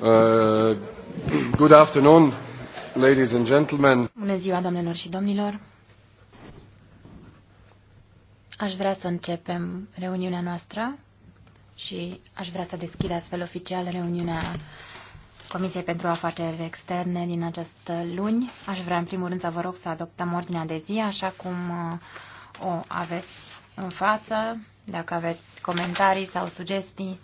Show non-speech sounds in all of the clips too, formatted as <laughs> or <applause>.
Uh, good afternoon, ladies and gentlemen. Bună ziua, doamnelor și domnilor. Aș vrea să începem reuniunea noastră și aș vrea să deschid astfel oficial reuniunea Comisiei pentru Afaceri Externe din această luni. Aș vrea în primul rând să vă rog să adoptăm ordinea de zi așa cum uh, o aveți în față. Dacă aveți comentarii sau sugestii,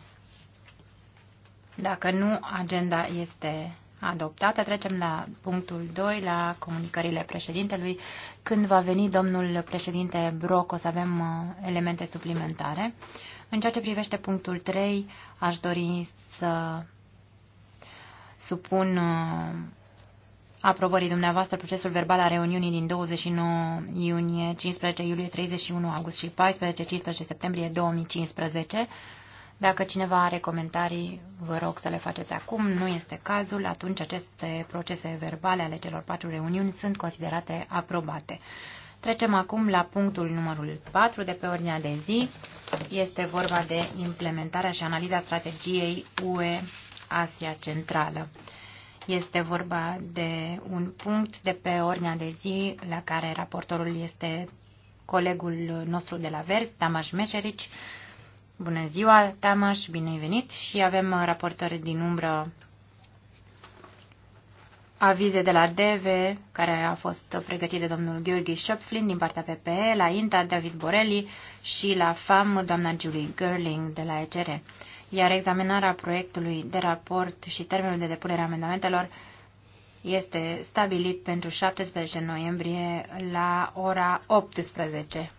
dacă nu, agenda este adoptată. Trecem la punctul 2, la comunicările președintelui. Când va veni domnul președinte Broc, o să avem uh, elemente suplimentare. În ceea ce privește punctul 3, aș dori să supun uh, aprobării dumneavoastră procesul verbal a reuniunii din 29 iunie, 15 iulie, 31 august și 14-15 septembrie 2015. Dacă cineva are comentarii, vă rog să le faceți acum. Nu este cazul, atunci aceste procese verbale ale celor patru reuniuni sunt considerate aprobate. Trecem acum la punctul numărul 4 de pe ordinea de zi. Este vorba de implementarea și analiza strategiei UE Asia Centrală. Este vorba de un punct de pe ordinea de zi la care raportorul este colegul nostru de la Vers, Tamaș Meșerici, Bună ziua, Tamaș, bine ai venit și avem raportări din umbră avize de la DV, care a fost pregătit de domnul Gheorghe Schöpflin din partea PPE, la INTA David Borelli și la FAM doamna Julie Gerling de la ECR. Iar examinarea proiectului de raport și termenul de depunere a amendamentelor este stabilit pentru 17 noiembrie la ora 18.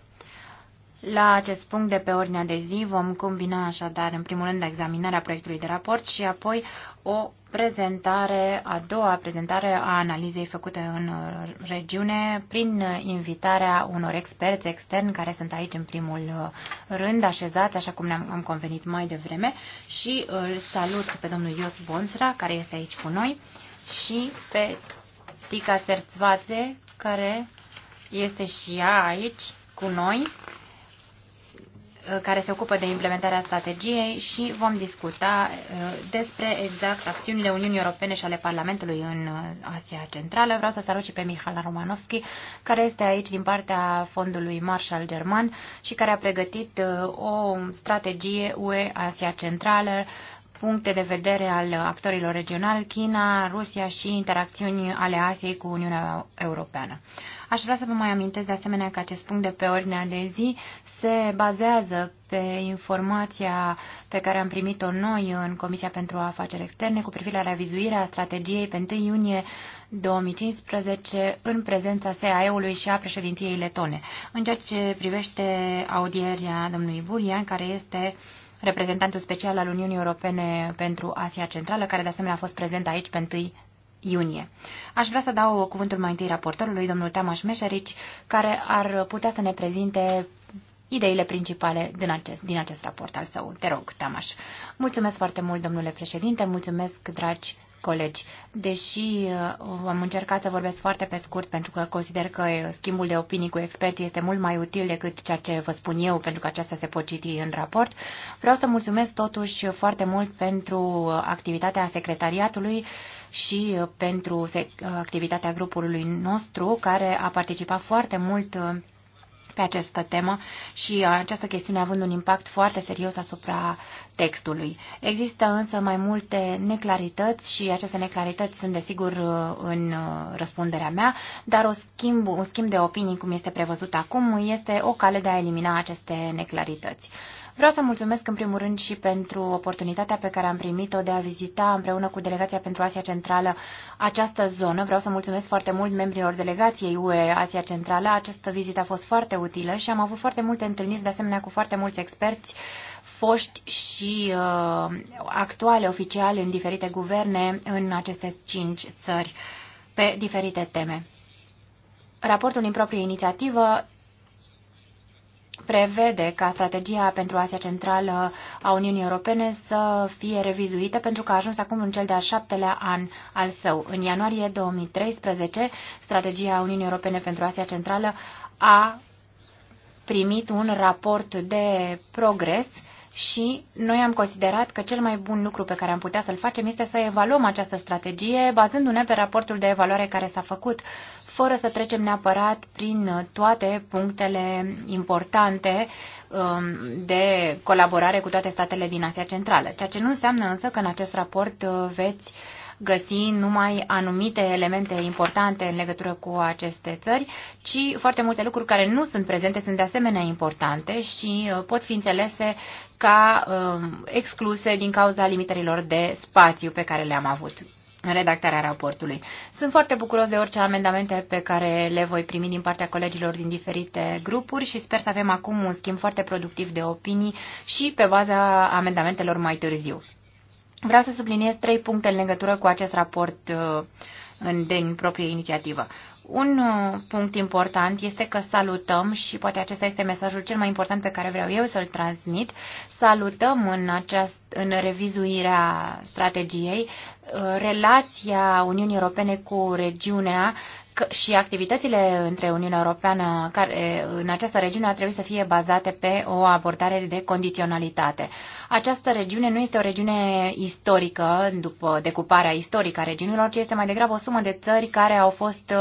La acest punct de pe ordinea de zi vom combina așadar în primul rând examinarea proiectului de raport și apoi o prezentare, a doua prezentare a analizei făcute în regiune prin invitarea unor experți externi care sunt aici în primul rând așezați, așa cum ne-am convenit mai devreme și îl salut pe domnul Ios Bonsra, care este aici cu noi și pe Tica Serțvațe, care este și ea aici cu noi care se ocupă de implementarea strategiei și vom discuta uh, despre exact acțiunile Uniunii Europene și ale Parlamentului în uh, Asia Centrală. Vreau să salut și pe Mihala Romanovski, care este aici din partea fondului Marshall German și care a pregătit uh, o strategie UE Asia Centrală puncte de vedere al actorilor regionali, China, Rusia și interacțiuni ale Asiei cu Uniunea Europeană. Aș vrea să vă mai amintesc de asemenea că acest punct de pe ordinea de zi se bazează pe informația pe care am primit-o noi în Comisia pentru Afaceri Externe cu privire la revizuirea strategiei pe 1 iunie 2015 în prezența SAE-ului și a președintiei letone. În ceea ce privește audierea domnului Burian, care este reprezentantul special al Uniunii Europene pentru Asia Centrală, care de asemenea a fost prezent aici pe 1 iunie. Aș vrea să dau cuvântul mai întâi raportorului, domnul Tamaș Meșerici, care ar putea să ne prezinte ideile principale din acest, din acest raport al său. Te rog, Tamaș. Mulțumesc foarte mult, domnule președinte, mulțumesc, dragi colegi. Deși uh, am încercat să vorbesc foarte pe scurt pentru că consider că uh, schimbul de opinii cu experții este mult mai util decât ceea ce vă spun eu, pentru că aceasta se pot citi în raport, vreau să mulțumesc totuși foarte mult pentru uh, activitatea secretariatului și pentru activitatea grupului nostru care a participat foarte mult pe această temă și uh, această chestiune având un impact foarte serios asupra textului. Există însă mai multe neclarități și aceste neclarități sunt desigur uh, în uh, răspunderea mea, dar o schimb, un schimb de opinii, cum este prevăzut acum, este o cale de a elimina aceste neclarități. Vreau să mulțumesc în primul rând și pentru oportunitatea pe care am primit-o de a vizita împreună cu Delegația pentru Asia Centrală această zonă. Vreau să mulțumesc foarte mult membrilor delegației UE Asia Centrală. Această vizită a fost foarte utilă și am avut foarte multe întâlniri de asemenea cu foarte mulți experți foști și uh, actuale oficiali în diferite guverne în aceste cinci țări pe diferite teme. Raportul din proprie inițiativă prevede ca strategia pentru Asia Centrală a Uniunii Europene să fie revizuită pentru că a ajuns acum în cel de-al șaptelea an al său. În ianuarie 2013, strategia Uniunii Europene pentru Asia Centrală a primit un raport de progres și noi am considerat că cel mai bun lucru pe care am putea să-l facem este să evaluăm această strategie bazându-ne pe raportul de evaluare care s-a făcut, fără să trecem neapărat prin toate punctele importante um, de colaborare cu toate statele din Asia Centrală, ceea ce nu înseamnă însă că în acest raport uh, veți găsi numai anumite elemente importante în legătură cu aceste țări, ci foarte multe lucruri care nu sunt prezente sunt de asemenea importante și uh, pot fi înțelese ca um, excluse din cauza limitărilor de spațiu pe care le-am avut în redactarea raportului. Sunt foarte bucuros de orice amendamente pe care le voi primi din partea colegilor din diferite grupuri și sper să avem acum un schimb foarte productiv de opinii și pe baza amendamentelor mai târziu. Vreau să subliniez trei puncte în legătură cu acest raport uh, în, din proprie inițiativă. Un uh, punct important este că salutăm și poate acesta este mesajul cel mai important pe care vreau eu să-l transmit. Salutăm în, aceast, în revizuirea strategiei uh, relația Uniunii Europene cu regiunea și activitățile între Uniunea Europeană care, în această regiune ar trebui să fie bazate pe o abordare de condiționalitate. Această regiune nu este o regiune istorică, după decuparea istorică a regiunilor, ci este mai degrabă o sumă de țări care au fost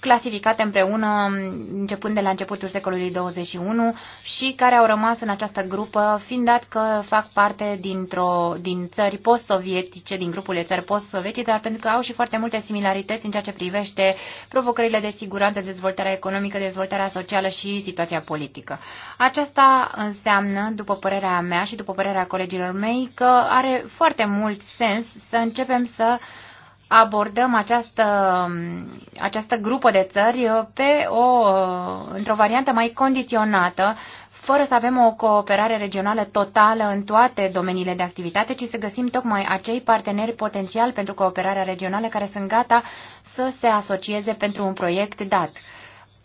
clasificate împreună mm, începând de la începutul secolului 21 și care au rămas în această grupă, fiind dat că fac parte dintr-o, din țări post-sovietice, din grupul de țări post-sovietice, dar pentru că au și foarte multe similarități în ceea ce privește provocările de siguranță, dezvoltarea economică, dezvoltarea socială și situația politică. Aceasta înseamnă, după părerea mea și după părerea colegilor mei, că are foarte mult sens să începem să uh, abordăm această, această grupă de țări pe o, într-o variantă mai condiționată, fără să avem o cooperare regională totală în toate domeniile de activitate, ci să găsim tocmai acei parteneri potențiali pentru cooperarea regională care sunt gata să se asocieze pentru un proiect dat.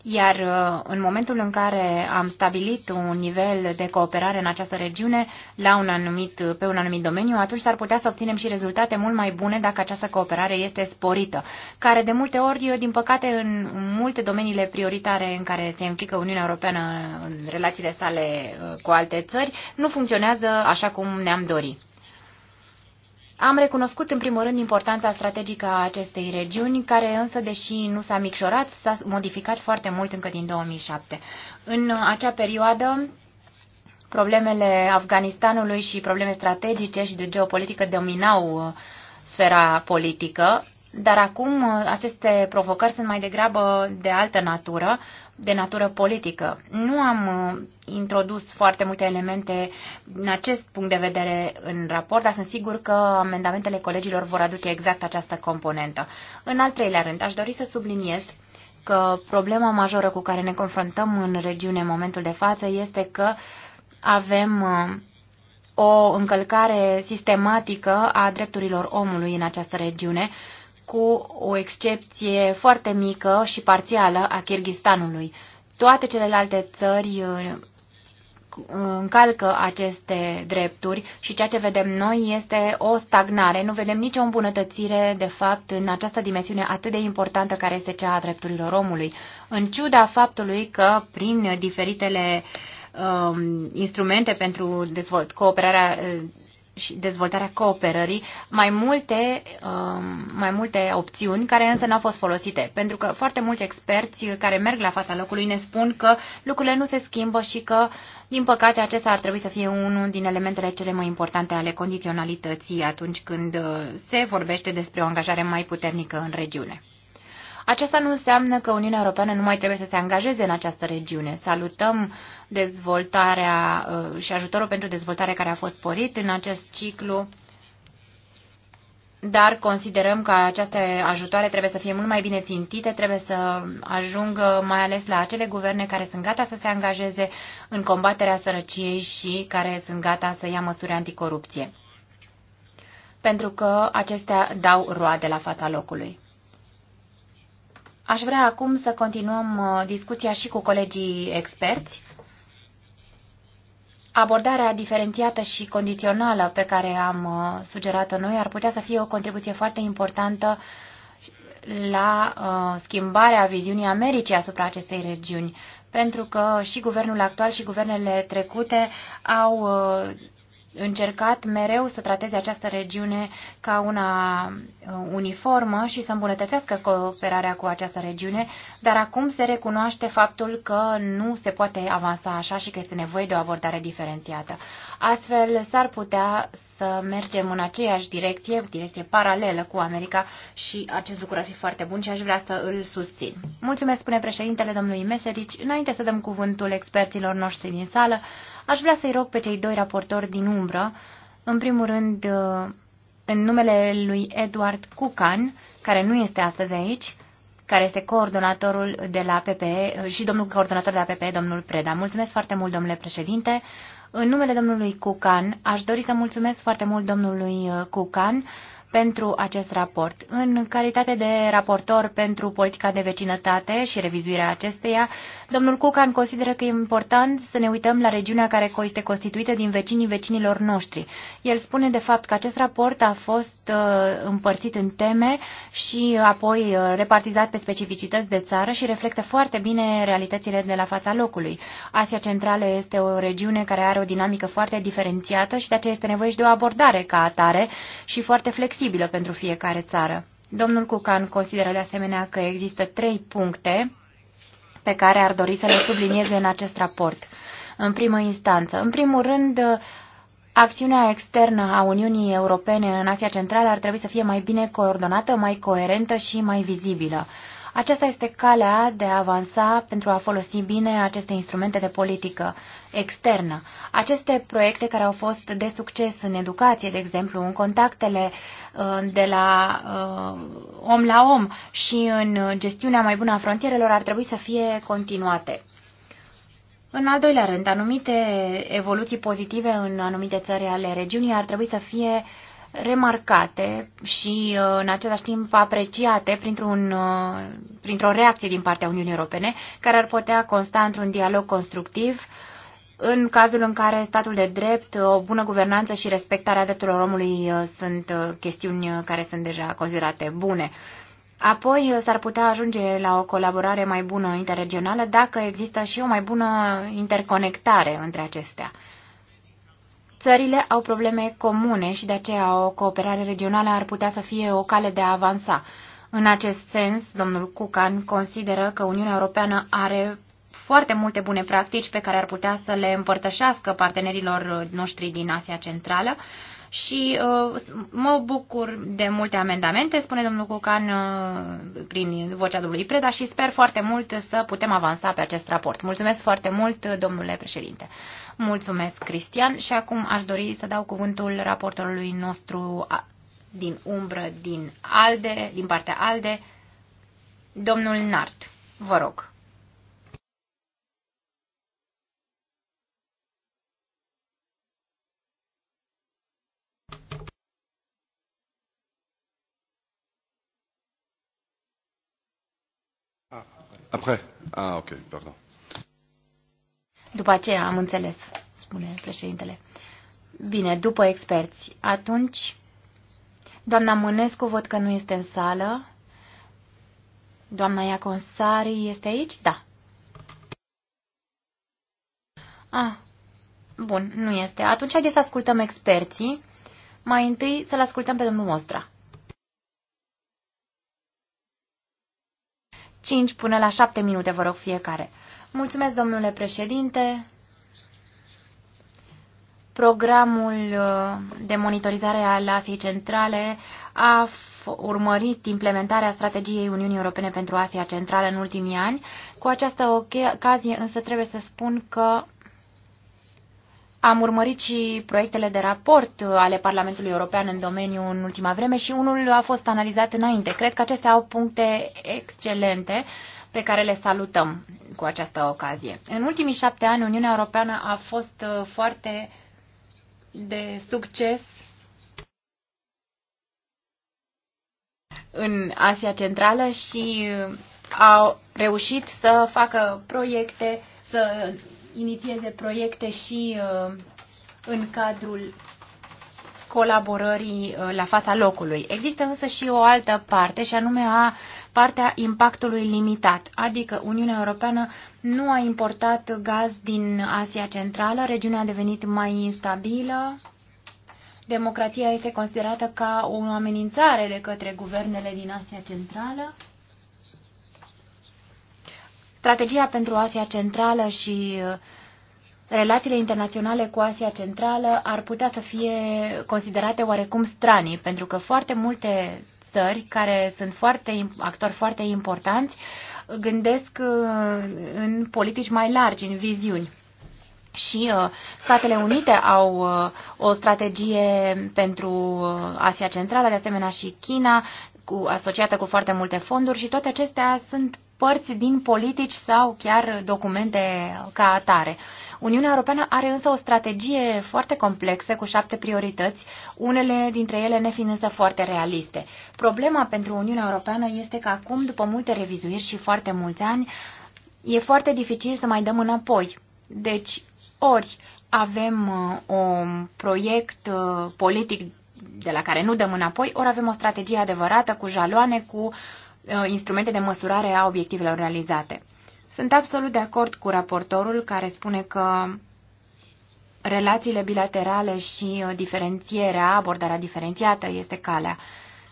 Iar uh, în momentul în care am stabilit un nivel de cooperare în această regiune la un anumit, pe un anumit domeniu, atunci s-ar putea să obținem și rezultate mult mai bune dacă această cooperare este sporită, care de multe ori, uh, din păcate, în multe domeniile prioritare în care se implică Uniunea Europeană în relațiile sale uh, cu alte țări, nu funcționează așa cum ne-am dorit. Am recunoscut în primul rând importanța strategică a acestei regiuni, care însă, deși nu s-a micșorat, s-a modificat foarte mult încă din 2007. În acea perioadă, problemele Afganistanului și probleme strategice și de geopolitică dominau uh, sfera politică, dar acum uh, aceste provocări sunt mai degrabă de altă natură, de natură politică. Nu am uh, introdus foarte multe elemente în acest punct de vedere în raport, dar sunt sigur că amendamentele colegilor vor aduce exact această componentă. În al treilea rând, aș dori să subliniez că problema majoră cu care ne confruntăm în regiune în momentul de față este că avem uh, o încălcare sistematică a drepturilor omului în această regiune, cu o excepție foarte mică și parțială a Kirghistanului. Toate celelalte țări uh, încalcă aceste drepturi și ceea ce vedem noi este o stagnare. Nu vedem nicio îmbunătățire, de fapt, în această dimensiune atât de importantă care este cea a drepturilor omului. În ciuda faptului că prin diferitele um, instrumente pentru dezvolt, cooperarea uh, și dezvoltarea cooperării mai multe, um, mai multe opțiuni care însă n-au fost folosite. Pentru că foarte mulți experți care merg la fața locului ne spun că lucrurile nu se schimbă și că, din păcate, acesta ar trebui să fie unul din elementele cele mai importante ale condiționalității atunci când uh, se vorbește despre o angajare mai puternică în regiune. Aceasta nu înseamnă că Uniunea Europeană nu mai trebuie să se angajeze în această regiune. Salutăm dezvoltarea uh, și ajutorul pentru dezvoltare care a fost sporit în acest ciclu dar considerăm că aceste ajutoare trebuie să fie mult mai bine țintite, trebuie să ajungă mai ales la acele guverne care sunt gata să se angajeze în combaterea sărăciei și care sunt gata să ia măsuri anticorupție. Pentru că acestea dau roade la fața locului. Aș vrea acum să continuăm uh, discuția și cu colegii experți. Abordarea diferențiată și condițională pe care am uh, sugerat-o noi ar putea să fie o contribuție foarte importantă la uh, schimbarea viziunii Americii asupra acestei regiuni, pentru că și guvernul actual și guvernele trecute au încercat mereu să trateze această regiune ca una uh, uniformă și să îmbunătățească cooperarea cu această regiune, dar acum se recunoaște faptul că nu se poate avansa așa și că este nevoie de o abordare diferențiată. Astfel, s-ar putea să mergem în aceeași direcție, direcție paralelă cu America și acest lucru ar fi foarte bun și aș vrea să îl susțin. Mulțumesc, spune președintele domnului Meserici. Înainte să dăm cuvântul experților noștri din sală, Aș vrea să-i rog pe cei doi raportori din umbră, în primul rând uh, în numele lui Edward Cucan, care nu este astăzi aici, care este coordonatorul de la PPE uh, și domnul coordonator de la PPE, domnul Preda. Mulțumesc foarte mult, domnule președinte. În numele domnului Cucan, aș dori să mulțumesc foarte mult domnului uh, Cucan pentru acest raport. În calitate de raportor pentru politica de vecinătate și revizuirea acesteia, Domnul Cucan consideră că e important să ne uităm la regiunea care este constituită din vecinii vecinilor noștri. El spune, de fapt, că acest raport a fost uh, împărțit în teme și apoi uh, repartizat pe specificități de țară și reflectă foarte bine realitățile de la fața locului. Asia Centrală este o regiune care are o dinamică foarte diferențiată și de aceea este nevoie și de o abordare ca atare și foarte flexibilă pentru fiecare țară. Domnul Cucan consideră de asemenea că există trei puncte pe care ar dori să le sublinieze în acest raport, în primă instanță. În primul rând, acțiunea externă a Uniunii Europene în Asia Centrală ar trebui să fie mai bine coordonată, mai coerentă și mai vizibilă. Aceasta este calea de a avansa pentru a folosi bine aceste instrumente de politică externă. Aceste proiecte care au fost de succes în educație, de exemplu, în contactele uh, de la uh, om la om și în gestiunea mai bună a frontierelor ar trebui să fie continuate. În al doilea rând, anumite evoluții pozitive în anumite țări ale regiunii ar trebui să fie remarcate și uh, în același timp apreciate printr-un, printr-o reacție din partea Uniunii Europene, care ar putea consta într-un dialog constructiv în cazul în care statul de drept, o bună guvernanță și respectarea drepturilor omului uh, sunt uh, chestiuni uh, care sunt deja considerate bune. Apoi s-ar putea ajunge la o colaborare mai bună interregională dacă există și o mai bună interconectare între acestea. Țările au probleme comune și de aceea o cooperare regională ar putea să fie o cale de a avansa. În acest sens, domnul Cucan consideră că Uniunea Europeană are foarte multe bune practici pe care ar putea să le împărtășească partenerilor noștri din Asia Centrală și uh, mă bucur de multe amendamente, spune domnul Cucan uh, prin vocea domnului Preda și sper foarte mult să putem avansa pe acest raport. Mulțumesc foarte mult, domnule președinte. Mulțumesc, Cristian, și acum aș dori să dau cuvântul raportorului nostru din umbră, din ALDE, din partea ALDE, domnul Nart. Vă rog. Après. Ah, ok, pardon. După aceea am înțeles, spune președintele. Bine, după experți. Atunci, doamna Mânescu văd că nu este în sală. Doamna Iaconsari este aici? Da. Ah, bun, nu este. Atunci haideți să ascultăm experții. Mai întâi să-l ascultăm pe domnul Mostra. 5 până la 7 minute, vă rog, fiecare. Mulțumesc, domnule președinte. Programul uh, de monitorizare al Asiei Centrale a urmărit implementarea strategiei Uniunii Europene pentru Asia Centrală în ultimii ani. Cu această ocazie însă trebuie să spun că am urmărit și proiectele de raport ale Parlamentului European în domeniu în ultima vreme și unul a fost analizat înainte. Cred că acestea au puncte excelente pe care le salutăm cu această ocazie. În ultimii șapte ani, Uniunea Europeană a fost uh, foarte de succes în Asia Centrală și uh, au reușit să facă proiecte, să inițieze proiecte și uh, în cadrul colaborării uh, la fața locului. Există însă și o altă parte, și anume a partea impactului limitat, adică Uniunea Europeană nu a importat gaz din Asia Centrală, regiunea a devenit mai instabilă, democrația este considerată ca o amenințare de către guvernele din Asia Centrală Strategia pentru Asia Centrală și uh, relațiile internaționale cu Asia Centrală ar putea să fie considerate oarecum stranii, pentru că foarte multe țări care sunt foarte, actori foarte importanți uh, gândesc uh, în politici mai largi, în viziuni. Și uh, Statele Unite au uh, o strategie pentru Asia Centrală, de asemenea și China, cu, asociată cu foarte multe fonduri și toate acestea sunt părți din politici sau chiar documente ca atare. Uniunea Europeană are însă o strategie foarte complexă cu șapte priorități, unele dintre ele nefiind însă foarte realiste. Problema pentru Uniunea Europeană este că acum, după multe revizuiri și foarte mulți ani, e foarte dificil să mai dăm înapoi. Deci, ori avem un uh, proiect uh, politic de la care nu dăm înapoi, ori avem o strategie adevărată cu jaloane, cu uh, Uh, instrumente de măsurare a obiectivelor realizate. Sunt absolut de acord cu raportorul care spune că relațiile bilaterale și uh, diferențierea, abordarea diferențiată este calea.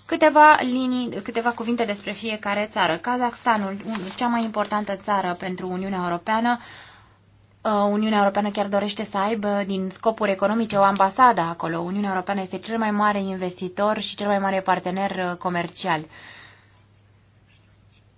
Câteva, linii, câteva cuvinte despre fiecare țară. Kazakhstanul, cea mai importantă țară pentru Uniunea Europeană, uh, Uniunea Europeană chiar dorește să aibă din scopuri economice o ambasadă acolo. Uniunea Europeană este cel mai mare investitor și cel mai mare partener comercial.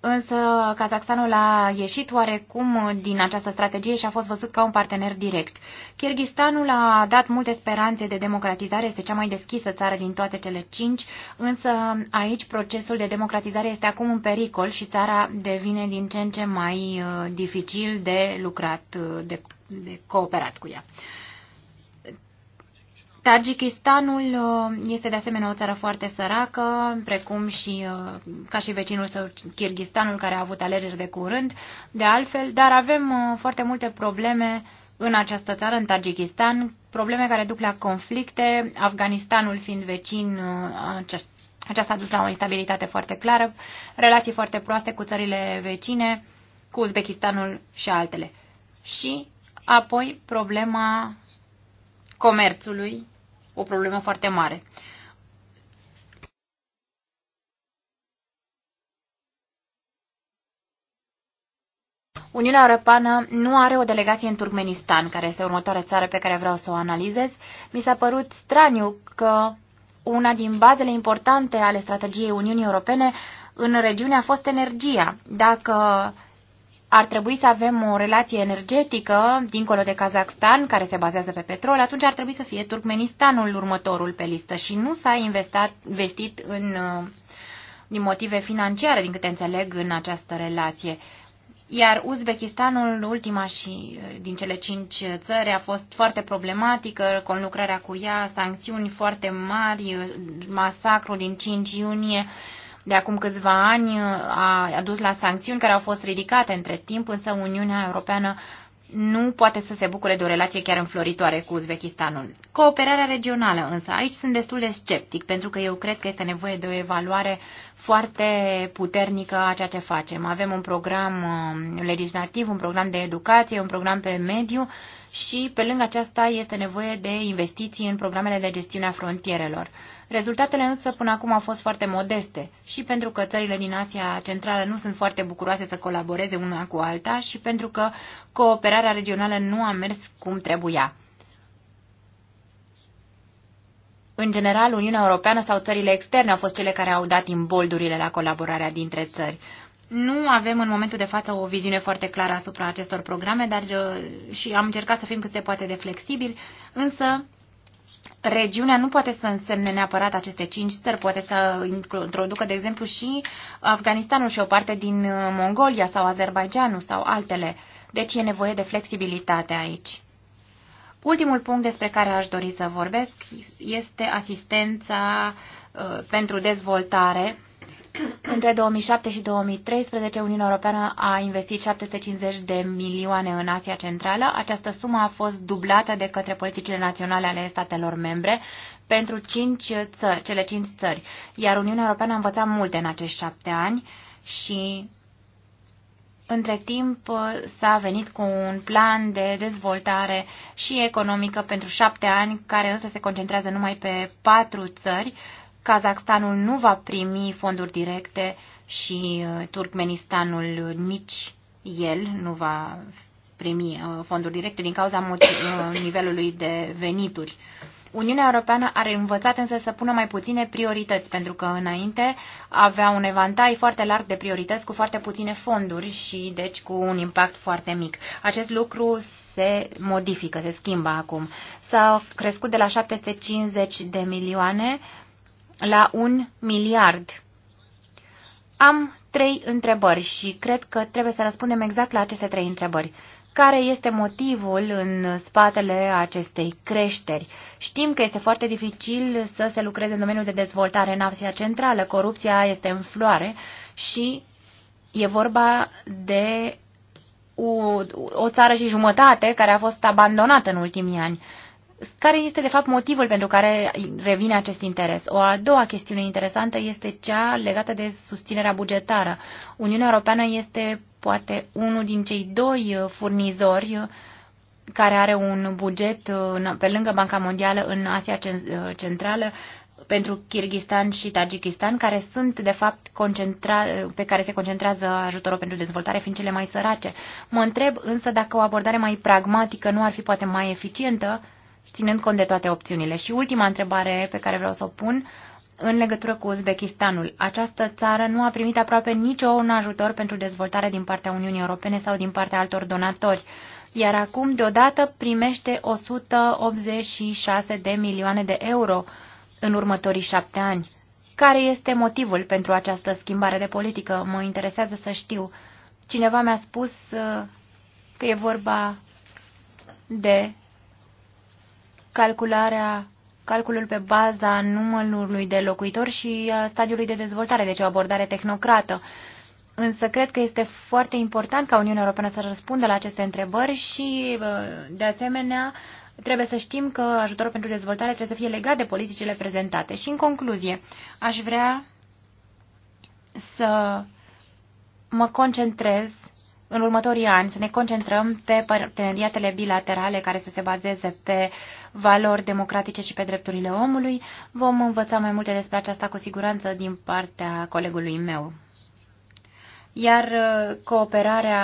Însă Kazakhstanul a ieșit oarecum din această strategie și a fost văzut ca un partener direct. Kyrgyzstanul a dat multe speranțe de democratizare, este cea mai deschisă țară din toate cele cinci, însă aici procesul de democratizare este acum în pericol și țara devine din ce în ce mai uh, dificil de lucrat, uh, de, de cooperat cu ea. Tajikistanul uh, este de asemenea o țară foarte săracă, precum și uh, ca și vecinul său Kirghistanul, care a avut alegeri de curând, de altfel, dar avem uh, foarte multe probleme în această țară, în Tajikistan, probleme care duc la conflicte, Afganistanul fiind vecin, aceasta a dus la o instabilitate foarte clară, relații foarte proaste cu țările vecine, cu Uzbekistanul și altele. Și apoi problema comerțului o problemă foarte mare. Uniunea Europeană nu are o delegație în Turkmenistan, care este următoarea țară pe care vreau să o analizez. Mi s-a părut straniu că una din bazele importante ale strategiei Uniunii Europene în regiune a fost energia. Dacă ar trebui să avem o relație energetică dincolo de Kazakhstan, care se bazează pe petrol, atunci ar trebui să fie Turkmenistanul următorul pe listă și nu s-a investit în, uh, din motive financiare, din câte înțeleg, în această relație. Iar Uzbekistanul, ultima și uh, din cele cinci țări, a fost foarte problematică, conlucrarea cu ea, sancțiuni foarte mari, uh, masacru din 5 iunie de acum câțiva ani uh, a dus la sancțiuni care au fost ridicate între timp, însă Uniunea Europeană nu poate să se bucure de o relație chiar înfloritoare cu Uzbekistanul. Cooperarea regională însă, aici sunt destul de sceptic, pentru că eu cred că este nevoie de o evaluare foarte puternică a ceea ce facem. Avem un program um, legislativ, un program de educație, un program pe mediu și pe lângă aceasta este nevoie de investiții în programele de gestiune a frontierelor. Rezultatele însă până acum au fost foarte modeste și pentru că țările din Asia Centrală nu sunt foarte bucuroase să colaboreze una cu alta și pentru că cooperarea regională nu a mers cum trebuia. În general, Uniunea Europeană sau țările externe au fost cele care au dat imboldurile la colaborarea dintre țări. Nu avem în momentul de față o viziune foarte clară asupra acestor programe dar uh, și am încercat să fim cât se poate de flexibili, însă regiunea nu poate să însemne neapărat aceste cinci țări, poate să introducă, de exemplu, și Afganistanul și o parte din uh, Mongolia sau Azerbaijanul sau altele. Deci e nevoie de flexibilitate aici. Ultimul punct despre care aș dori să vorbesc este asistența uh, pentru dezvoltare între 2007 și 2013, Uniunea Europeană a investit 750 de milioane în Asia Centrală. Această sumă a fost dublată de către politicile naționale ale statelor membre pentru cinci țări, cele cinci țări. Iar Uniunea Europeană a învățat multe în acești șapte ani și între timp s-a venit cu un plan de dezvoltare și economică pentru șapte ani, care însă se concentrează numai pe patru țări, Kazakhstanul nu va primi fonduri directe și uh, Turkmenistanul nici el nu va primi uh, fonduri directe din cauza uh, nivelului de venituri. Uniunea Europeană are învățat însă să pună mai puține priorități, pentru că înainte avea un evantai foarte larg de priorități cu foarte puține fonduri și deci cu un impact foarte mic. Acest lucru se modifică, se schimbă acum. S-a crescut de la 750 de milioane la un miliard. Am trei întrebări și cred că trebuie să răspundem exact la aceste trei întrebări. Care este motivul în spatele acestei creșteri? Știm că este foarte dificil să se lucreze în domeniul de dezvoltare în Asia Centrală. Corupția este în floare și e vorba de o, o țară și jumătate care a fost abandonată în ultimii ani care este, de fapt, motivul pentru care revine acest interes? O a doua chestiune interesantă este cea legată de susținerea bugetară. Uniunea Europeană este, poate, unul din cei doi uh, furnizori uh, care are un buget uh, pe lângă Banca Mondială în Asia Centrală pentru Kirghistan și Tajikistan, care sunt, de fapt, concentra, pe care se concentrează ajutorul pentru dezvoltare, fiind cele mai sărace. Mă întreb însă dacă o abordare mai pragmatică nu ar fi poate mai eficientă ținând cont de toate opțiunile. Și ultima întrebare pe care vreau să o pun în legătură cu Uzbekistanul. Această țară nu a primit aproape niciun ajutor pentru dezvoltare din partea Uniunii Europene sau din partea altor donatori, iar acum deodată primește 186 de milioane de euro în următorii șapte ani. Care este motivul pentru această schimbare de politică? Mă interesează să știu. Cineva mi-a spus uh, că e vorba de calcularea calculul pe baza numărului de locuitori și uh, stadiului de dezvoltare, deci o abordare tehnocrată. Însă cred că este foarte important ca Uniunea Europeană să răspundă la aceste întrebări și, uh, de asemenea, trebuie să știm că ajutorul pentru dezvoltare trebuie să fie legat de politicile prezentate. Și, în concluzie, aș vrea să mă concentrez în următorii ani să ne concentrăm pe parteneriatele bilaterale care să se bazeze pe valori democratice și pe drepturile omului. Vom învăța mai multe despre aceasta cu siguranță din partea colegului meu, iar uh, cooperarea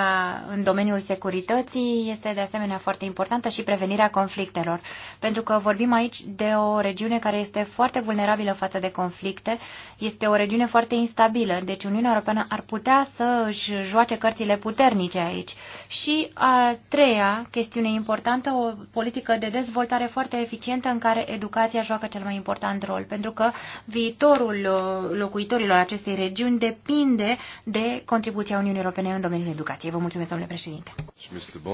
în domeniul securității este de asemenea foarte importantă și prevenirea conflictelor, pentru că vorbim aici de o regiune care este foarte vulnerabilă față de conflicte, este o regiune foarte instabilă, deci Uniunea Europeană ar putea să își joace cărțile puternice aici. Și a treia chestiune importantă, o politică de dezvoltare foarte eficientă în care educația joacă cel mai important rol, pentru că viitorul uh, locuitorilor acestei regiuni depinde de contribuția Uniunii Europene în domeniul educației. Vă mulțumesc, domnule președinte.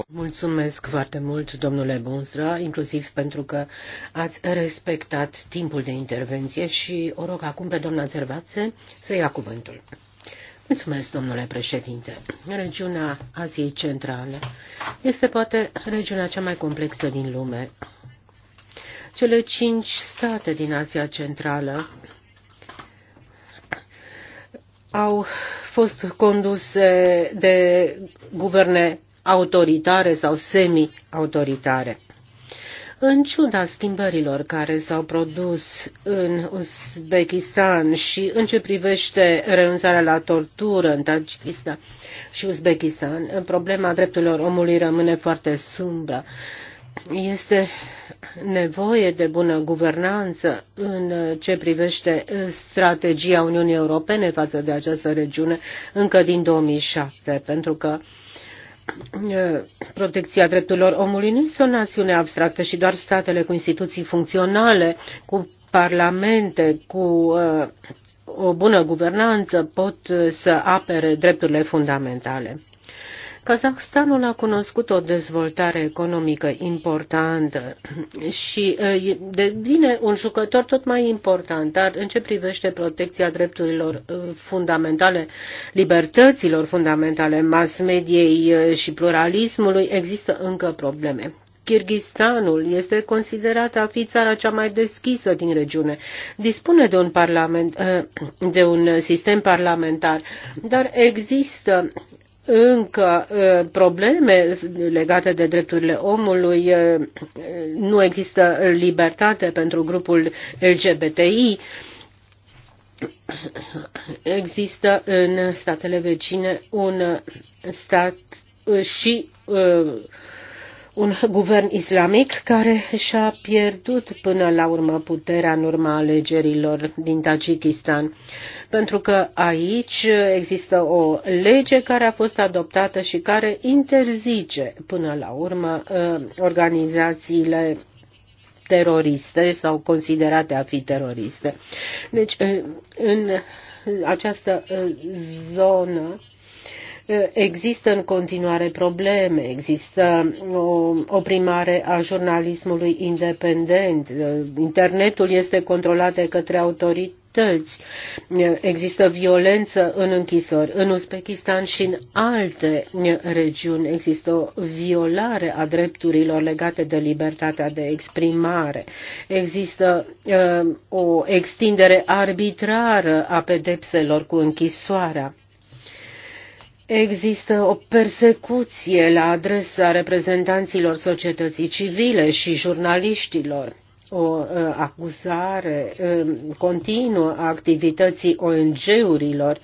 Mulțumesc foarte mult, domnule Bonstra, inclusiv pentru că ați respectat timpul de intervenție și o rog acum pe doamna Zervațe să ia cuvântul. Mulțumesc, domnule președinte. Regiunea Aziei Centrale este poate regiunea cea mai complexă din lume. Cele cinci state din Asia Centrală au fost conduse de guverne autoritare sau semi-autoritare. În ciuda schimbărilor care s-au produs în Uzbekistan și în ce privește renunțarea la tortură în Tajikistan și Uzbekistan, problema drepturilor omului rămâne foarte sumbră este nevoie de bună guvernanță în ce privește strategia Uniunii Europene față de această regiune încă din 2007, pentru că protecția drepturilor omului nu este o națiune abstractă și doar statele cu instituții funcționale, cu parlamente, cu o bună guvernanță pot să apere drepturile fundamentale. Kazahstanul a cunoscut o dezvoltare economică importantă <clears throat> și devine un jucător tot mai important, dar în ce privește protecția drepturilor fundamentale, libertăților fundamentale, mass mediei și pluralismului, există încă probleme. Kirghistanul este considerat a fi țara cea mai deschisă din regiune. Dispune de un, parlament, de un sistem parlamentar, dar există încă ă, probleme legate de drepturile omului, ă, nu există libertate pentru grupul LGBTI, există în statele vecine un stat și ă, un guvern islamic care și-a pierdut până la urmă puterea în urma alegerilor din Tajikistan. Pentru că aici există o lege care a fost adoptată și care interzice până la urmă uh, organizațiile teroriste sau considerate a fi teroriste. Deci, uh, în această uh, zonă Există în continuare probleme, există o oprimare a jurnalismului independent, internetul este controlat de către autorități, există violență în închisori. În Uzbekistan și în alte regiuni există o violare a drepturilor legate de libertatea de exprimare, există uh, o extindere arbitrară a pedepselor cu închisoarea Există o persecuție la adresa reprezentanților societății civile și jurnaliștilor, o uh, acuzare uh, continuă a activității ONG-urilor.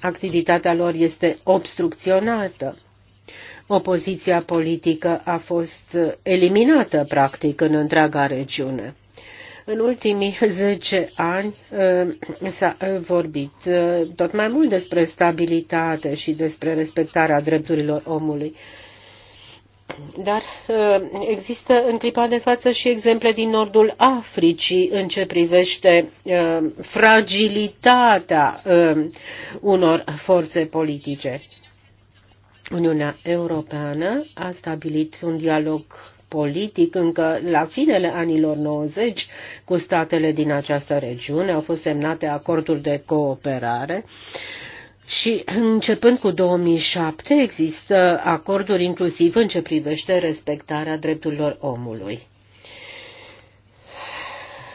Activitatea lor este obstrucționată. Opoziția politică a fost eliminată, practic, în întreaga regiune. În ultimii 10 <laughs> ani uh, s-a vorbit uh, tot mai mult despre stabilitate și despre respectarea drepturilor omului. Dar uh, există în clipa de față și exemple din nordul Africii în ce privește fragilitatea unor forțe politice. Uniunea Europeană a stabilit un dialog politic încă la finele anilor 90 cu statele din această regiune. Au fost semnate acorduri de cooperare. Și începând cu 2007 există acorduri inclusiv în ce privește respectarea drepturilor omului.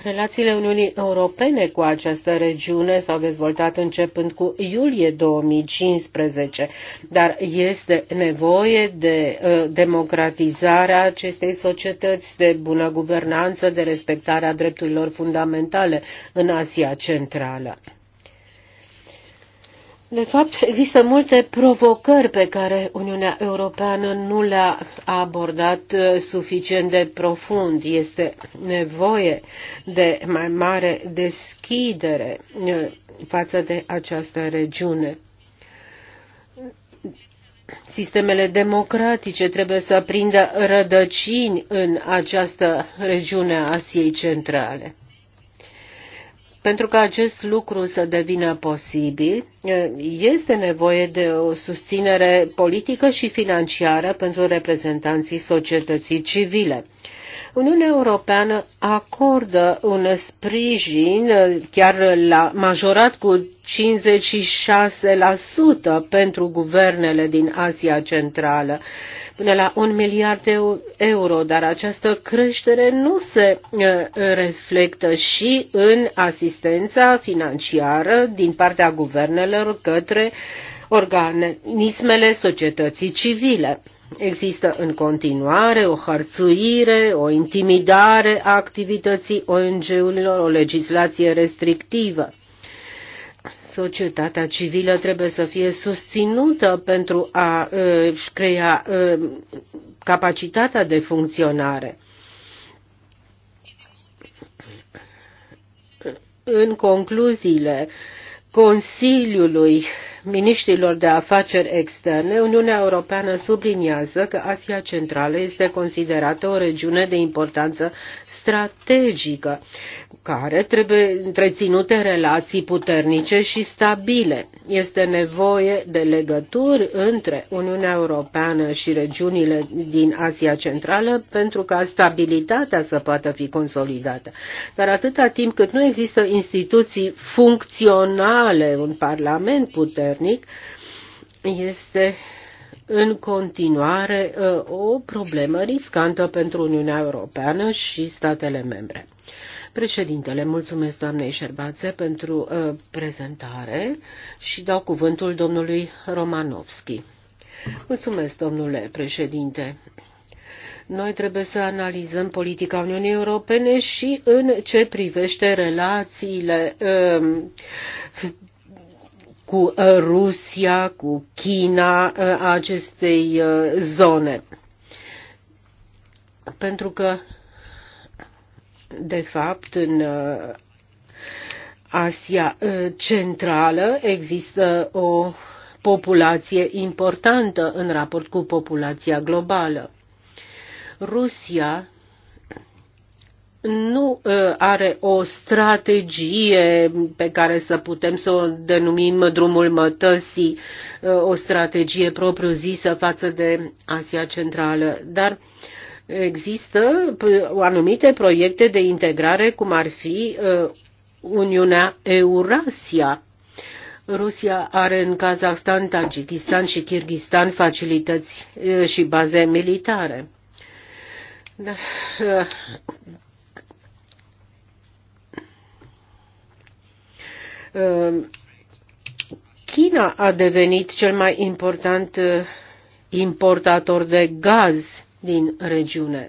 Relațiile Uniunii Europene cu această regiune s-au dezvoltat începând cu iulie 2015, dar este nevoie de uh, democratizarea acestei societăți, de bună guvernanță, de respectarea drepturilor fundamentale în Asia Centrală. De fapt, există multe provocări pe care Uniunea Europeană nu le-a abordat uh, suficient de profund. Este nevoie de mai mare deschidere uh, față de această regiune. Sistemele democratice trebuie să prindă rădăcini în această regiune a Asiei Centrale pentru că acest lucru să devină posibil, este nevoie de o susținere politică și financiară pentru reprezentanții societății civile. Uniunea Europeană acordă un sprijin chiar la, majorat cu 56% pentru guvernele din Asia Centrală până la un miliard de euro, dar această creștere nu se reflectă și în asistența financiară din partea guvernelor către organismele societății civile. Există în continuare o hărțuire, o intimidare a activității ONG-urilor, o legislație restrictivă societatea civilă trebuie să fie susținută pentru a își crea capacitatea de funcționare. În concluziile Consiliului Ministrilor de Afaceri Externe, Uniunea Europeană subliniază că Asia Centrală este considerată o regiune de importanță strategică care trebuie întreținute relații puternice și stabile. Este nevoie de legături între Uniunea Europeană și regiunile din Asia Centrală pentru ca stabilitatea să poată fi consolidată. Dar atâta timp cât nu există instituții funcționale, un parlament puternic, este în continuare uh, o problemă riscantă pentru Uniunea Europeană și statele membre. Președintele, mulțumesc doamnei Șerbațe pentru uh, prezentare și dau cuvântul domnului Romanovski. Mulțumesc, domnule președinte. Noi trebuie să analizăm politica Uniunii Europene și în ce privește relațiile um, uh, cu Rusia, cu China, uh, acestei uh, zone. Pentru că de fapt, în uh, Asia uh, Centrală există o populație importantă în raport cu populația globală. Rusia nu uh, are o strategie pe care să putem să o denumim drumul mătăsii, o strategie propriu-zisă față de Asia Centrală, dar Există anumite proiecte de integrare, cum ar fi uh, Uniunea Eurasia. Rusia are în Kazahstan, Tajikistan și Kirghistan facilități uh, și baze militare. Dar, uh, China a devenit cel mai important importator de gaz din regiune.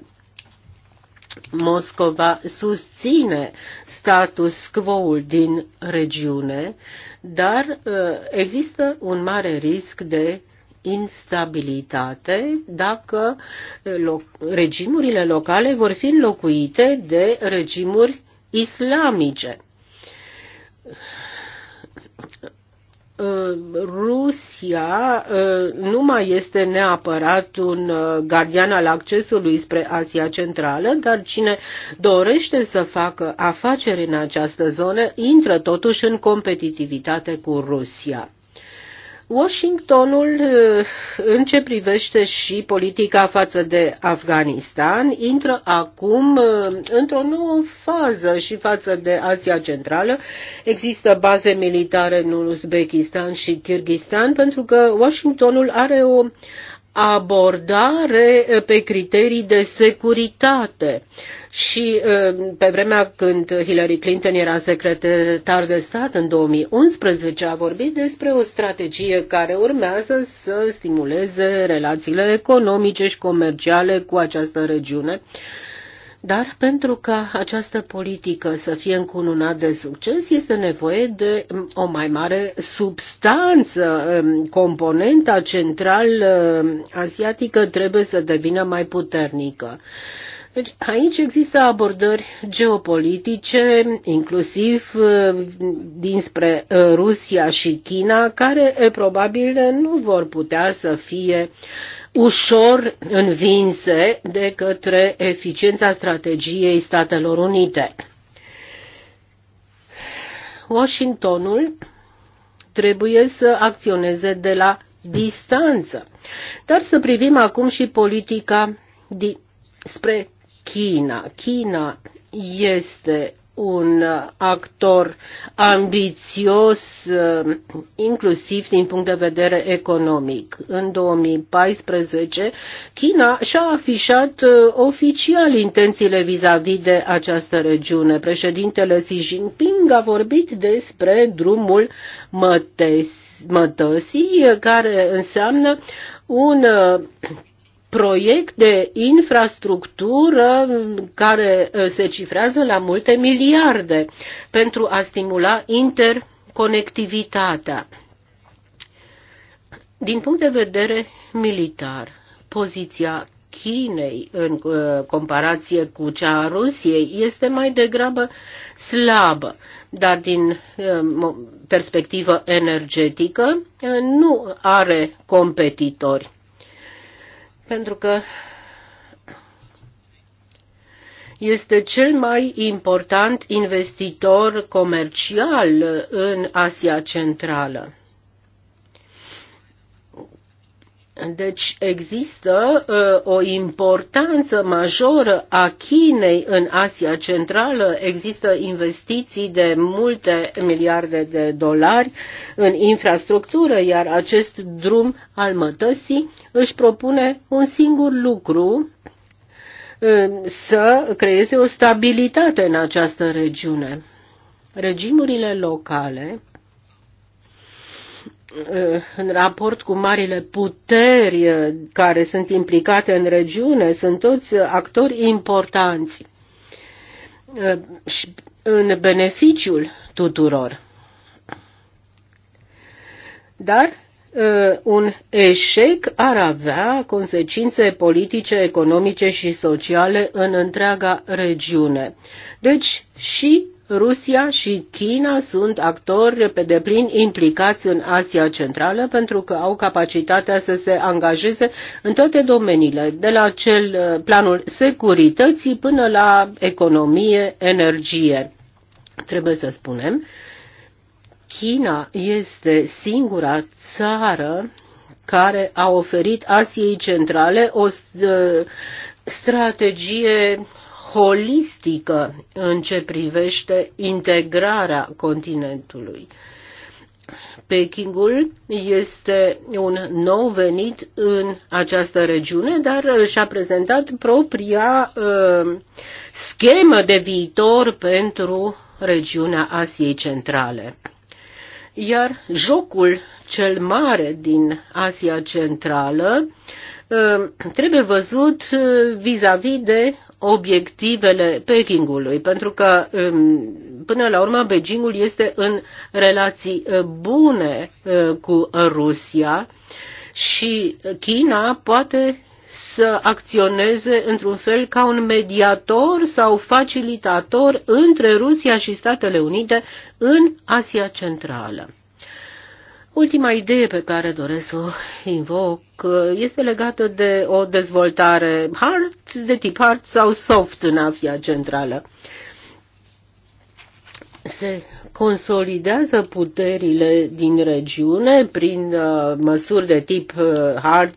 Moscova susține status quo-ul din regiune, dar uh, există un mare risc de instabilitate dacă uh, regimurile locale vor fi înlocuite de regimuri islamice Uh, Rusia uh, nu mai este neapărat un uh, gardian al accesului spre Asia Centrală, dar cine dorește să facă afaceri în această zonă intră totuși în competitivitate cu Rusia. Washingtonul, eh, în ce privește și politica față de Afganistan, intră acum eh, într-o nouă fază și față de Asia Centrală. Există baze militare în Uzbekistan și Kyrgyzstan pentru că Washingtonul are o abordare eh, pe criterii de securitate și ă, pe vremea când Hillary Clinton era secretar de stat în 2011 a vorbit despre o strategie care urmează să stimuleze relațiile economice și comerciale cu această regiune. Dar pentru ca această politică să fie încununată de succes, este nevoie de hm, o mai mare substanță. Hm, componenta central hm, asiatică trebuie să devină mai puternică. Deci aici există abordări geopolitice, inclusiv uh, dinspre uh, Rusia și China, care eh, probabil nu vor putea să fie ușor învinse de către eficiența strategiei Statelor Unite. Washingtonul trebuie să acționeze de la distanță. Dar să privim acum și politica din spre China. China este un actor ambițios, eh, inclusiv din punct de vedere economic. În 2014, China și-a afișat eh, oficial intențiile vis-a-vis -vis de această regiune. Președintele Xi Jinping a vorbit despre drumul mătes, mătăsii, eh, care înseamnă un proiect de infrastructură care uh, se cifrează la multe miliarde pentru a stimula interconectivitatea. Din punct de vedere militar, poziția Chinei în uh, comparație cu cea a Rusiei este mai degrabă slabă, dar din uh, perspectivă energetică nu are competitori pentru că este cel mai important investitor comercial în Asia Centrală. Deci există uh, o importanță majoră a Chinei în Asia Centrală, există investiții de multe miliarde de dolari în infrastructură, iar acest drum al mătăsii își propune un singur lucru, uh, să creeze o stabilitate în această regiune. Regimurile locale Eh, în raport cu marile puteri eh, care sunt implicate în regiune, sunt toți actori importanți eh, și în beneficiul tuturor. Dar un eșec ar avea consecințe politice, economice și sociale în întreaga regiune. Deci și Rusia și China sunt actori pe deplin implicați în Asia Centrală pentru că au capacitatea să se angajeze în toate domeniile, de la cel planul securității până la economie, energie. Trebuie să spunem, China este singura țară care a oferit Asiei Centrale o strategie holistică în ce privește integrarea continentului. Pekingul este un nou venit în această regiune, dar și-a prezentat propria uh, schemă de viitor pentru regiunea Asiei Centrale. Iar jocul cel mare din Asia Centrală uh, trebuie văzut uh, vis-a-vis -vis de obiectivele Pekingului, pentru că um, până la urmă Beijingul este în relații uh, bune uh, cu Rusia și China poate să acționeze într-un fel ca un mediator sau facilitator între Rusia și Statele Unite în Asia Centrală. Ultima idee pe care doresc să o invoc uh, este legată de o dezvoltare hard, de tip hard sau soft în Afia Centrală. Se consolidează puterile din regiune prin uh, măsuri de tip uh, hard,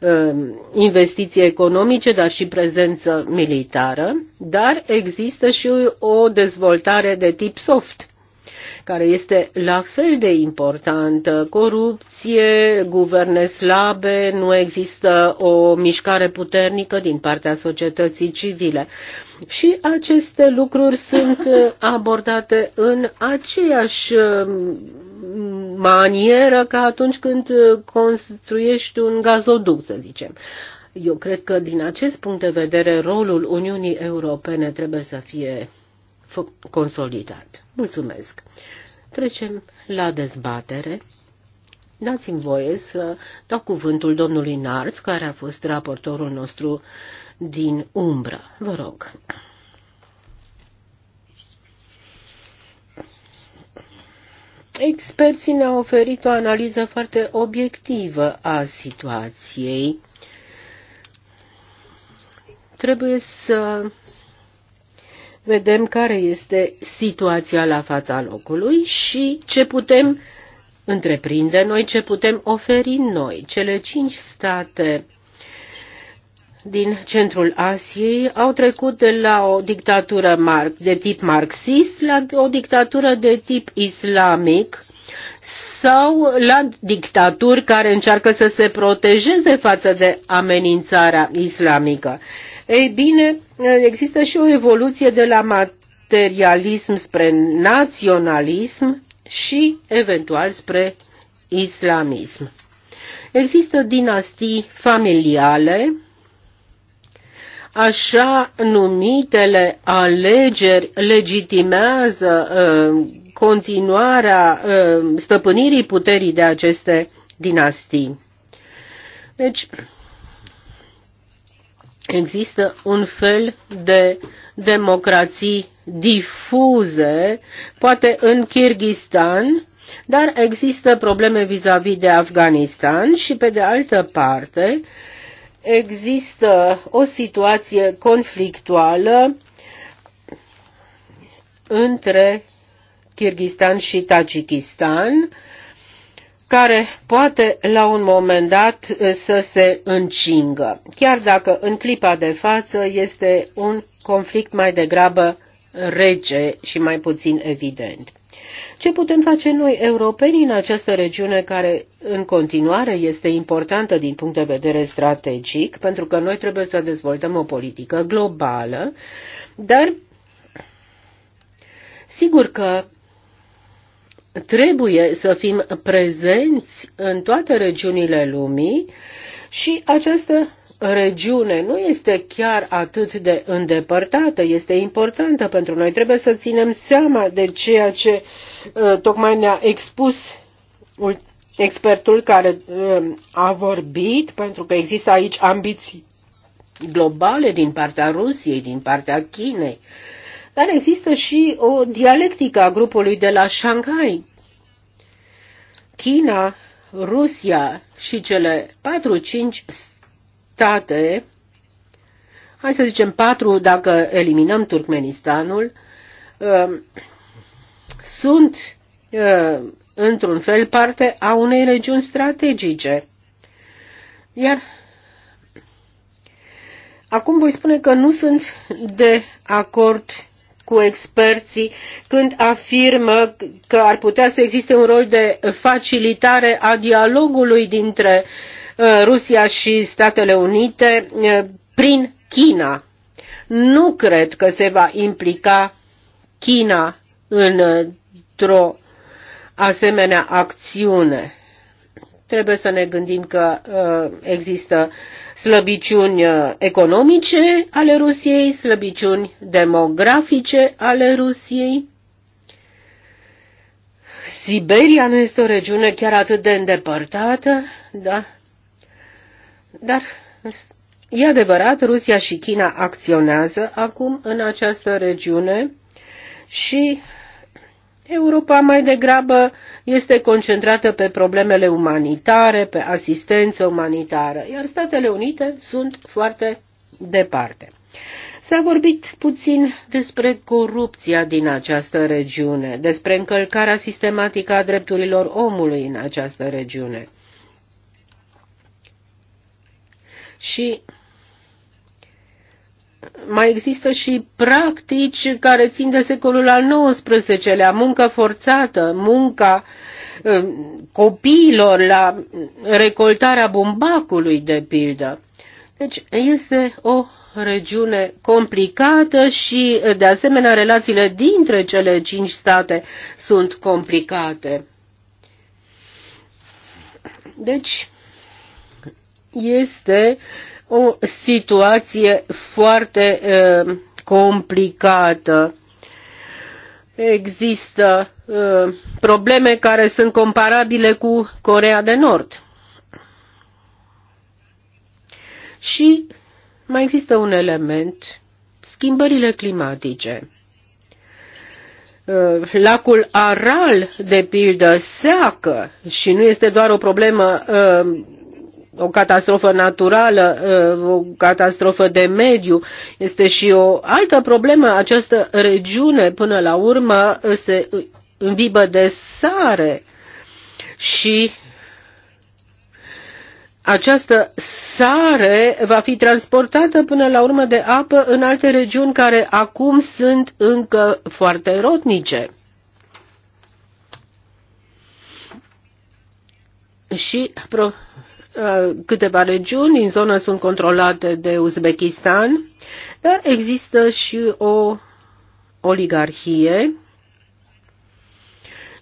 uh, investiții economice, dar și prezență militară, dar există și o dezvoltare de tip soft care este la fel de importantă. Corupție, guverne slabe, nu există o mișcare puternică din partea societății civile. Și aceste lucruri sunt uh, abordate în aceeași um, manieră ca atunci când uh, construiești un gazoduct, să zicem. Eu cred că din acest punct de vedere rolul Uniunii Europene trebuie să fie consolidat. Mulțumesc. Trecem la dezbatere. Dați-mi voie să dau cuvântul domnului Nart, care a fost raportorul nostru din umbră. Vă rog. Experții ne-au oferit o analiză foarte obiectivă a situației. Trebuie să vedem care este situația la fața locului și ce putem întreprinde noi, ce putem oferi noi. Cele cinci state din centrul Asiei au trecut de la o dictatură mar- de tip marxist la o dictatură de tip islamic sau la dictaturi care încearcă să se protejeze față de amenințarea islamică. Ei bine, există și o evoluție de la materialism spre naționalism și eventual spre islamism. Există dinastii familiale, așa numitele alegeri legitimează uh, continuarea uh, stăpânirii puterii de aceste dinastii. Deci, există un fel de democrații difuze, poate în Kirghistan, dar există probleme vis-a-vis -vis de Afganistan și, pe de altă parte, există o situație conflictuală între Kirghistan și Tajikistan, care poate la un moment dat să se încingă, chiar dacă în clipa de față este un conflict mai degrabă rece și mai puțin evident. Ce putem face noi europeni în această regiune care în continuare este importantă din punct de vedere strategic, pentru că noi trebuie să dezvoltăm o politică globală, dar sigur că trebuie să fim prezenți în toate regiunile lumii și această regiune nu este chiar atât de îndepărtată, este importantă pentru noi. Trebuie să ținem seama de ceea ce uh, tocmai ne-a expus expertul care uh, a vorbit, pentru că există aici ambiții globale din partea Rusiei, din partea Chinei. Uh, dar există și o dialectică a grupului de la Shanghai. China, Rusia și cele 4-5 state, hai să zicem 4 dacă eliminăm Turkmenistanul, um, sunt um, într-un fel parte a unei regiuni strategice. Iar acum voi spune că nu sunt de acord cu experții când afirmă că ar putea să existe un rol de facilitare a dialogului dintre uh, Rusia și Statele Unite uh, prin China. Nu cred că se va implica China într-o asemenea acțiune. Trebuie să ne gândim că uh, există slăbiciuni uh, economice ale Rusiei, slăbiciuni demografice ale Rusiei. Siberia nu este o regiune chiar atât de îndepărtată, da? Dar e adevărat, Rusia și China acționează acum în această regiune și Europa mai degrabă este concentrată pe problemele umanitare, pe asistență umanitară, iar Statele Unite sunt foarte departe. S-a vorbit puțin despre corupția din această regiune, despre încălcarea sistematică a drepturilor omului în această regiune. Și mai există și practici care țin de secolul al XIX-lea, muncă forțată, munca um, copiilor la recoltarea bumbacului, de pildă. Deci este o regiune complicată și, de asemenea, relațiile dintre cele cinci state sunt complicate. Deci, este uh, o situație foarte uh, complicată. Există uh, probleme care sunt comparabile cu Corea de Nord. Și mai există un element, schimbările climatice. Lacul Aral, de pildă, seacă și nu este doar o problemă uh, o catastrofă naturală, uh, o catastrofă de mediu. Este și o altă problemă. Această regiune, până la urmă, se învibă de sare și această sare va fi transportată până la urmă de apă în alte regiuni care acum sunt încă foarte rotnice. Și pro- Uh, câteva regiuni din zonă sunt controlate de Uzbekistan, dar există și o oligarhie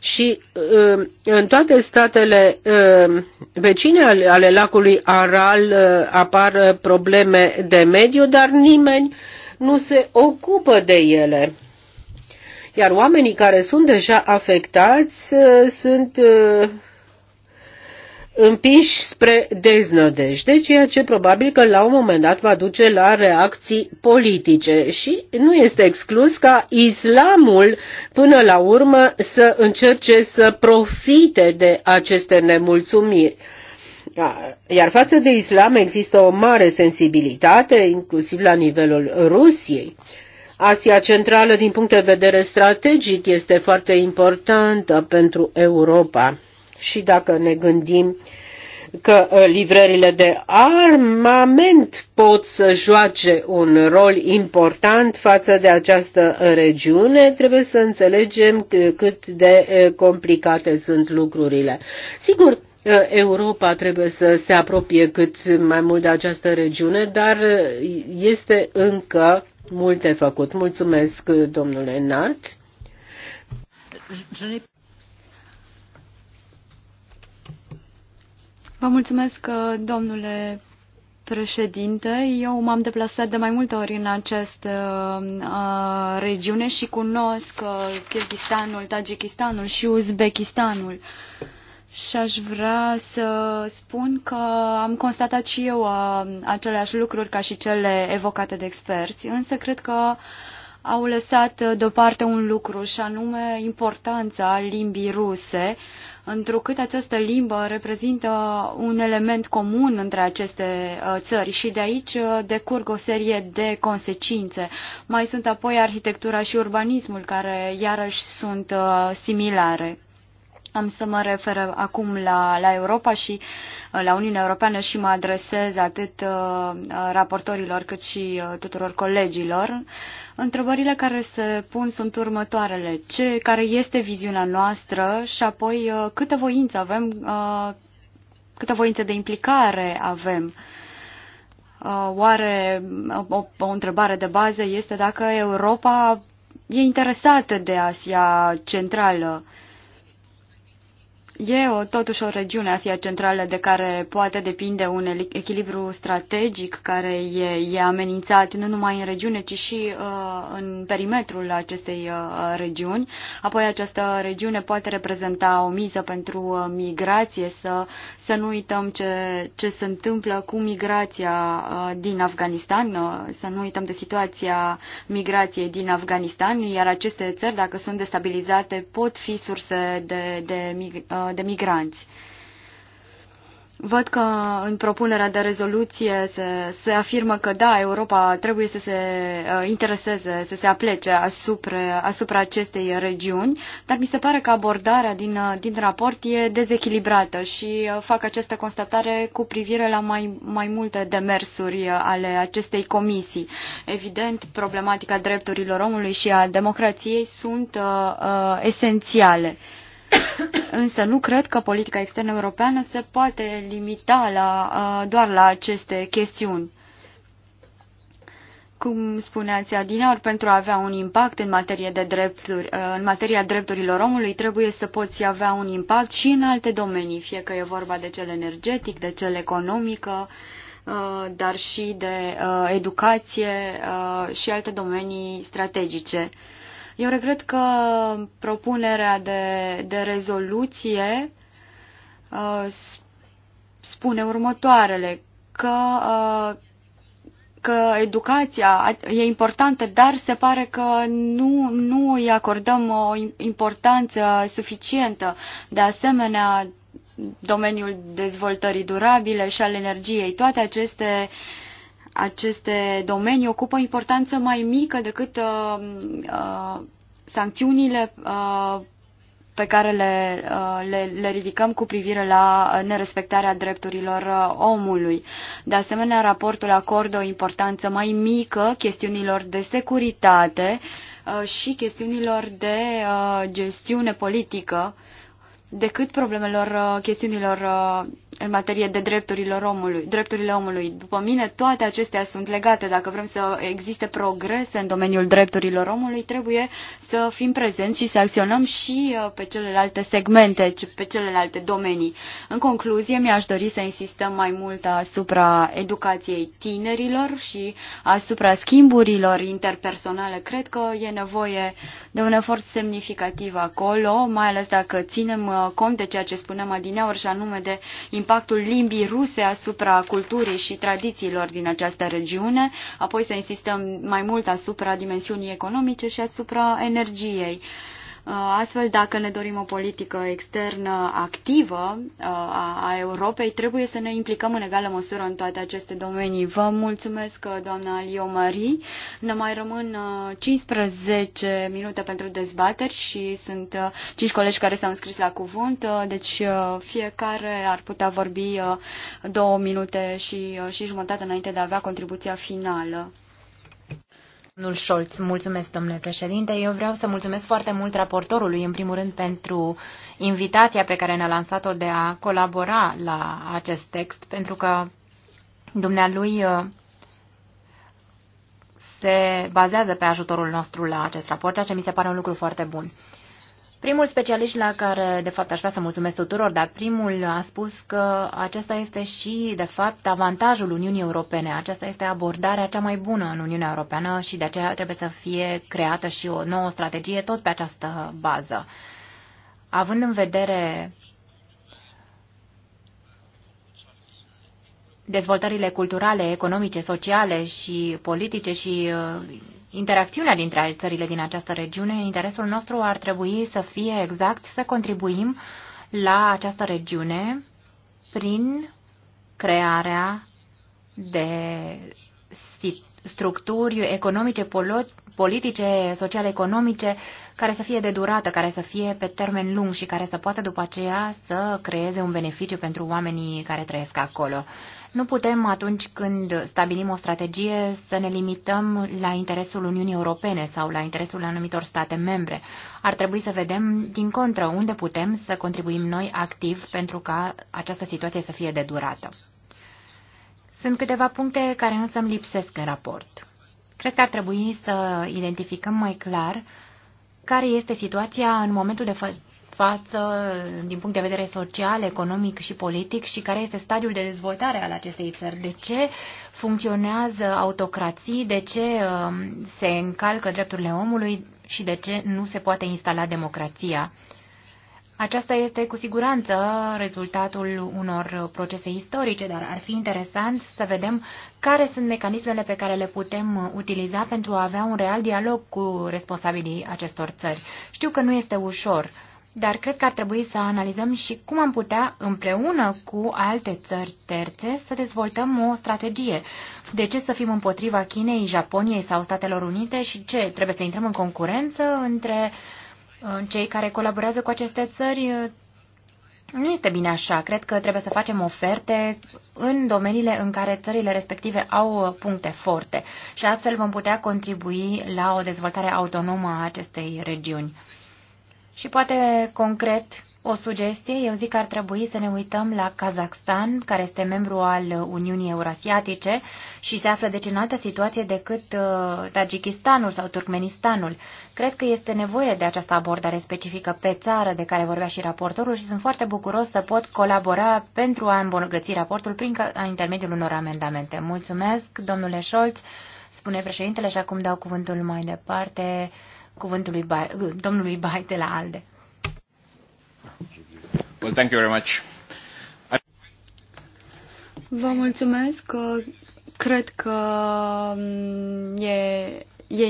și uh, în toate statele uh, vecine ale lacului Aral apar probleme de mediu, dar nimeni nu se ocupă de ele. Iar oamenii care sunt deja afectați sunt împinși spre deznădejde, ceea ce probabil că la un moment dat va duce la reacții politice și nu este exclus ca islamul până la urmă să încerce să profite de aceste nemulțumiri. Iar față de islam există o mare sensibilitate, inclusiv la nivelul Rusiei. Asia Centrală, din punct de vedere strategic, este foarte importantă pentru Europa și dacă ne gândim că uh, livrările de armament pot să joace un rol important față de această regiune, trebuie să înțelegem cât de uh, complicate sunt lucrurile. Sigur, uh, Europa trebuie să se apropie cât mai mult de această regiune, dar este încă multe făcut. Mulțumesc, domnule Nart. Vă mulțumesc, uh, domnule președinte. Eu m-am deplasat de mai multe ori în această uh, uh regiune și cunosc uh, Kyrgyzstanul, Tajikistanul și Uzbekistanul. Și aș vrea să spun că am constatat și eu uh, aceleași lucruri ca și cele evocate de experți, însă cred că au lăsat uh, deoparte un lucru și anume importanța limbii ruse uh, întrucât această limbă reprezintă un element comun între aceste uh, țări și de aici uh, decurg o serie de consecințe. Mai sunt apoi arhitectura și urbanismul, care iarăși sunt uh, similare. Am să mă refer acum la, la Europa și uh, la Uniunea Europeană și mă adresez atât uh, raportorilor cât și uh, tuturor colegilor. Întrebările care se pun sunt următoarele. Ce, care este viziunea noastră și apoi câtă voință avem, câtă voință de implicare avem? Oare o, o întrebare de bază este dacă Europa e interesată de Asia Centrală? Uh, E o, totuși o regiune, Asia Centrală, de care poate depinde un echilibru strategic care e, e amenințat nu numai în regiune, ci și uh, în perimetrul acestei uh, regiuni. Apoi această regiune poate reprezenta o miză pentru uh, migrație, să, să nu uităm ce, ce se întâmplă cu migrația uh, din Afganistan, uh, să nu uităm de situația migrației din Afganistan, iar aceste țări, dacă sunt destabilizate, pot fi surse de, de migrație uh, de migranți. Văd că în propunerea de rezoluție se, se afirmă că da, Europa trebuie să se uh, intereseze, să se aplece asupra, asupra acestei regiuni, dar mi se pare că abordarea din, uh, din raport e dezechilibrată și uh, fac această constatare cu privire la mai, mai multe demersuri ale acestei comisii. Evident, problematica drepturilor omului și a democrației sunt uh, esențiale. Uh, Însă nu cred că politica externă europeană se poate limita la, doar la aceste chestiuni. Cum spuneați Adinaur, pentru a avea un impact în materie de drepturi, în materia drepturilor omului, trebuie să poți avea un impact și în alte domenii, fie că e vorba de cel energetic, de cel economică, dar și de educație și alte domenii strategice. Eu regret că propunerea de, de rezoluție uh, spune următoarele, că, uh, că educația e importantă, dar se pare că nu, nu îi acordăm o importanță suficientă. De asemenea, domeniul dezvoltării durabile și al energiei, toate aceste uh, aceste domenii ocupă o importanță mai mică decât uh, uh, sancțiunile uh, pe care le, uh, le, le ridicăm cu privire la nerespectarea drepturilor uh, omului. De asemenea, raportul acordă o importanță mai mică chestiunilor de securitate uh, și chestiunilor de gestiune politică decât problemelor chestiunilor în materie de drepturile omului. Drepturile omului. După mine, toate acestea sunt legate. Dacă vrem să existe progrese în domeniul drepturilor omului, trebuie să fim prezenți și să acționăm și uh, pe celelalte segmente, pe celelalte domenii. În concluzie, mi-aș dori să insistăm mai mult asupra educației tinerilor și asupra schimburilor interpersonale. Cred că e nevoie de un efort semnificativ acolo, mai ales dacă ținem uh, cont de ceea ce spuneam adineaori și anume de impactul limbii ruse asupra culturii și tradițiilor din această regiune, apoi să insistăm mai mult asupra dimensiunii economice și asupra energiei. Uh, Uh, astfel, dacă ne dorim o politică externă activă uh, a Europei, trebuie să ne implicăm în egală măsură în toate aceste domenii. Vă mulțumesc, uh, doamna Alio Marie. Ne mai rămân 15 minute pentru dezbateri și sunt 5 colegi care s-au înscris la cuvânt, deci fiecare ar putea vorbi două minute și, și jumătate înainte de a avea contribuția finală. Domnul Scholz, mulțumesc, domnule președinte. Eu vreau să mulțumesc foarte mult raportorului, în primul rând, pentru invitația pe care ne-a lansat-o de a colabora la acest text, pentru că dumnealui uh, se bazează pe ajutorul nostru la acest raport, ceea ce mi se pare un lucru foarte bun. Primul specialist la care, de fapt, aș vrea să mulțumesc tuturor, dar primul a spus că acesta este și, de fapt, avantajul Uniunii Europene. Aceasta este abordarea cea mai bună în Uniunea Europeană și de aceea trebuie să fie creată și o nouă strategie tot pe această bază. Având în vedere dezvoltările culturale, economice, sociale și politice și uh, interacțiunea dintre țările din această regiune, interesul nostru ar trebui să fie exact să contribuim la această regiune prin crearea de structuri economice, politice, social-economice care să fie de durată, care să fie pe termen lung și care să poată după aceea să creeze un beneficiu pentru oamenii care trăiesc acolo. Nu putem, atunci când stabilim o strategie, să ne limităm la interesul Uniunii Europene sau la interesul anumitor state membre. Ar trebui să vedem, din contră, unde putem să contribuim noi activ pentru ca această situație să fie de durată. Sunt câteva puncte care însă îmi lipsesc în raport. Cred că ar trebui să identificăm mai clar care este situația în momentul de față din punct de vedere social, economic și politic și care este stadiul de dezvoltare al acestei țări. De ce funcționează autocrații, de ce um, se încalcă drepturile omului și de ce nu se poate instala democrația. Aceasta este cu siguranță rezultatul unor procese istorice, dar ar fi interesant să vedem care sunt mecanismele pe care le putem utiliza pentru a avea un real dialog cu responsabilii acestor țări. Știu că nu este ușor dar cred că ar trebui să analizăm și cum am putea, împreună cu alte țări terțe, să dezvoltăm o strategie. De ce să fim împotriva Chinei, Japoniei sau Statelor Unite și ce? Trebuie să intrăm în concurență între cei care colaborează cu aceste țări? Nu este bine așa. Cred că trebuie să facem oferte în domeniile în care țările respective au puncte forte și astfel vom putea contribui la o dezvoltare autonomă a acestei regiuni. Și poate concret o sugestie, eu zic că ar trebui să ne uităm la Kazakhstan, care este membru al Uniunii Eurasiatice și se află deci în altă situație decât uh, Tajikistanul sau Turkmenistanul. Cred că este nevoie de această abordare specifică pe țară de care vorbea și raportorul și sunt foarte bucuros să pot colabora pentru a îmbunătăți raportul prin intermediul unor amendamente. Mulțumesc, domnule Scholz, spune președintele și acum dau cuvântul mai departe cuvântului ba, domnului Bai de la ALDE. Well, thank you very much. I... Vă mulțumesc. Cred că mm, e, e,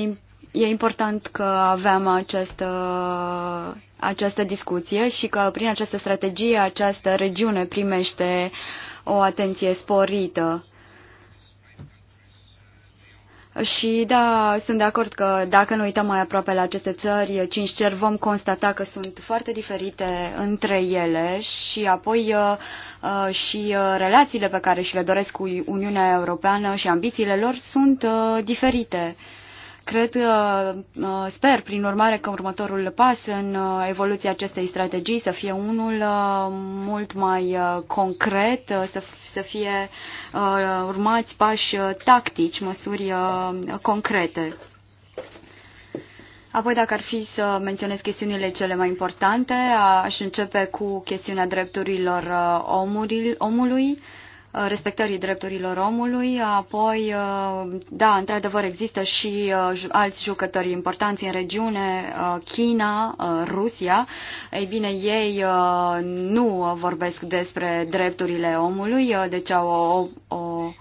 e important că aveam această, această discuție și că prin această strategie această regiune primește o atenție sporită. Și da, sunt de acord că dacă ne uităm mai aproape la aceste țări, cinci cer, vom constata că sunt foarte diferite între ele și apoi uh, uh, și uh, relațiile pe care și le doresc cu Uniunea Europeană și ambițiile lor sunt diferite. Cred, uh, uh, sper, prin urmare, că următorul pas în uh, evoluția acestei strategii să fie unul mult mai concret, să, fie urmați pași tactici, măsuri concrete. Apoi, dacă ar fi să menționez chestiunile cele mai importante, aș începe cu chestiunea drepturilor omului. Uh, respectării drepturilor omului. Apoi, uh, da, într-adevăr există și uh, alți jucători importanți în regiune, China, Rusia. Ei bine, ei nu vorbesc despre drepturile omului, deci au o, o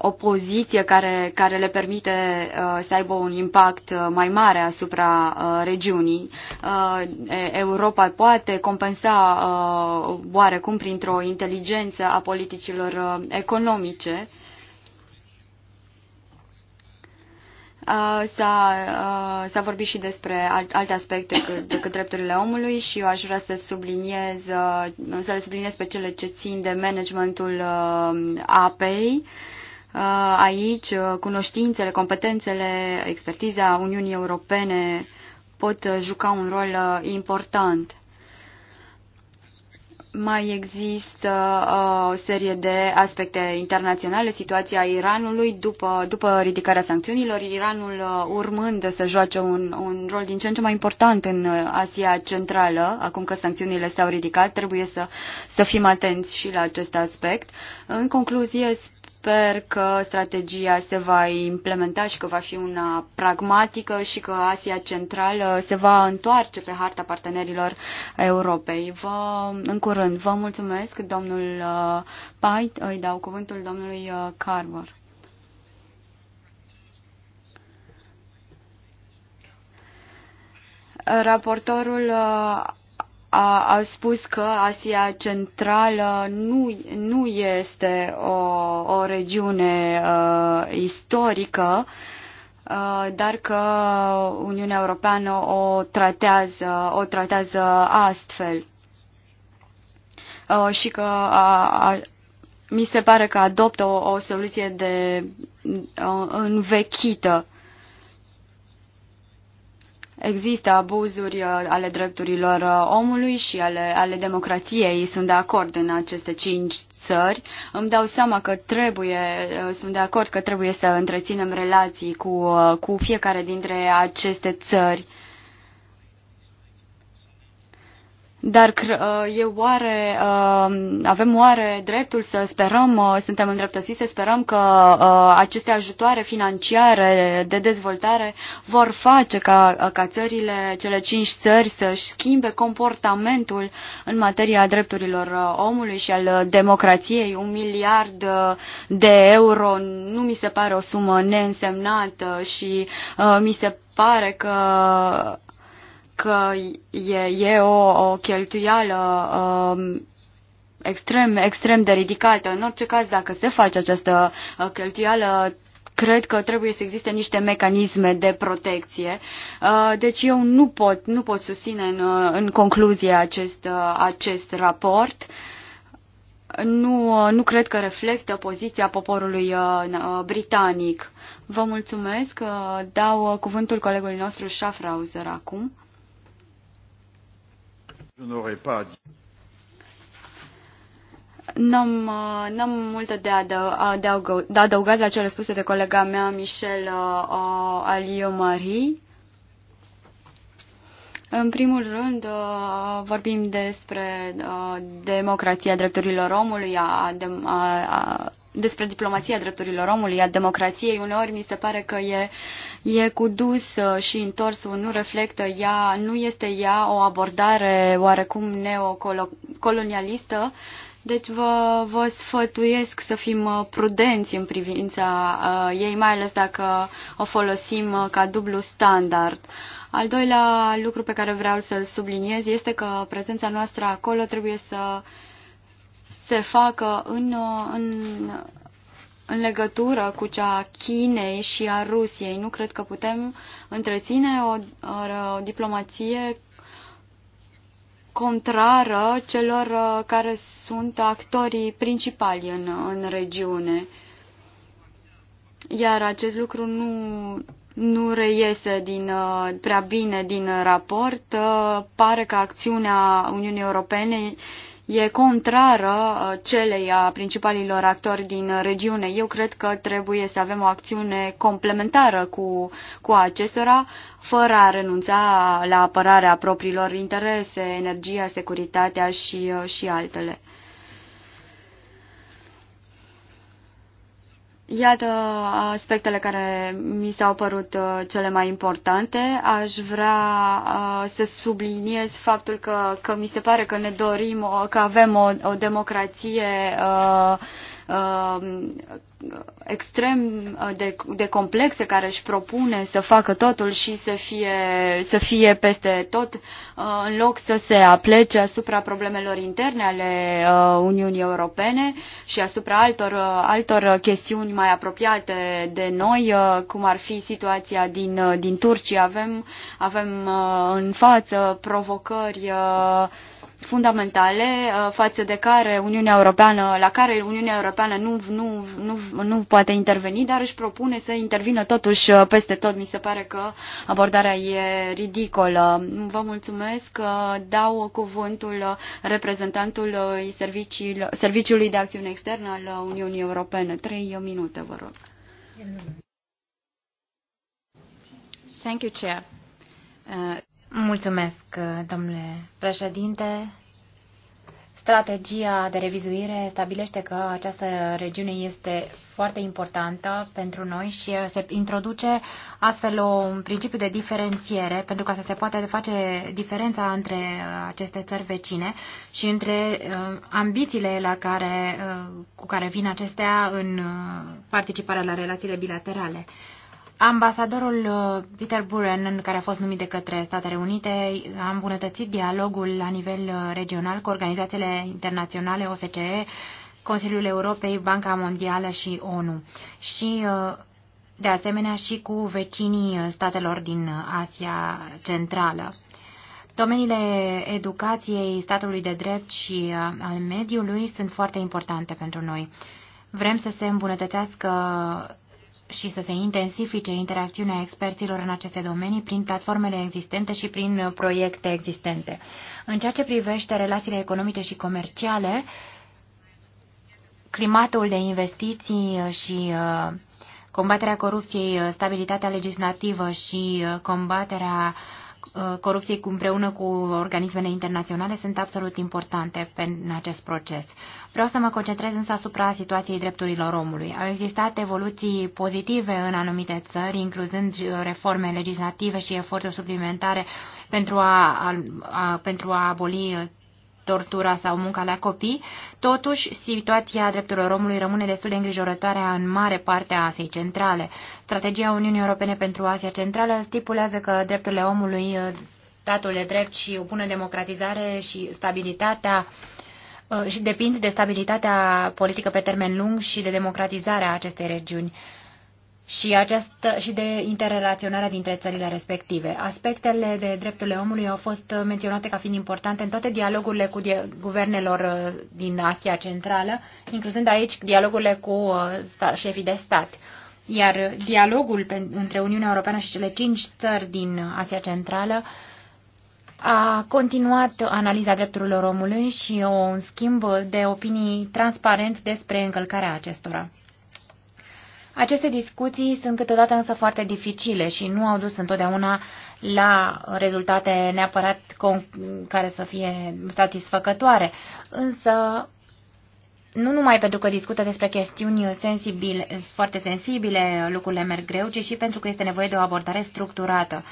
o poziție care, care le permite uh, să aibă un impact uh, mai mare asupra uh, regiunii. Uh, Europa poate compensa uh, oarecum printr-o inteligență a politicilor uh, economice. Uh, s-a, uh, vorbit și despre alte aspecte decât drepturile omului și eu aș vrea să subliniez, uh, să le subliniez pe cele ce țin de managementul apei. Uh, Uh, aici uh, cunoștințele, competențele, expertiza Uniunii Europene pot uh, juca un rol important. Mai există o serie de aspecte internaționale, situația Iranului după, după ridicarea sancțiunilor, Iranul urmând să joace un, un rol din ce în ce mai important în Asia Centrală, acum că sancțiunile s-au ridicat, trebuie să, să fim atenți și la acest aspect. În concluzie, Sper că strategia se va implementa și că va fi una pragmatică și că Asia Centrală se va întoarce pe harta partenerilor Europei. Vă, în curând, vă mulțumesc, domnul uh, Pait, îi dau cuvântul domnului uh, Carver. Raportorul uh, a, a spus că Asia Centrală nu, nu este o, o regiune uh, istorică, uh, dar că Uniunea Europeană o tratează, o tratează astfel. Uh, și că a, a, mi se pare că adoptă o, o soluție de uh, învechită. Uh, Există abuzuri uh, ale drepturilor uh, omului și ale, ale democrației. Sunt de acord în aceste cinci țări. Îmi dau seama că trebuie, uh, sunt de acord că trebuie să întreținem relații cu, cu fiecare dintre aceste țări. Dar uh, e oare, uh, avem oare dreptul să sperăm, uh, suntem îndreptățiți să sperăm că aceste ajutoare financiare de dezvoltare vor face ca, ca țările, cele cinci țări să-și schimbe comportamentul în materia drepturilor omului și al democrației. Un miliard de euro nu mi se pare o sumă neînsemnată și mi se pare că că e, e o, o cheltuială um, extrem, extrem de ridicată. În orice caz, dacă se face această uh, cheltuială, cred că trebuie să existe niște mecanisme de protecție. Uh, deci eu nu pot, nu pot susține în, uh, în concluzie acest, uh, acest raport. Nu, nu cred că reflectă poziția poporului britanic. Vă mulțumesc. Dau cuvântul colegului nostru Schaffrauser acum. N-am, uh, n-am multe de, adăug, de adăugat la cele spuse de colega mea, Michel uh, uh Marie. În primul rând, uh, vorbim despre democrația drepturilor omului, a, a, a despre diplomația drepturilor omului, a democrației, uneori mi se pare că e, e cu dus uh, și întorsul, nu reflectă ea, nu este ea o abordare oarecum neocolonialistă, deci vă, vă sfătuiesc să fim uh, prudenți în privința uh, ei, mai ales dacă o folosim uh, ca dublu standard. Al doilea lucru pe care vreau să-l subliniez este că prezența noastră acolo trebuie să uh, se facă în, în, în legătură cu cea a Chinei și a Rusiei. Nu cred că putem întreține o, o diplomație contrară celor uh, care sunt actorii principali în, în regiune. Iar acest lucru nu, nu reiese din, uh, prea bine din raport. Uh, pare că acțiunea Uniunii Europene e contrară uh, celei a principalilor actori din regiune. Eu cred că trebuie să avem o acțiune complementară cu, cu acestora, fără a renunța la apărarea propriilor interese, energia, securitatea și, uh, și altele. Iată aspectele care mi s-au părut uh, cele mai importante. Aș vrea uh, să subliniez faptul că, că mi se pare că ne dorim, că avem o, o democrație uh, Um, extrem de, de complexe care își propune să facă totul și să fie, să fie peste tot uh, în loc să se aplece asupra problemelor interne ale uh, Uniunii Europene și asupra altor, uh, altor chestiuni mai apropiate de noi, cum ar fi situația din, din Turcia. Avem, avem în față provocări uh, fundamentale uh, față de care Uniunea Europeană, la care Uniunea Europeană nu, nu, nu, nu poate interveni, dar își propune să intervină totuși uh, peste tot. Mi se pare că abordarea e ridicolă. Vă mulțumesc. Uh, dau cuvântul reprezentantului Serviciului de Acțiune Externă al Uniunii Europene. Trei minute, vă rog. Thank you, Chair. Uh... Mulțumesc, domnule președinte. Strategia de revizuire stabilește că această regiune este foarte importantă pentru noi și se introduce astfel un principiu de diferențiere pentru ca să se poată face diferența între uh, aceste țări vecine și între uh, ambițiile la care, uh, cu care vin acestea în participarea la relațiile bilaterale. Ambasadorul uh, Peter Buren, care a fost numit de către Statele Unite, a îmbunătățit dialogul la nivel uh, regional cu organizațiile internaționale OSCE, Consiliul Europei, Banca Mondială și ONU. Și uh, de asemenea și cu vecinii statelor din Asia Centrală. Domeniile educației, statului de drept și al mediului sunt foarte importante pentru noi. Vrem să se îmbunătățească și să se intensifice interacțiunea experților în aceste domenii prin platformele existente și prin uh, proiecte existente. În ceea ce privește relațiile economice și comerciale, climatul de investiții uh, și uh, combaterea corupției, stabilitatea legislativă și combaterea corupției împreună cu organismele internaționale sunt absolut importante în acest proces. Vreau să mă concentrez însă asupra situației drepturilor omului. Au existat evoluții pozitive în anumite țări, incluzând uh, reforme legislative și eforturi suplimentare pentru a, a, a, pentru a aboli uh, tortura sau munca la copii, totuși situația drepturilor omului rămâne destul de îngrijorătoare în mare parte a Asiei Centrale. Strategia Uniunii Europene pentru Asia Centrală stipulează că drepturile omului, uh, statul de drept și o bună democratizare și stabilitatea uh, Uh, și depind de stabilitatea politică pe termen lung și de democratizarea acestei regiuni și, această, și de interrelaționarea dintre țările respective. Aspectele de drepturile omului au fost menționate ca fiind importante în toate dialogurile cu di guvernelor uh, din Asia Centrală, incluzând aici dialogurile cu uh, șefii de stat. Iar dialogul între Uniunea Europeană și cele cinci țări din Asia Centrală uh, a continuat analiza drepturilor omului și un schimb de opinii transparent despre încălcarea acestora. Aceste discuții sunt câteodată însă foarte dificile și nu au dus întotdeauna la rezultate neapărat care să fie satisfăcătoare. Însă, nu numai pentru că discută despre chestiuni sensibile, foarte sensibile, lucrurile merg greu, ci și pentru că este nevoie de o abordare structurată.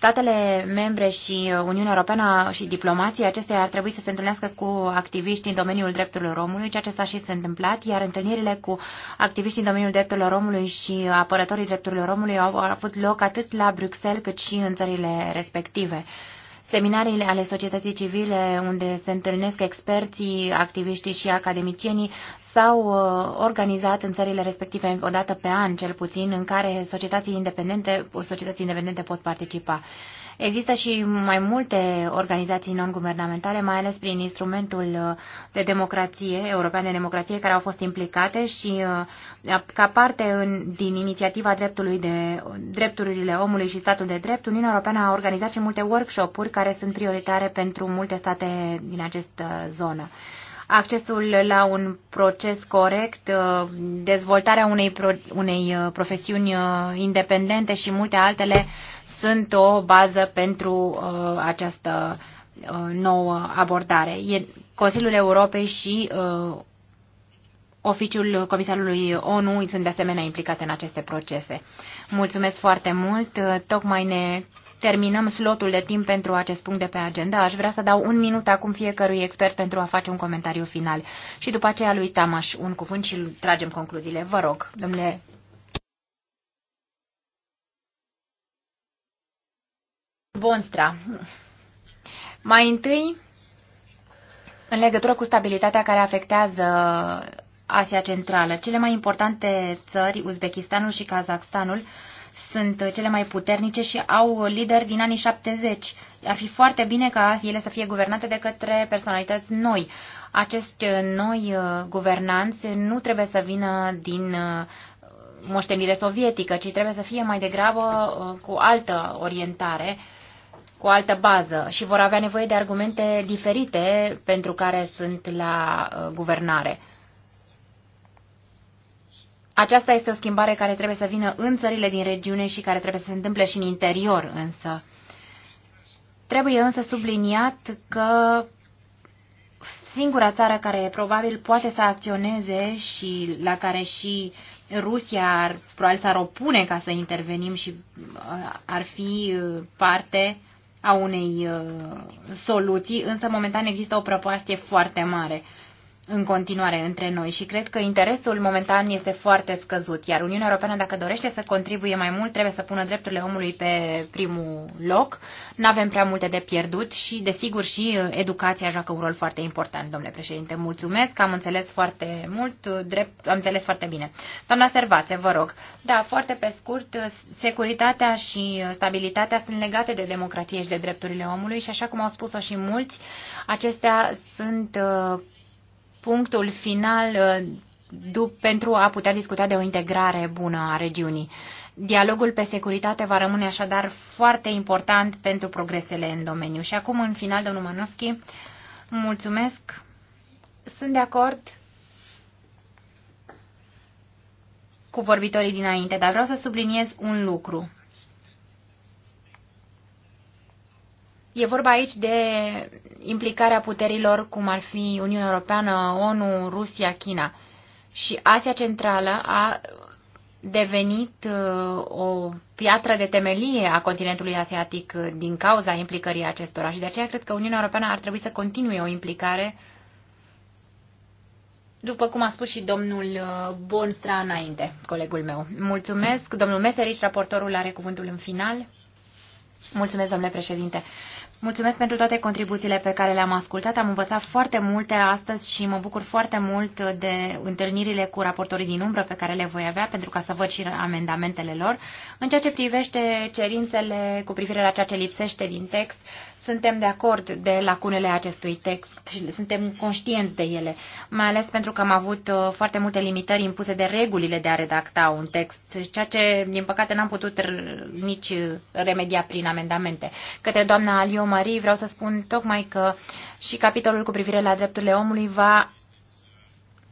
Statele membre și Uniunea Europeană și diplomații acestea ar trebui să se întâlnească cu activiști în domeniul drepturilor omului, ceea ce s-a și s-a întâmplat, iar întâlnirile cu activiști în domeniul drepturilor omului și apărătorii drepturilor omului au avut loc atât la Bruxelles cât și în țările respective. Seminariile ale societății civile, unde se întâlnesc experții, activiștii și academicienii, s-au uh, organizat în țările respective o dată pe an, cel puțin, în care societății independente, societății independente pot participa. Există și mai multe organizații non-guvernamentale, mai ales prin instrumentul uh, de democrație, european de democrație, care au fost implicate și uh, ca parte în, din inițiativa dreptului de, drepturile omului și statul de drept, Uniunea Europeană a organizat și multe workshop-uri care sunt prioritare pentru multe state din această zonă accesul la un proces corect, uh, dezvoltarea unei, pro, unei profesiuni independente și multe altele sunt o bază pentru uh, această uh, nouă abordare. E Consiliul Europei și uh, Oficiul Comisarului ONU sunt de asemenea implicate în aceste procese. Mulțumesc foarte mult. Tocmai ne terminăm slotul de timp pentru acest punct de pe agenda. Aș vrea să dau un minut acum fiecărui expert pentru a face un comentariu final. Și după aceea lui Tamaș un cuvânt și tragem concluziile. Vă rog, domnule Bonstra. Mai întâi, în legătură cu stabilitatea care afectează Asia Centrală, cele mai importante țări, Uzbekistanul și Kazakhstanul, sunt cele mai puternice și au lideri din anii 70. Ar fi foarte bine ca ele să fie guvernate de către personalități noi. Acești noi uh, guvernanți nu trebuie să vină din uh, moștenire sovietică, ci trebuie să fie mai degrabă uh, cu altă orientare cu o altă bază și vor avea nevoie de argumente diferite pentru care sunt la uh, guvernare. Aceasta este o schimbare care trebuie să vină în țările din regiune și care trebuie să se întâmple și în interior însă. Trebuie însă subliniat că singura țară care probabil poate să acționeze și la care și Rusia ar, probabil s-ar opune ca să intervenim și uh, ar fi uh, parte a unei uh, soluții, însă momentan există o prăpastie foarte mare în continuare între noi și cred că interesul momentan este foarte scăzut, iar Uniunea Europeană, dacă dorește să contribuie mai mult, trebuie să pună drepturile omului pe primul loc. Nu avem prea multe de pierdut și, desigur, și uh, educația joacă un rol foarte important, domnule președinte. Mulțumesc, am înțeles foarte mult, uh, drept, am înțeles foarte bine. Doamna Servațe, vă rog. Da, foarte pe scurt, uh, securitatea și stabilitatea sunt legate de democrație și de drepturile omului și, așa cum au spus-o și mulți, acestea sunt punctul final uh, pentru a putea discuta de o integrare bună a regiunii. Dialogul pe securitate va rămâne așadar foarte important pentru progresele în domeniu. Și acum, în final, domnul Manoschi, mulțumesc. Sunt de acord cu vorbitorii dinainte, dar vreau să subliniez un lucru. E vorba aici de implicarea puterilor cum ar fi Uniunea Europeană, ONU, Rusia, China. Și Asia Centrală a devenit uh, o piatră de temelie a continentului asiatic uh, din cauza implicării acestora și de aceea cred că Uniunea Europeană ar trebui să continue o implicare, după cum a spus și domnul uh, Bonstra înainte, colegul meu. Mulțumesc. Domnul Meserici, raportorul, are cuvântul în final. Mulțumesc, domnule președinte. Mulțumesc pentru toate contribuțiile pe care le-am ascultat. Am învățat foarte multe astăzi și mă bucur foarte mult de întâlnirile cu raportorii din umbră pe care le voi avea pentru ca să văd și amendamentele lor. În ceea ce privește cerințele cu privire la ceea ce lipsește din text, suntem de acord de lacunele acestui text și suntem conștienți de ele, mai ales pentru că am avut uh, foarte multe limitări impuse de regulile de a redacta un text, ceea ce, din păcate, n-am putut nici uh, remedia prin amendamente. Către doamna Alio Marie vreau să spun tocmai că și capitolul cu privire la drepturile omului va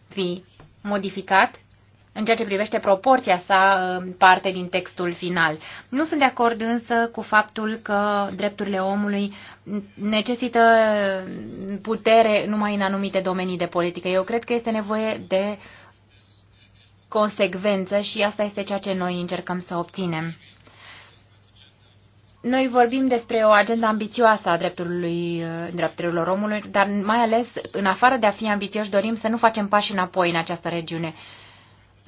fi modificat în ceea ce privește proporția sa parte din textul final. Nu sunt de acord însă cu faptul că drepturile omului necesită putere numai în anumite domenii de politică. Eu cred că este nevoie de consecvență și asta este ceea ce noi încercăm să obținem. Noi vorbim despre o agenda ambițioasă a drepturilor omului, dar mai ales, în afară de a fi ambițioși, dorim să nu facem pași înapoi în această regiune.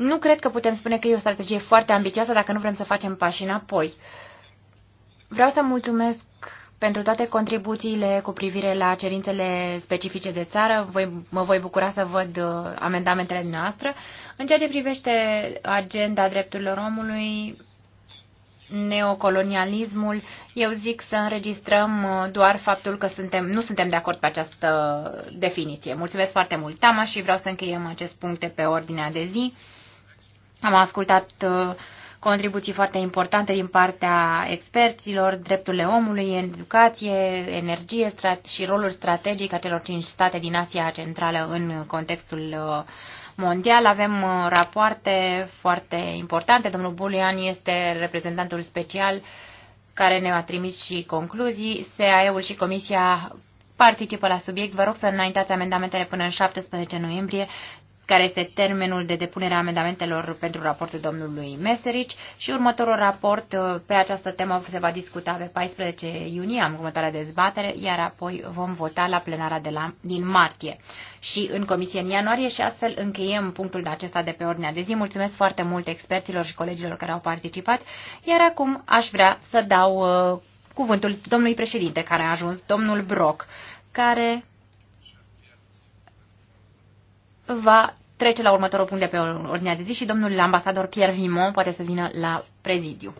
Nu cred că putem spune că e o strategie foarte ambițioasă dacă nu vrem să facem pași înapoi. Vreau să mulțumesc pentru toate contribuțiile cu privire la cerințele specifice de țară. Voi, mă voi bucura să văd uh, amendamentele noastre. În ceea ce privește agenda drepturilor omului, neocolonialismul, eu zic să înregistrăm uh, doar faptul că suntem, nu suntem de acord pe această definiție. Mulțumesc foarte mult, Tama, și vreau să încheiem acest punct de pe ordinea de zi. Am ascultat uh, contribuții foarte importante din partea experților, drepturile omului, educație, energie și rolul strategic a celor cinci state din Asia Centrală în contextul uh, mondial. Avem uh, rapoarte foarte importante. Domnul Bulian este reprezentantul special care ne-a trimis și concluzii. SAE-ul și Comisia participă la subiect. Vă rog să înaintați amendamentele până în 17 noiembrie care este termenul de depunere a amendamentelor pentru raportul domnului Meserici și următorul raport uh, pe această temă se va discuta pe 14 iunie, am următoarea dezbatere, iar apoi vom vota la plenara de la, din martie și în comisie în ianuarie și astfel încheiem punctul acesta de pe ordinea de zi. Mulțumesc foarte mult experților și colegilor care au participat, iar acum aș vrea să dau uh, cuvântul domnului președinte care a ajuns, domnul Broc, care va trece la următorul punct de pe ordinea de zi și domnul ambasador Pierre Vimon poate să vină la prezidiu.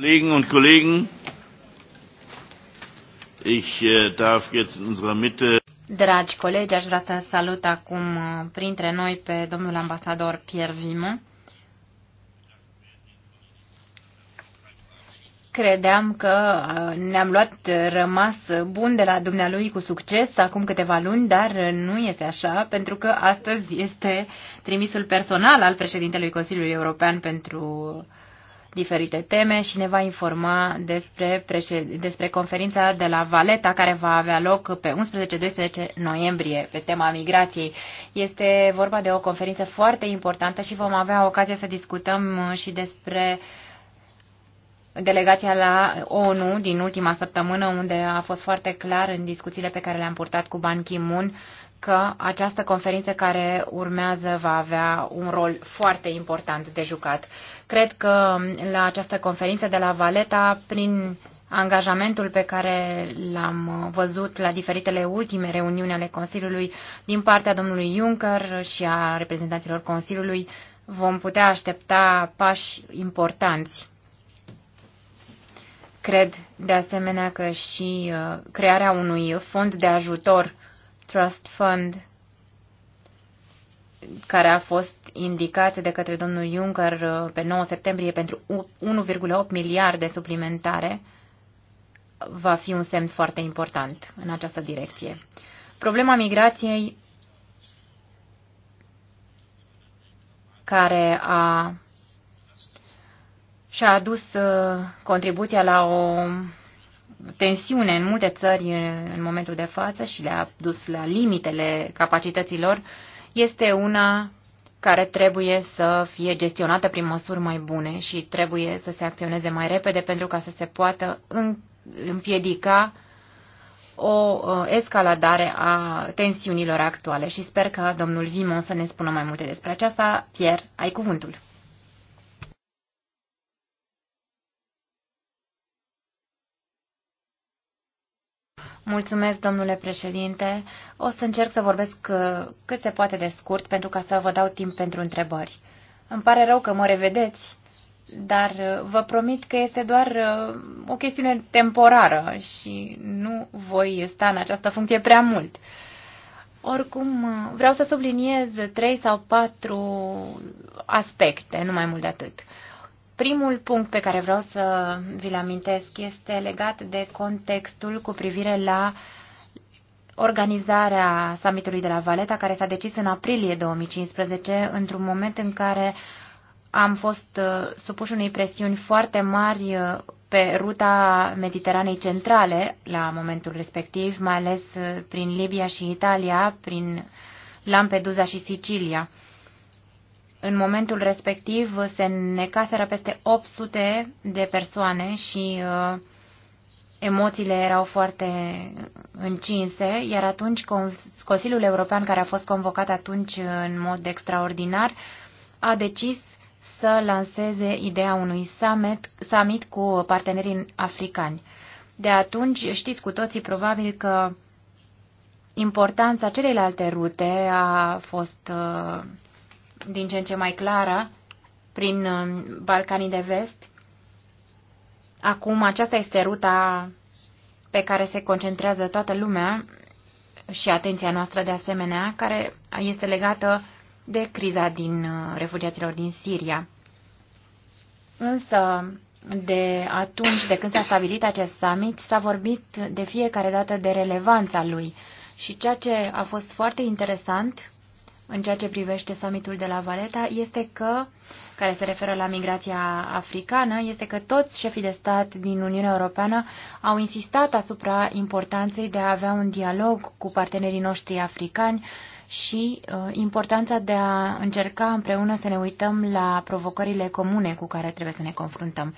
Kolleginnen und Kollegen, ich äh, darf jetzt in unserer Mitte Dragi colegi, aș vrea să salut acum uh, printre noi pe domnul ambasador Pierre Vimă. Credeam că uh, ne-am luat rămas bun de la dumnealui cu succes acum câteva luni, dar nu este așa, pentru că astăzi este trimisul personal al președintelui Consiliului European pentru uh, diferite teme și ne va informa despre, despre conferința de la Valeta care va avea loc pe 11-12 noiembrie pe tema migrației. Este vorba de o conferință foarte importantă și vom avea ocazia să discutăm și despre delegația la ONU din ultima săptămână, unde a fost foarte clar în discuțiile pe care le-am purtat cu Ban Ki-moon că această conferință care urmează va avea un rol foarte important de jucat. Cred că la această conferință de la Valeta, prin angajamentul pe care l-am văzut la diferitele ultime reuniuni ale Consiliului din partea domnului Juncker și a reprezentanților Consiliului, vom putea aștepta pași importanți. Cred, de asemenea, că și uh, crearea unui fond de ajutor, Trust Fund, care a fost indicat de către domnul Juncker uh, pe 9 septembrie pentru 1,8 miliarde suplimentare va fi un semn foarte important în această direcție. Problema migrației care a și-a adus uh, contribuția la o tensiune în multe țări în momentul de față și le-a dus la limitele capacităților este una care trebuie să fie gestionată prin măsuri mai bune și trebuie să se acționeze mai repede pentru ca să se poată împiedica o ă, escaladare a tensiunilor actuale și sper că domnul Vimon să ne spună mai multe despre aceasta. Pierre, ai cuvântul. Mulțumesc, domnule președinte. O să încerc să vorbesc uh, cât se poate de scurt pentru ca să vă dau timp pentru întrebări. Îmi pare rău că mă revedeți, dar uh, vă promit că este doar uh, o chestiune temporară și nu voi sta în această funcție prea mult. Oricum, vreau să subliniez trei sau patru aspecte, nu mai mult de atât. Uh, Primul punct pe care vreau să vi-l amintesc este legat de contextul cu privire la organizarea summitului de la Valeta, care s-a decis în aprilie 2015, într-un moment în care am fost uh, supuși unei presiuni foarte mari uh, pe ruta Mediteranei Centrale la momentul respectiv, mai ales uh, prin Libia și Italia, prin Lampedusa și Sicilia în momentul respectiv se necaseră peste 800 de persoane și uh, emoțiile erau foarte încinse, iar atunci Consiliul European, care a fost convocat atunci în mod extraordinar, a decis să lanseze ideea unui summit, summit cu partenerii africani. De atunci știți cu toții probabil că importanța celelalte rute a fost uh, din ce în ce mai clară prin uh, Balcanii de Vest. Acum aceasta este ruta pe care se concentrează toată lumea și atenția noastră de asemenea, care este legată de criza din uh, refugiaților din Siria. Însă, de atunci, de când s-a stabilit acest summit, s-a vorbit de fiecare dată de relevanța lui. Și ceea ce a fost foarte interesant în ceea ce privește summitul de la Valeta este că, care se referă la migrația africană, este că toți șefii de stat din Uniunea Europeană au insistat asupra importanței de a avea un dialog cu partenerii noștri africani și uh, importanța de a încerca împreună să ne uităm la provocările comune cu care trebuie să ne confruntăm.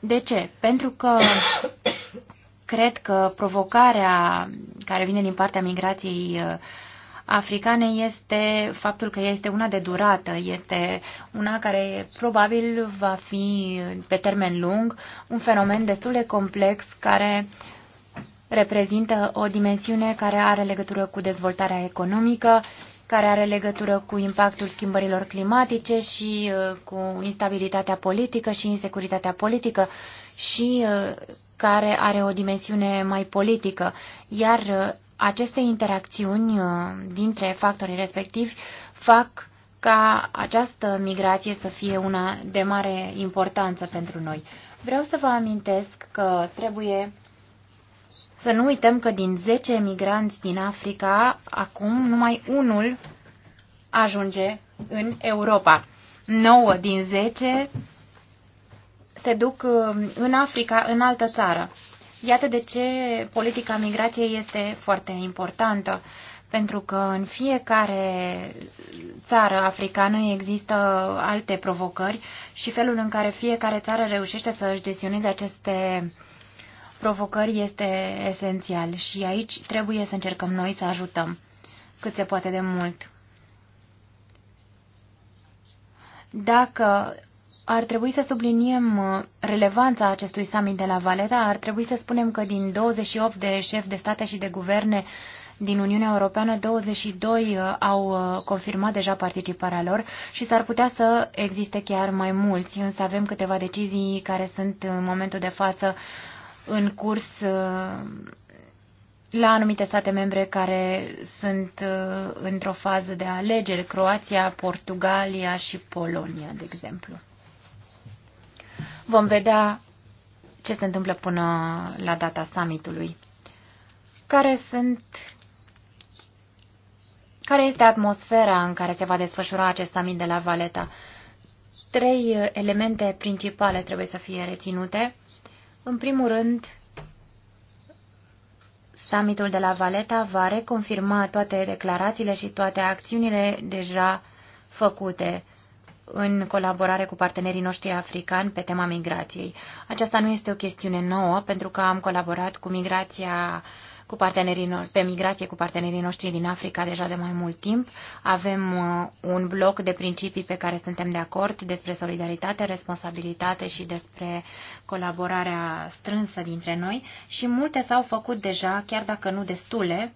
De ce? Pentru că <coughs> cred că provocarea care vine din partea migrației uh, africane este faptul că este una de durată, este una care probabil va fi pe termen lung un fenomen destul de complex care reprezintă o dimensiune care are legătură cu dezvoltarea economică, care are legătură cu impactul schimbărilor climatice și uh, cu instabilitatea politică și insecuritatea politică și uh, care are o dimensiune mai politică. Iar uh, aceste interacțiuni uh, dintre factorii respectivi fac ca această migrație să fie una de mare importanță pentru noi. Vreau să vă amintesc că trebuie să nu uităm că din 10 migranți din Africa, acum numai unul ajunge în Europa. 9 din 10 se duc uh, în Africa, în altă țară. Iată de ce politica migrației este foarte importantă, pentru că în fiecare țară africană există alte provocări și felul în care fiecare țară reușește să își gestioneze aceste provocări este esențial și aici trebuie să încercăm noi să ajutăm cât se poate de mult. Dacă ar trebui să subliniem uh, relevanța acestui summit de la Valeta. Ar trebui să spunem că din 28 de șefi de state și de guverne din Uniunea Europeană, 22 uh, au uh, confirmat deja participarea lor și s-ar putea să existe chiar mai mulți, însă avem câteva decizii care sunt în momentul de față în curs la anumite state membre care sunt într-o fază de alegeri, Croația, Portugalia și Polonia, de exemplu. Vom vedea ce se întâmplă până la data summitului. Care sunt care este atmosfera în care se va desfășura acest summit de la Valeta? Trei elemente principale trebuie să fie reținute. În primul rând, summitul de la Valeta va reconfirma toate declarațiile și toate acțiunile deja făcute în colaborare cu partenerii noștri africani pe tema migrației. Aceasta nu este o chestiune nouă, pentru că am colaborat cu migrația cu partenerii no- pe migrație cu partenerii noștri din Africa deja de mai mult timp. Avem uh, un bloc de principii pe care suntem de acord despre solidaritate, responsabilitate și despre colaborarea strânsă dintre noi și multe s-au făcut deja, chiar dacă nu destule,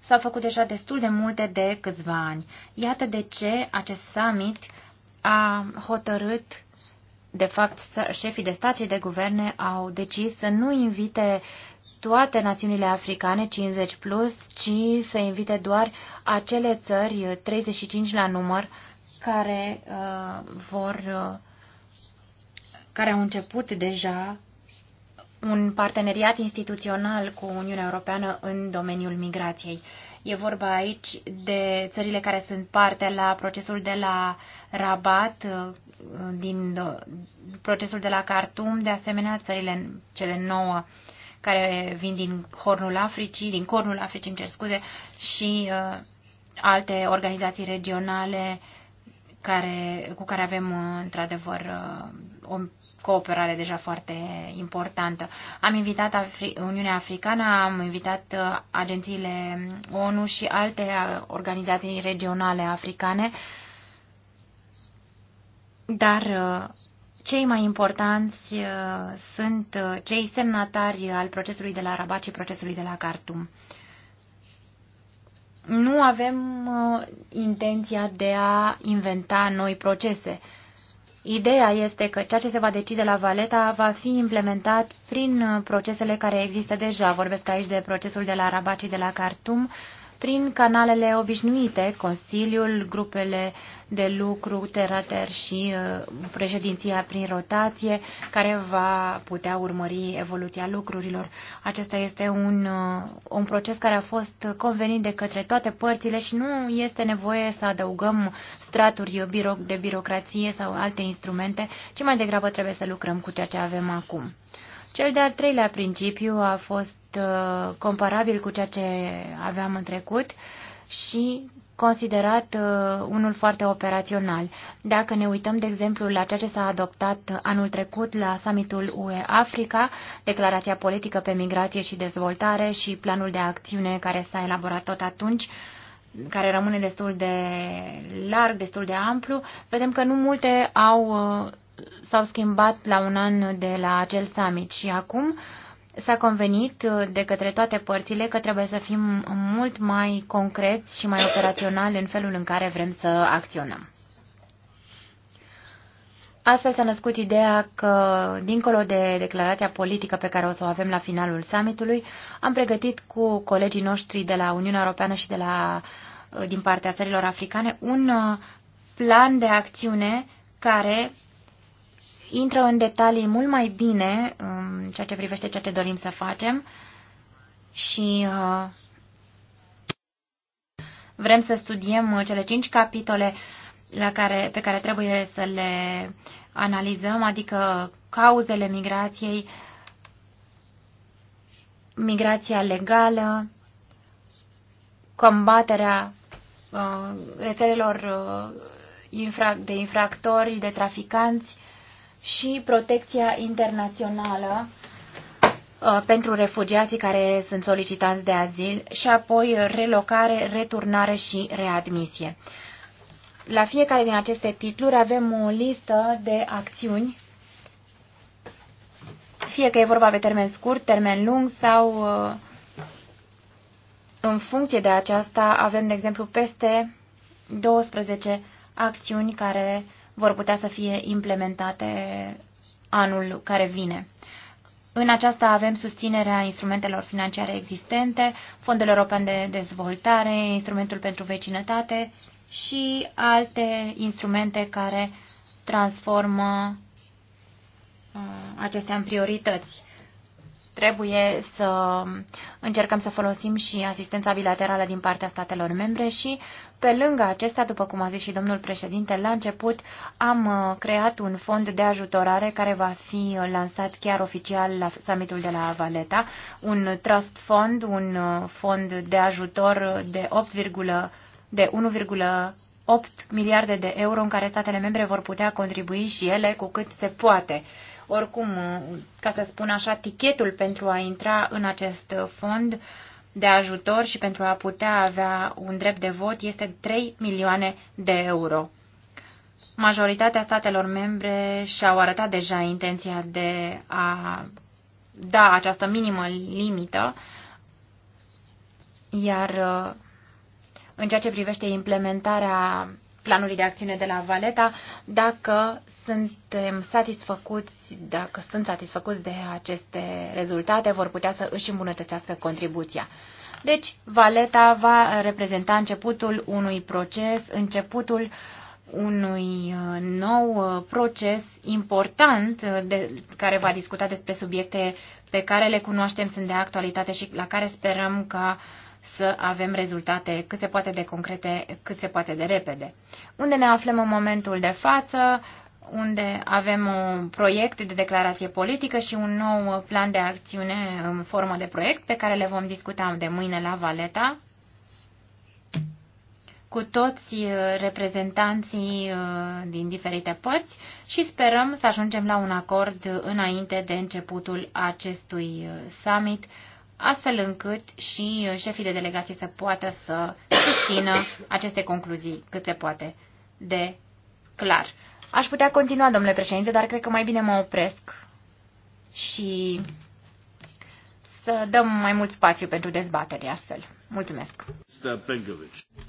s-au făcut deja destul de multe de câțiva ani. Iată de ce acest summit a hotărât, de fapt, șefii de stat și de guverne au decis să nu invite toate națiunile africane 50 plus, ci să invite doar acele țări 35 la număr care uh, vor uh, care au început deja un parteneriat instituțional cu Uniunea Europeană în domeniul migrației. E vorba aici de țările care sunt parte la procesul de la Rabat, uh, din procesul de la Khartoum, de asemenea țările cele nouă care vin din Hornul Africii, din Cornul Africii, îmi cer scuze, și uh, alte organizații regionale uh, care, cu care avem uh, într-adevăr uh, o cooperare deja foarte importantă. Am invitat Afri- Uniunea Africană, am invitat uh, agențiile ONU și alte organizații regionale africane, dar cei mai importanți sunt cei semnatari al procesului de la Rabat și procesului de la Khartoum nu avem uh, intenția de a inventa noi procese. Ideea este că ceea ce se va decide la Valeta va fi implementat prin uh, procesele care există deja. Vorbesc aici de procesul de la Rabat și de la Khartoum, uh, prin canalele obișnuite, Consiliul, grupele de lucru, terater și uh, președinția prin rotație, care va putea urmări evoluția lucrurilor. Acesta este un, uh, un proces care a fost convenit de către toate părțile și nu este nevoie să adăugăm straturi de birocrație sau alte instrumente, ci mai degrabă trebuie să lucrăm cu ceea ce avem acum. Cel de-al treilea principiu a fost uh, comparabil cu ceea ce aveam în trecut și considerat uh, unul foarte operațional. Dacă ne uităm, de exemplu, la ceea ce s-a adoptat anul trecut la summitul UE-Africa, declarația politică pe migrație și dezvoltare și planul de acțiune care s-a elaborat tot atunci, care rămâne destul de larg, destul de amplu, vedem că nu multe au uh, s-au schimbat la un an de la acel summit și acum s-a convenit de către toate părțile că trebuie să fim mult mai concreți și mai operaționali în felul în care vrem să acționăm. Astfel s-a născut ideea că, dincolo de declarația politică pe care o să o avem la finalul summitului, am pregătit cu colegii noștri de la Uniunea Europeană și de la, din partea țărilor africane un uh, plan de acțiune care intră în detalii mult mai bine în ceea ce privește ceea ce dorim să facem și uh, vrem să studiem uh, cele cinci capitole la care, pe care trebuie să le analizăm, adică cauzele migrației, migrația legală, combaterea uh, rețelelor de infractori, de traficanți, și protecția internațională uh, pentru refugiații care sunt solicitanți de azil și apoi relocare, returnare și readmisie. La fiecare din aceste titluri avem o listă de acțiuni, fie că e vorba pe termen scurt, termen lung sau uh, în funcție de aceasta avem, de exemplu, peste 12 acțiuni care vor putea să fie implementate anul care vine. În aceasta avem susținerea instrumentelor financiare existente, Fondul European de Dezvoltare, Instrumentul pentru Vecinătate și alte instrumente care transformă uh, acestea în priorități trebuie să încercăm să folosim și asistența bilaterală din partea statelor membre și, pe lângă acesta, după cum a zis și domnul președinte la început, am uh, creat un fond de ajutorare care va fi uh, lansat chiar oficial la summitul de la Valeta, un trust fund, un uh, fond de ajutor de 8, de 1,8 miliarde de euro în care statele membre vor putea contribui și ele cu cât se poate. Oricum, ca să spun așa, tichetul pentru a intra în acest fond de ajutor și pentru a putea avea un drept de vot este 3 milioane de euro. Majoritatea statelor membre și-au arătat deja intenția de a da această minimă limită, iar uh, în ceea ce privește implementarea planului de acțiune de la Valeta, dacă suntem satisfăcuți, dacă sunt satisfăcuți de aceste rezultate, vor putea să își îmbunătățească contribuția. Deci, Valeta va reprezenta începutul unui proces, începutul unui uh, nou uh, proces important uh, de, care va discuta despre subiecte pe care le cunoaștem, sunt de actualitate și la care sperăm ca uh, să avem rezultate cât se poate de concrete, cât se poate de repede. Unde ne aflăm în momentul de față, unde avem un proiect de declarație politică și un nou plan de acțiune în formă de proiect pe care le vom discuta de mâine la Valeta cu toți uh, reprezentanții uh, din diferite părți și sperăm să ajungem la un acord înainte de începutul acestui uh, summit astfel încât și uh, șefii de delegații să poată să susțină aceste concluzii cât se poate de clar. Aș putea continua, domnule președinte, dar cred că mai bine mă opresc și să dăm mai mult spațiu pentru dezbatere astfel. Mulțumesc.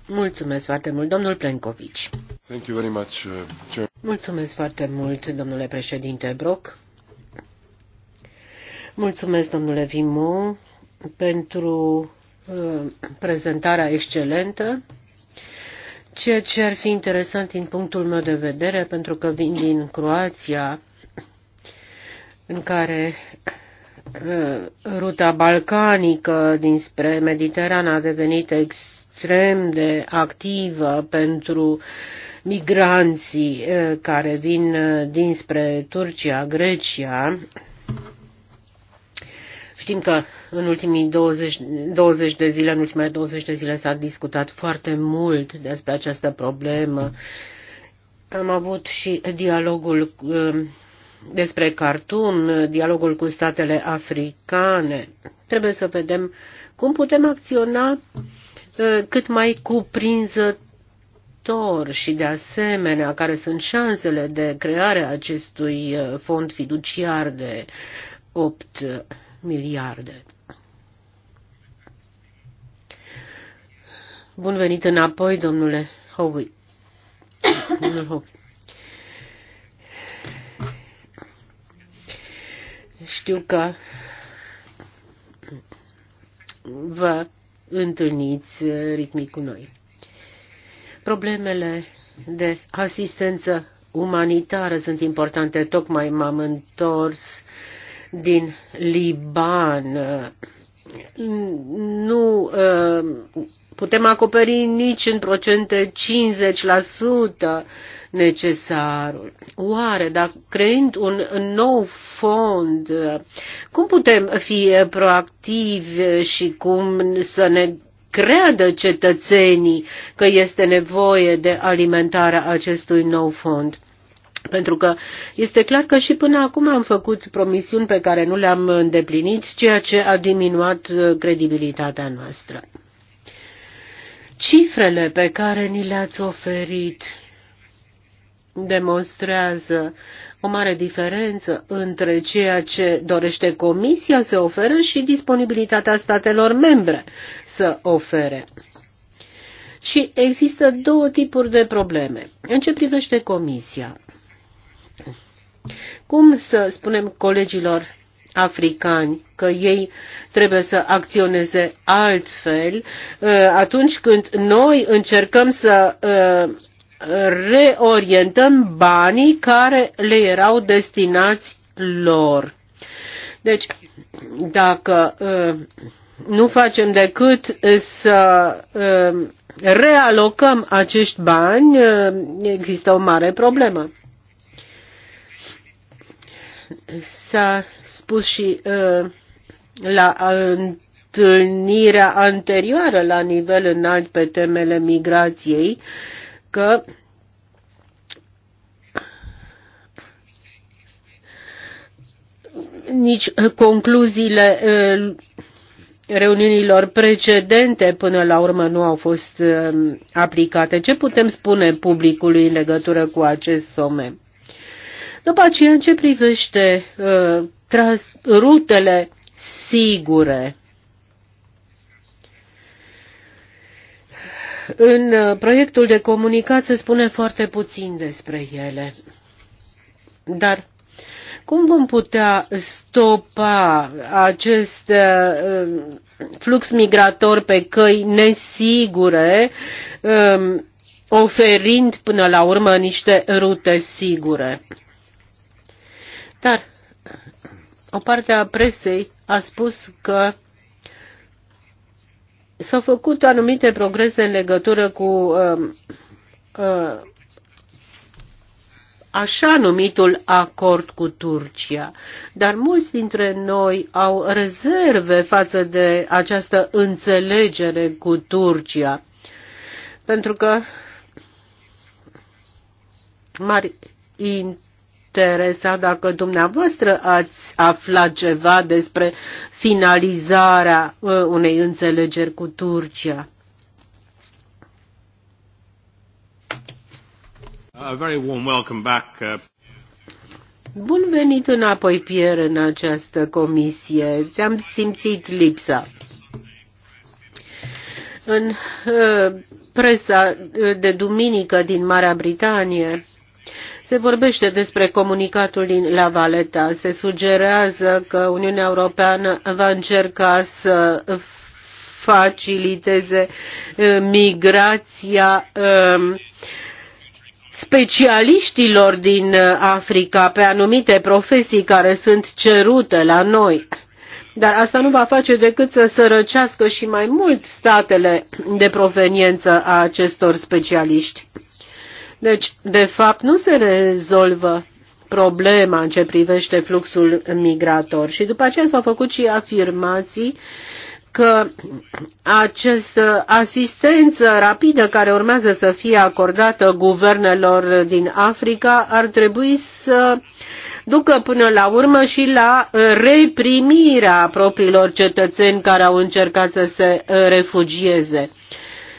Mulțumesc foarte mult, domnul Plenkovici. Thank you very much, uh, Mulțumesc foarte mult, domnule președinte Brock. Mulțumesc, domnule Vimon, pentru uh, prezentarea excelentă, ceea ce ar fi interesant din punctul meu de vedere, pentru că vin din Croația, în care uh, ruta balcanică dinspre Mediterana a devenit extrem de activă pentru migranții uh, care vin dinspre Turcia, Grecia, Știm că în ultimii 20, 20 de zile, în ultimele 20 de zile s-a discutat foarte mult despre această problemă. Am avut și dialogul um, despre cartun, dialogul cu statele africane. Trebuie să vedem cum putem acționa uh, cât mai cuprinzător și de asemenea care sunt șansele de creare a acestui uh, fond fiduciar de 8 miliarde. Bun venit înapoi, domnule Howie. Domnul Howie. Știu că vă întâlniți ritmic cu noi. Problemele de asistență umanitară sunt importante. Tocmai m-am întors uh, din Liban. Nu uh, putem acoperi nici în procente 50% necesarul. Oare, dacă creând un nou fond, cum putem fi proactivi și cum să ne creadă cetățenii că este nevoie de alimentarea acestui nou fond? Pentru că este clar că și până acum am făcut promisiuni pe care nu le-am îndeplinit, ceea ce a diminuat uh, credibilitatea noastră. Cifrele pe care ni le-ați oferit demonstrează o mare diferență între ceea ce dorește Comisia să ofere și disponibilitatea statelor membre să ofere. Și există două tipuri de probleme. În ce privește Comisia? Cum să spunem colegilor africani că ei trebuie să acționeze altfel uh, atunci când noi încercăm să uh, reorientăm banii care le erau destinați lor. Deci, dacă uh, nu facem decât să realocăm acești bani, există o mare problemă. S-a spus și uh, la întâlnirea anterioară la nivel înalt pe temele migrației că nici concluziile uh, reuniunilor precedente până la urmă nu au fost uh, aplicate. Ce putem spune publicului în legătură cu acest somn? După aceea, în ce privește uh, rutele sigure, în uh, proiectul de comunicat se spune foarte puțin despre ele. Dar cum vom putea stopa acest uh, flux migrator pe căi nesigure, um, oferind până la urmă niște rute sigure? Dar o parte a presei a spus că s-au făcut anumite progrese în legătură cu uh, uh, așa numitul acord cu Turcia. Dar mulți dintre noi au rezerve față de această înțelegere cu Turcia. Pentru că mari in Teresa, dacă dumneavoastră ați aflat ceva despre finalizarea uh, unei înțelegeri cu Turcia. A very warm welcome back. Uh, Bun venit înapoi, Pierre, în această comisie. Ți-am simțit lipsa. În uh, presa de duminică din Marea Britanie se vorbește despre comunicatul din La Valeta. Se sugerează că Uniunea Europeană va încerca să faciliteze uh, migrația um, specialiștilor din uh, Africa pe anumite profesii care sunt cerute la noi. Dar asta nu va face decât să sărăcească și mai mult statele de proveniență a acestor specialiști. Deci, de fapt, nu se rezolvă problema în ce privește fluxul migrator. Și după aceea s-au făcut și afirmații că această asistență rapidă care urmează să fie acordată guvernelor din Africa ar trebui să ducă până la urmă și la reprimirea propriilor cetățeni care au încercat să se refugieze.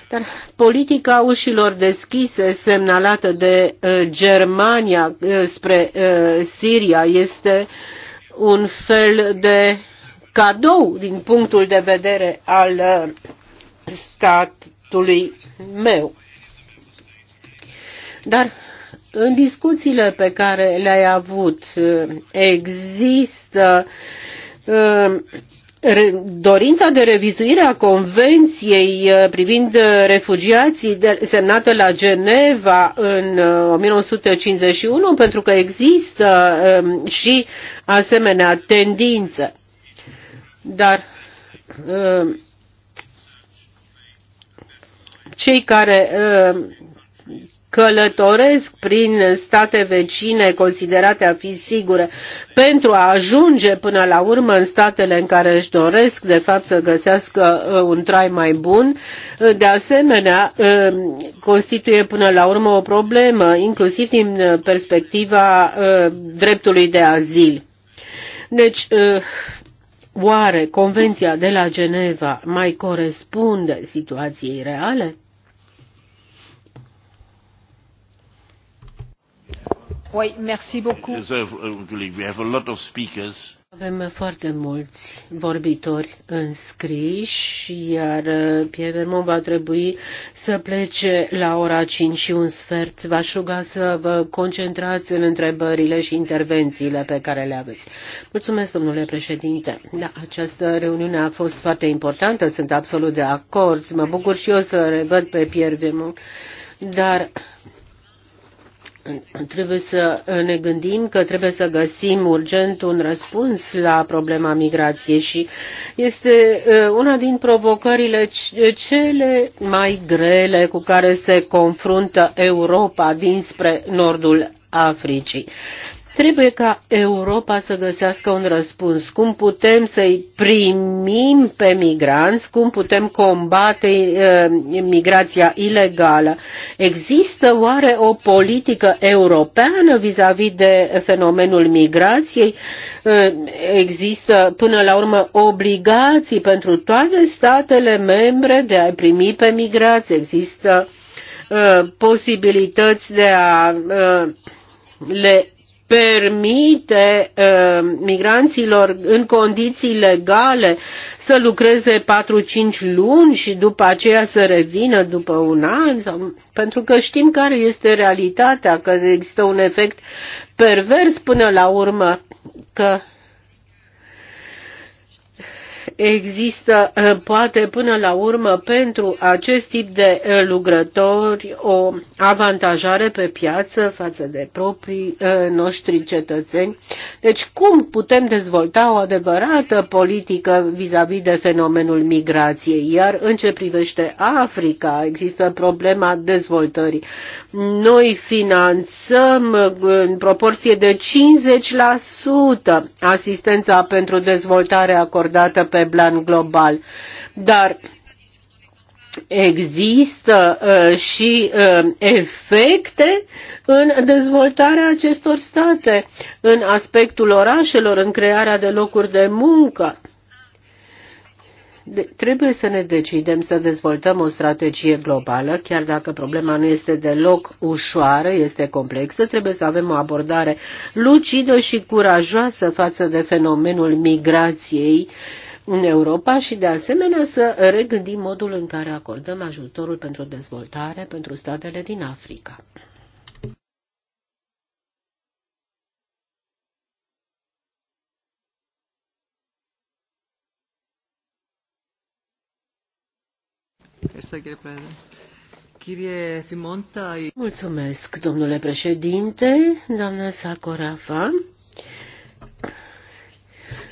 Dar politica ușilor deschise semnalată de uh, Germania uh, spre uh, Siria este un fel de cadou din punctul de vedere al statului meu. Dar în discuțiile pe care le-ai avut există dorința de revizuire a Convenției uh, privind uh, refugiații semnată la Geneva în 1951, uh, pentru că există um, și asemenea tendință. Dar um, cei care um, călătoresc prin state vecine considerate a fi sigure pentru a ajunge până la urmă în statele în care își doresc de fapt să găsească uh, un trai mai bun, uh, de asemenea uh, constituie până la urmă o problemă, inclusiv din perspectiva dreptului de azil. Deci, oare Convenția de la Geneva mai corespunde situației reale? Oui, merci beaucoup. Uh, Avem foarte mulți vorbitori înscriși, iar uh, Pierre Vermont va trebui să plece la ora 5 și un sfert. V-aș ruga să vă concentrați în întrebările și intervențiile pe care le aveți. Mulțumesc, domnule președinte. Da, această reuniune a fost foarte importantă, sunt absolut de acord. Mă bucur și eu să revăd pe Pierre Vermont, dar Trebuie să ne gândim că trebuie să găsim urgent un răspuns la problema migrației și este uh, una din provocările cele mai grele cu care se confruntă Europa dinspre nordul Africii. Trebuie ca Europa să găsească un răspuns. Cum putem să-i primim pe migranți? Cum putem combate uh, migrația ilegală? Există oare o politică europeană vis-a-vis -vis de fenomenul migrației? Uh, există până la urmă obligații pentru toate statele membre de a i primi pe migrați? Există uh, posibilități de a uh, le permite uh, migranților în condiții legale să lucreze 4-5 luni și după aceea să revină după un an? Sau, pentru că știm care este realitatea, că există un efect pervers până la urmă, că există eh, poate până la urmă pentru acest tip de eh, lucrători o avantajare pe piață față de proprii eh, noștri cetățeni. Deci cum putem dezvolta o adevărată politică vis-a-vis -vis de fenomenul migrației? Iar în ce privește Africa, există problema dezvoltării. Noi finanțăm în proporție de 50% asistența pentru dezvoltare acordată pe plan global. Dar există uh, și uh, efecte în dezvoltarea acestor state, în aspectul orașelor, în crearea de locuri de muncă. De- trebuie să ne decidem să dezvoltăm o strategie globală, chiar dacă problema nu este deloc ușoară, este complexă, trebuie să avem o abordare lucidă și curajoasă față de fenomenul migrației uh, în Europa și de asemenea să regândim modul în care acordăm ajutorul pentru dezvoltare pentru statele din Africa. Mulțumesc, domnule președinte, doamna Sacorafa.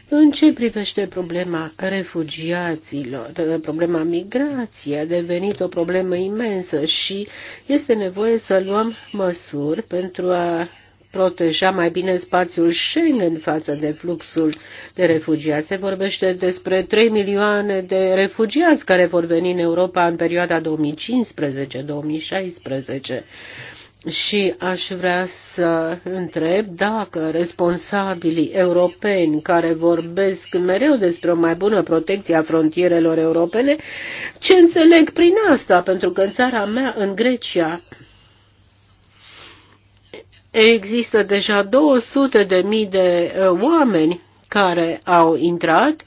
În ce privește problema refugiaților, problema migrației a devenit o problemă imensă și este nevoie să luăm măsuri pentru a proteja mai bine spațiul Schengen față de fluxul de refugiați. Se vorbește despre 3 milioane de refugiați care vor veni în Europa în perioada 2015-2016 și aș vrea să întreb dacă responsabilii europeni care vorbesc mereu despre o mai bună protecție a frontierelor europene, ce înțeleg prin asta? Pentru că în țara mea, în Grecia, există deja 200 de mii de uh, oameni care au intrat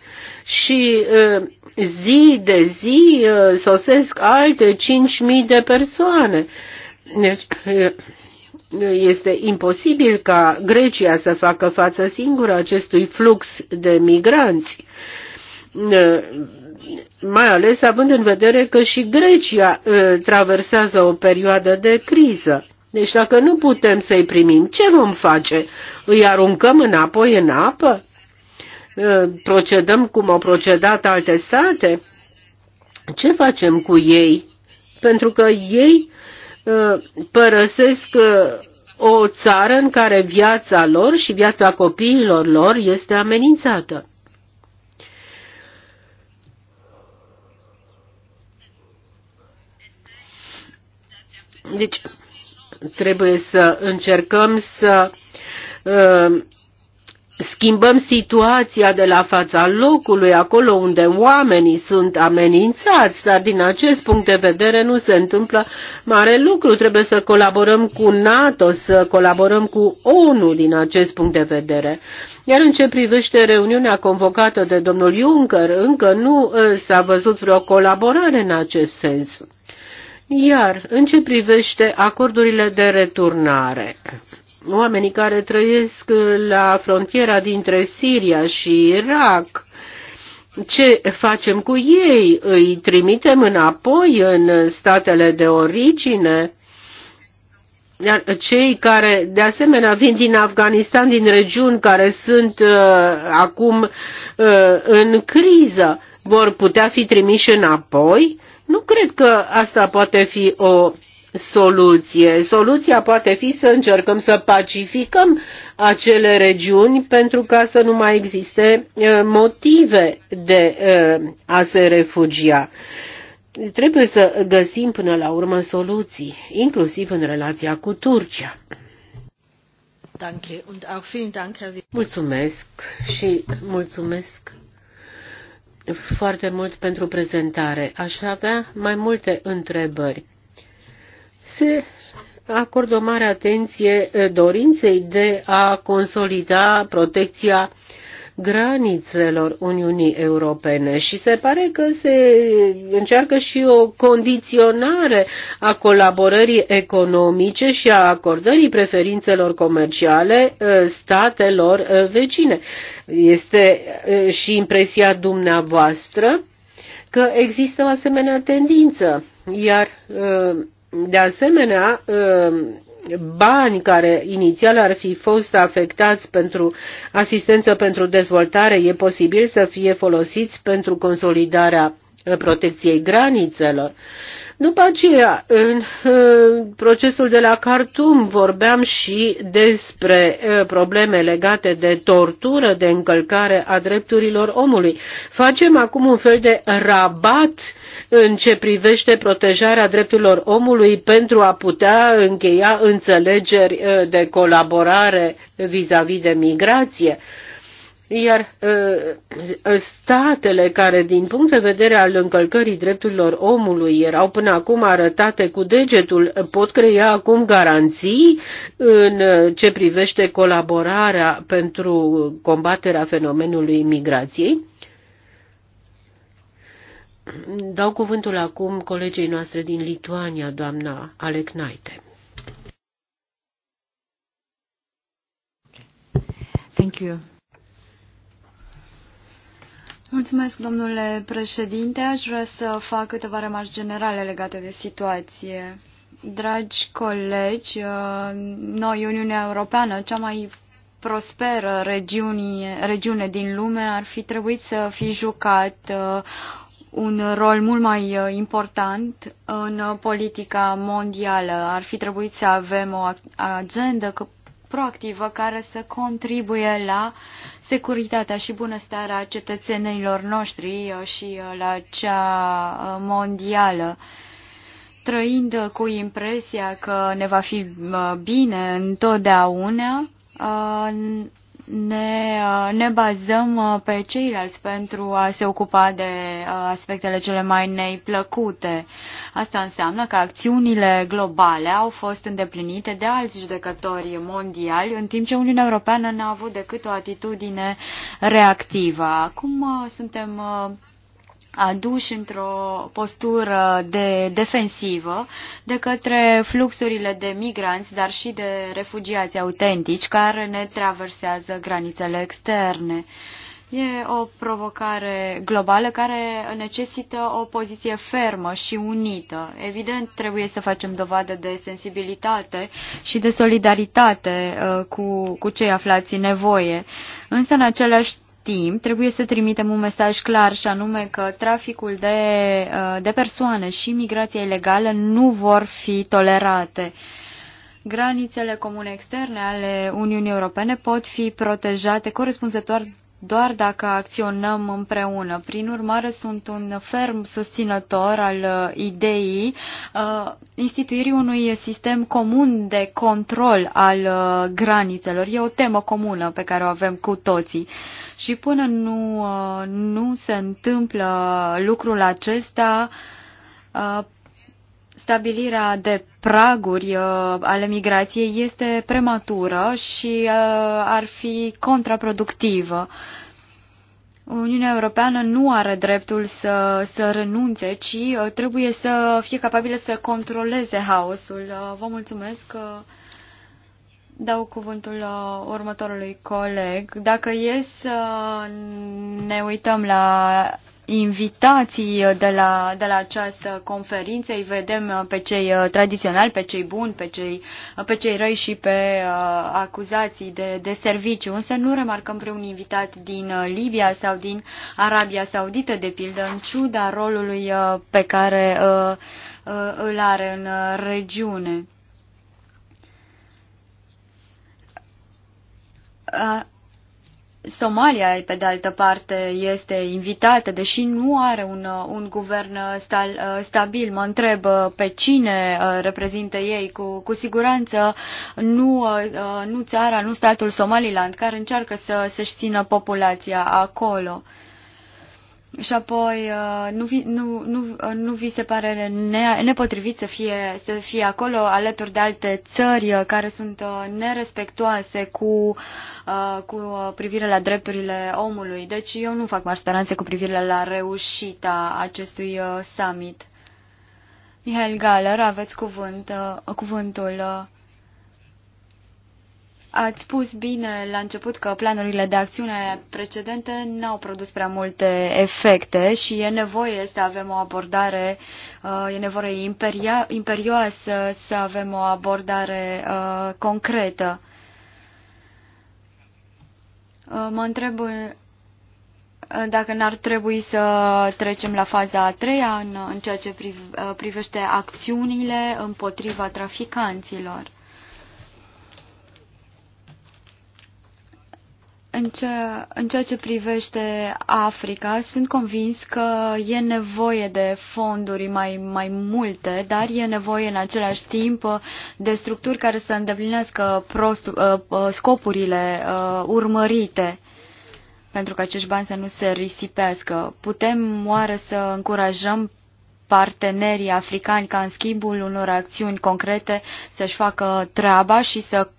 și uh, zi de zi uh, sosesc alte 5.000 de persoane. Deci, este imposibil ca Grecia să facă față singură acestui flux de migranți, mai ales având în vedere că și Grecia ă, traversează o perioadă de criză. Deci dacă nu putem să-i primim, ce vom face? Îi aruncăm înapoi în apă? Ă, procedăm cum au procedat alte state? Ce facem cu ei? Pentru că ei părăsesc uh, o țară în care viața lor și viața copiilor lor este amenințată. Deci, trebuie să încercăm să uh, schimbăm situația de la fața locului, acolo unde oamenii sunt amenințați, dar din acest punct de vedere nu se întâmplă mare lucru. Trebuie să colaborăm cu NATO, să colaborăm cu ONU din acest punct de vedere. Iar în ce privește reuniunea convocată de domnul Juncker, încă nu ă, s-a văzut vreo colaborare în acest sens. Iar în ce privește acordurile de returnare, oamenii care trăiesc la frontiera dintre Siria și Irak, ce facem cu ei? Îi trimitem înapoi în statele de origine? Iar cei care, de asemenea, vin din Afganistan, din regiuni care sunt uh, acum uh, în criză, vor putea fi trimiși înapoi? Nu cred că asta poate fi o soluție. Soluția poate fi să încercăm să pacificăm acele regiuni pentru ca să nu mai existe motive de a se refugia. Trebuie să găsim până la urmă soluții, inclusiv în relația cu Turcia. Mulțumesc și mulțumesc foarte mult pentru prezentare. Aș avea mai multe întrebări se acordă o mare atenție dorinței de a consolida protecția granițelor Uniunii Europene și se pare că se încearcă și o condiționare a colaborării economice și a acordării preferințelor comerciale statelor vecine. Este și impresia dumneavoastră că există o asemenea tendință, iar de asemenea, um, bani care inițial ar fi fost afectați pentru asistență pentru dezvoltare e posibil să fie folosiți pentru consolidarea protecției granițelor după aceea, în procesul de la Khartoum vorbeam și despre probleme legate de tortură, de încălcare a drepturilor omului. Facem acum un fel de rabat în ce privește protejarea drepturilor omului pentru a putea încheia înțelegeri de colaborare vis-a-vis -vis de migrație. Iar ă, statele care, din punct de vedere al încălcării drepturilor omului, erau până acum arătate cu degetul, pot crea acum garanții în ce privește colaborarea pentru combaterea fenomenului migrației? Dau cuvântul acum colegei noastre din Lituania, doamna Alecnaite. Thank you. Mulțumesc, domnule președinte. Aș vrea să fac câteva remarci generale legate de situație. Dragi colegi, uh, noi, Uniunea Europeană, cea mai prosperă regiune, regiune din lume, ar fi trebuit să fi jucat uh, un rol mult mai uh, important în politica mondială. Ar fi trebuit să avem o agendă proactivă care să contribuie la securitatea și bunăstarea cetățenilor noștri uh, și uh, la cea uh, mondială trăind cu impresia că ne va fi bine întotdeauna, ne, uh, ne bazăm uh, pe ceilalți pentru a se ocupa de uh, aspectele cele mai neplăcute. Asta înseamnă că acțiunile globale au fost îndeplinite de alți judecători mondiali, în timp ce Uniunea Europeană n-a avut decât o atitudine reactivă. Acum suntem aduși într-o postură de defensivă de către fluxurile de migranți, dar și de refugiați autentici care ne traversează granițele externe. E o provocare globală care necesită o poziție fermă și unită. Evident, trebuie să facem dovadă de sensibilitate și de solidaritate uh, cu, cu cei aflați în nevoie. Însă, în același timp, trebuie să trimitem un mesaj clar și anume că traficul de, uh, de persoane și migrația ilegală nu vor fi tolerate. Granițele comune externe ale Uniunii Europene pot fi protejate corespunzător doar dacă acționăm împreună. Prin urmare, sunt un ferm susținător al uh, ideii uh, instituirii unui sistem comun de control al uh, granițelor. E o temă comună pe care o avem cu toții. Uh, și până nu, uh, nu se întâmplă lucrul acesta, uh, stabilirea de praguri uh, ale migrației este prematură și ar fi contraproductivă. Uniunea Europeană nu are dreptul să, să renunțe, ci trebuie să fie capabilă să controleze haosul. Vă mulțumesc. Că dau cuvântul uh, următorului coleg. Dacă e să ne uităm la invitații de la, de la această conferință, îi vedem uh, pe cei uh, tradiționali, pe cei buni, pe cei, pe cei răi și pe uh, acuzații de, de serviciu, însă nu remarcăm vreun invitat din Libia sau din Arabia Saudită, de pildă, în ciuda rolului pe care uh, uh, îl are în regiune. Somalia, pe de altă parte, este invitată, deși nu are un, un guvern uh, stal, uh, stabil. Mă întreb uh, pe cine reprezintă ei. Cu, cu siguranță nu, nu țara, nu statul Somaliland, care încearcă să, să-și țină populația acolo. Uh, și apoi uh, nu vi, nu, nu, uh, nu vi se pare ne, nepotrivit să fie, să fie acolo alături de alte țări uh, care sunt nerespectoase cu, cu privire la drepturile omului. Deci eu nu fac mari speranțe cu privire la reușita acestui summit. Mihail Galer, aveți cuvânt, cuvântul. Ați spus bine la început că planurile de acțiune precedente n-au produs prea multe efecte și e nevoie să avem o abordare, uh, e nevoie imperia, imperioasă să avem o abordare uh, concretă. Uh, mă întreb dacă n-ar trebui să trecem la faza a treia în, în ceea ce privește acțiunile împotriva traficanților. În, ce, în ceea ce privește Africa, sunt convins că e nevoie de fonduri mai, mai multe, dar e nevoie în același timp de structuri care să îndeplinească prost, uh, uh, scopurile uh, urmărite pentru că acești bani să nu se risipească. Putem oare să încurajăm partenerii africani ca în schimbul unor acțiuni concrete să-și facă treaba și să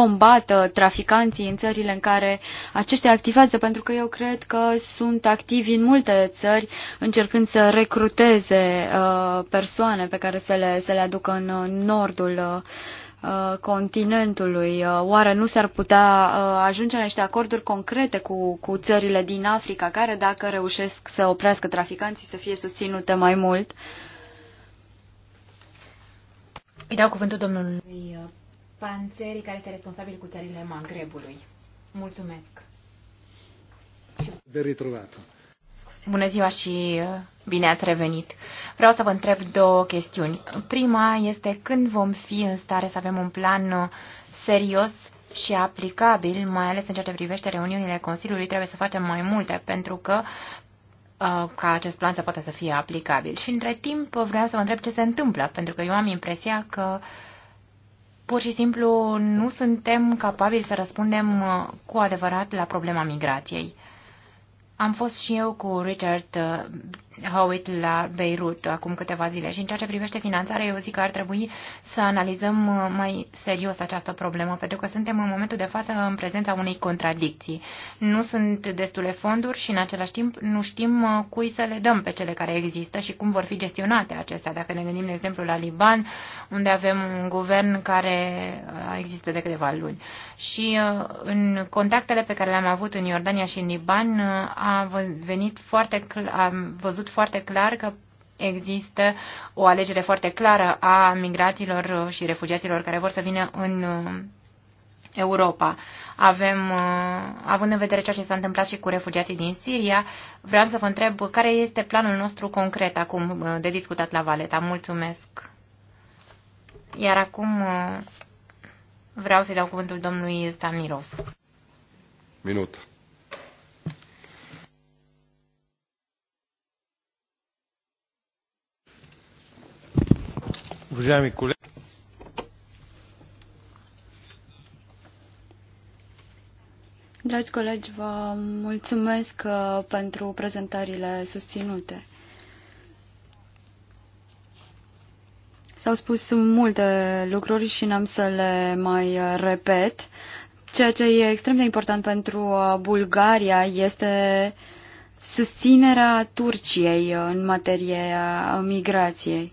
combată traficanții în țările în care aceștia activează, pentru că eu cred că sunt activi în multe țări încercând să recruteze uh, persoane pe care să le, să le aducă în uh, nordul uh, uh continentului. Uh, oare nu s-ar putea ajunge la niște acorduri concrete cu, cu țările din Africa, care dacă reușesc să oprească traficanții să fie susținute mai mult? Îi dau cuvântul domnului Panțerii, care este responsabil cu țările Magrebului. Mulțumesc! De Bună ziua și uh, bine ați revenit. Vreau să vă întreb două chestiuni. Prima este când vom fi în stare să avem un plan uh, serios și aplicabil, mai ales în ceea ce privește reuniunile Consiliului, trebuie să facem mai multe, pentru că uh, ca acest plan să poată să fie aplicabil. Și între timp vreau să vă întreb ce se întâmplă, pentru că eu am impresia că uh, pur și simplu nu suntem capabili să răspundem uh, cu adevărat la problema migrației. Am fost și eu cu Richard uh, Howitt la Beirut acum câteva zile. Și în ceea ce privește finanțarea, eu zic că ar trebui să analizăm uh, mai serios această problemă, pentru că suntem în momentul de față în prezența unei contradicții. Nu sunt destule fonduri și în același timp nu știm uh, cui să le dăm pe cele care există și cum vor fi gestionate acestea. Dacă ne gândim, de exemplu, la Liban, unde avem un guvern care uh, există de câteva luni. Și în contactele pe care le-am avut în Iordania și în Liban a venit foarte clar, am văzut văzut foarte clar că există o alegere foarte clară a migraților și refugiaților care vor să vină în uh, Europa. Avem, uh, având în vedere ceea ce s-a întâmplat și cu refugiații din Siria, vreau să vă întreb care este planul nostru concret acum uh, de discutat la Valeta. Mulțumesc! Iar acum vreau să-i dau cuvântul domnului Stamirov. Minut. Уважаеми колеги, Dragi colegi, vă mulțumesc uh, pentru prezentările susținute. S-au spus multe lucruri și n-am să le mai uh, repet. Ceea ce e extrem de important pentru uh, Bulgaria este susținerea Turciei în materie migrației.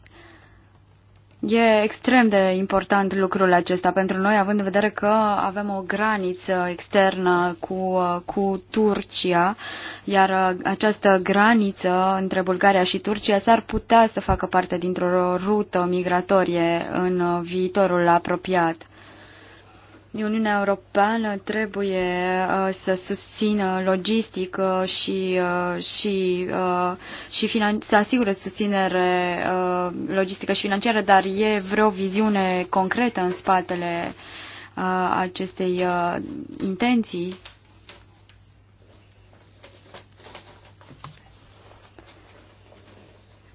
E extrem de important lucrul acesta pentru noi, având în vedere că avem o graniță externă cu, cu Turcia, iar uh, această graniță între Bulgaria și Turcia s-ar putea să facă parte dintr-o rută migratorie în viitorul apropiat. Uniunea Europeană trebuie uh, să susțină logistic uh, și, uh, și, și finan- să asigure susținere logistică și financiară, dar e vreo viziune concretă în spatele acestei intenții?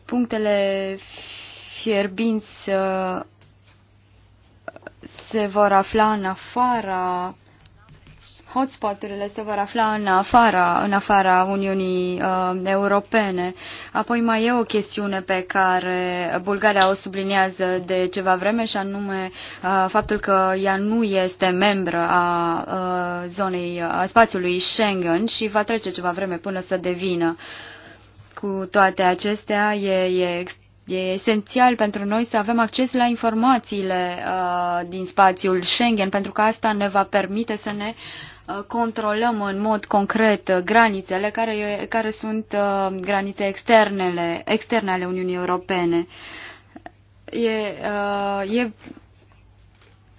Punctele fierbinți se vor afla în afara hotspoturile se vor afla în afara, în afara Uniunii uh, Europene. Apoi mai e o chestiune pe care Bulgaria o subliniază de ceva vreme și anume uh, faptul că ea nu este membră a uh, zonei, a spațiului Schengen și va trece ceva vreme până să devină. Cu toate acestea, e, e E esențial pentru noi să avem acces la informațiile uh, din spațiul Schengen, pentru că asta ne va permite să ne uh, controlăm în mod concret uh, granițele care, care sunt uh, granițe externele, externe ale Uniunii Europene. E, uh, e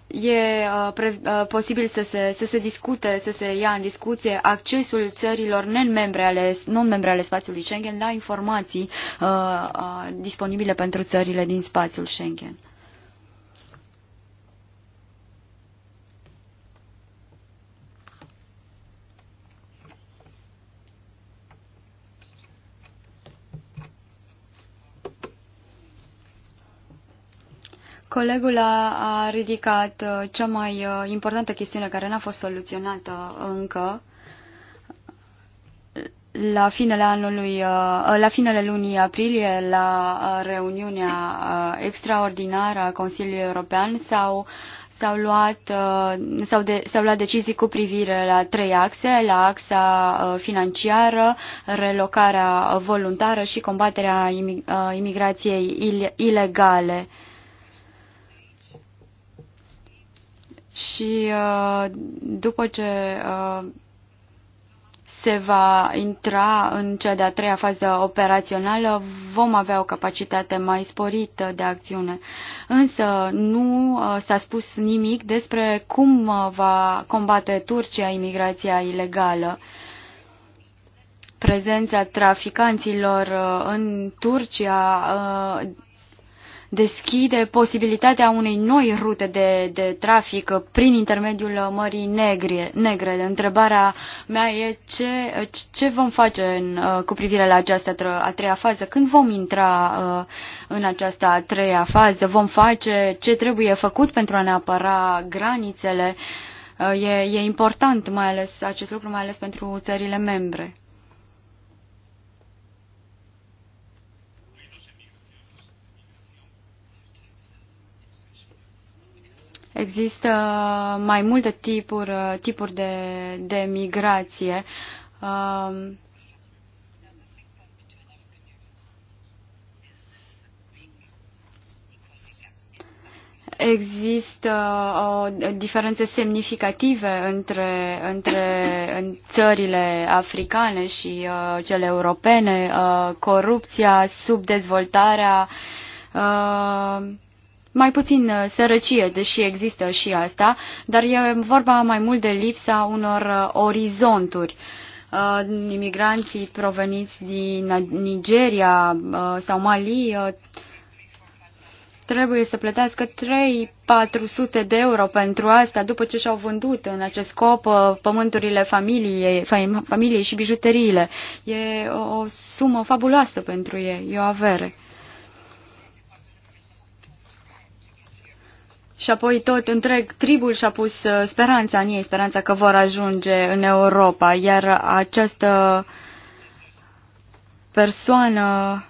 e uh, pre, uh, posibil să se, să se discute, să se ia în discuție accesul țărilor non-membre ale, non -membre ale spațiului Schengen la informații uh, uh, disponibile pentru țările din spațiul Schengen. Colegul a, a ridicat uh, cea mai uh, importantă chestiune care n-a fost soluționată încă la finele anului, uh, la finele lunii aprilie, la reuniunea extraordinară a Consiliului European s-au S-au luat, de, s-au luat decizii cu privire la trei axe, la axa financiară, relocarea voluntară și combaterea imigrației ilegale. și uh, după ce uh, se va intra în cea de-a treia fază operațională, vom avea o capacitate mai sporită de acțiune. Însă nu uh, s-a spus nimic despre cum va combate Turcia imigrația ilegală. Prezența traficanților în Turcia deschide posibilitatea unei noi rute de, de trafic prin intermediul Mării Negre. negre. Întrebarea mea e ce, ce vom face în, uh, cu privire la această a treia fază? Când vom intra uh, în această a treia fază? Vom face ce trebuie făcut pentru a ne apăra granițele? Uh, e, e important mai ales acest lucru, mai ales pentru țările membre. Există mai multe tipuri, tipuri de, de migrație. Um, există o uh, diferențe semnificative între, între în țările africane și uh, cele europene, uh, corupția, subdezvoltarea, uh, mai puțin uh, sărăcie, deși există și asta, dar e vorba mai mult de lipsa unor uh, orizonturi. Uh, imigranții proveniți din Nigeria sau Mali trebuie să plătească 3-400 de euro pentru asta după ce și-au vândut în acest scop pământurile familiei, familiei și bijuteriile. E o sumă fabuloasă pentru ei, e o avere. Și apoi tot întreg tribul și-a pus uh, speranța în ei, speranța că vor ajunge în Europa, iar această persoană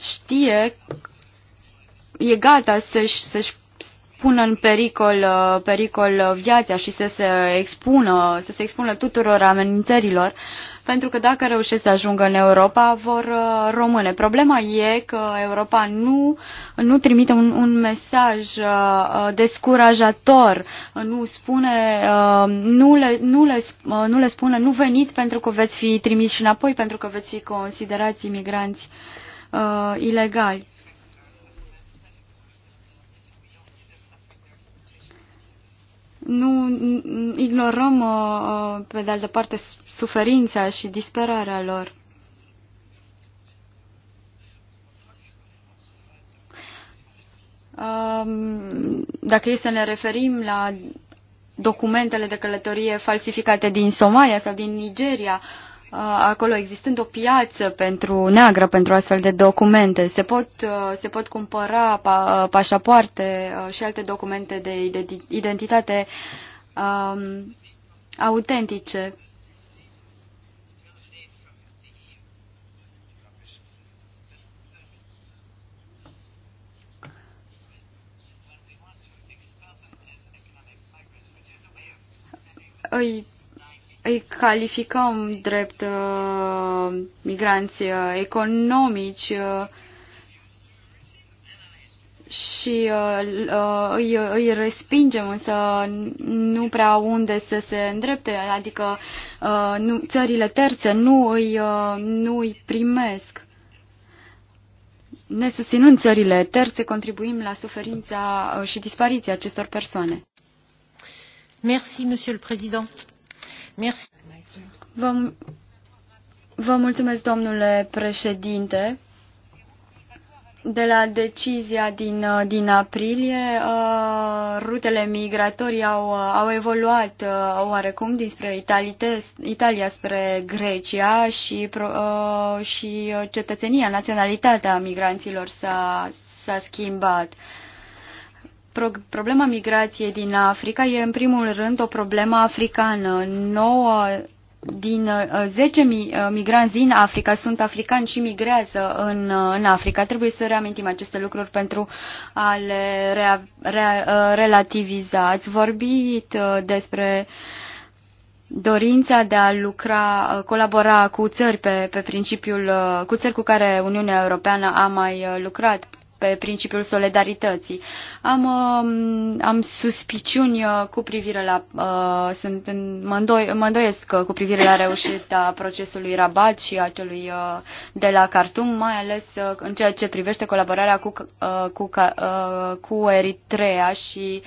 știe, e gata să-și să, pună în pericol, uh, pericol viața și să se expună, să se expună tuturor amenințărilor uh, pentru că dacă reușesc să ajungă în Europa, vor uh, rămâne. Problema e că Europa nu, nu trimite un, un mesaj uh, uh, descurajator, nu spune, nu le, nu, le, nu le spune, nu veniți pentru că veți fi trimiși înapoi, pentru că veți fi considerați imigranți uh, ilegali. nu ignorăm, uh, uh, pe de altă parte, suferința și disperarea lor. Um, dacă e să ne referim la documentele de călătorie falsificate din Somalia sau din Nigeria, uh, Uh, acolo existând o piață pentru neagră pentru astfel de documente. Se pot, uh, se pot cumpăra pa, uh, pașapoarte și alte documente de identitate um, autentice. Îi îi calificăm drept uh, migranți uh, economici uh, și uh, uh, îi, îi respingem, însă nu prea unde să se îndrepte, adică uh, nu, țările terțe nu îi, uh, nu îi primesc. Ne susținând țările terțe, contribuim la suferința uh, și dispariția acestor persoane. Merci, Monsieur le Président. Merci. Vă, vă mulțumesc, domnule președinte. De la decizia din, uh, din aprilie, uh, rutele migratorii au, uh, au evoluat oarecum dinspre Italite, Italia spre Grecia și, și cetățenia, naționalitatea migranților s-a, s-a schimbat. Uh, Problema migrației din Africa e în primul rând o problemă africană. 9 din uh, zece uh, migranți din Africa sunt africani și migrează în, uh, în Africa. Trebuie să reamintim aceste lucruri pentru a le rea, rea, relativiza. Ați vorbit despre dorința de a lucra, colabora cu țări pe, pe principiul, cu țări cu care Uniunea Europeană a mai lucrat, pe principiul solidarității. Am, um, am suspiciuni uh, cu privire la, uh, sunt în, mă, îndoi, mă îndoiesc uh, cu privire la reușita procesului Rabat și a celui uh, de la Khartoum, mai ales uh, în ceea ce privește colaborarea cu, uh, cu, uh, cu Eritrea și,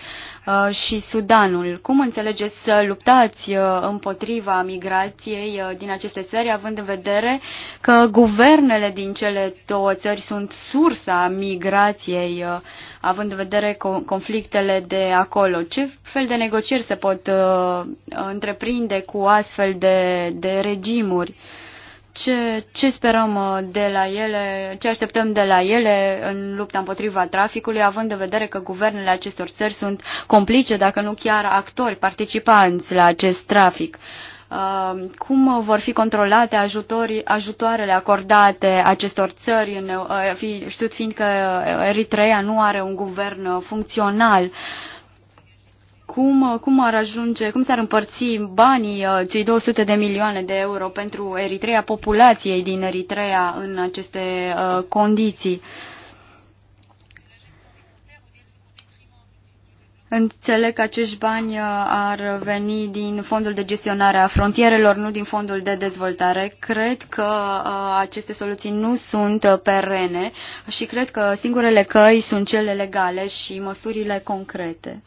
uh, și Sudanul. Cum înțelegeți să luptați uh, împotriva migrației uh, din aceste țări, având în vedere că guvernele din cele două țări sunt sursa migrației? migrației, uh, având în vedere conflictele de acolo? Ce fel de negocieri se pot uh, întreprinde cu astfel de, de regimuri? Ce, ce sperăm uh, de la ele, ce așteptăm de la ele în lupta împotriva traficului, având în vedere că guvernele acestor țări sunt complice, dacă nu chiar actori, participanți la acest trafic? Uh, Uh, cum vor fi controlate ajutoarele acordate acestor țări, uh, știut fiind că uh, Eritrea nu are un guvern funcțional cum, cum ar ajunge, cum s-ar împărți banii, cei 200 de milioane de euro pentru Eritrea, populației din Eritrea în aceste uh, condiții? Uh, Înțeleg că acești bani uh, ar veni din fondul de gestionare a frontierelor, nu din fondul de dezvoltare. Cred că uh, aceste soluții nu sunt uh, perene și cred că singurele căi sunt cele legale și măsurile concrete.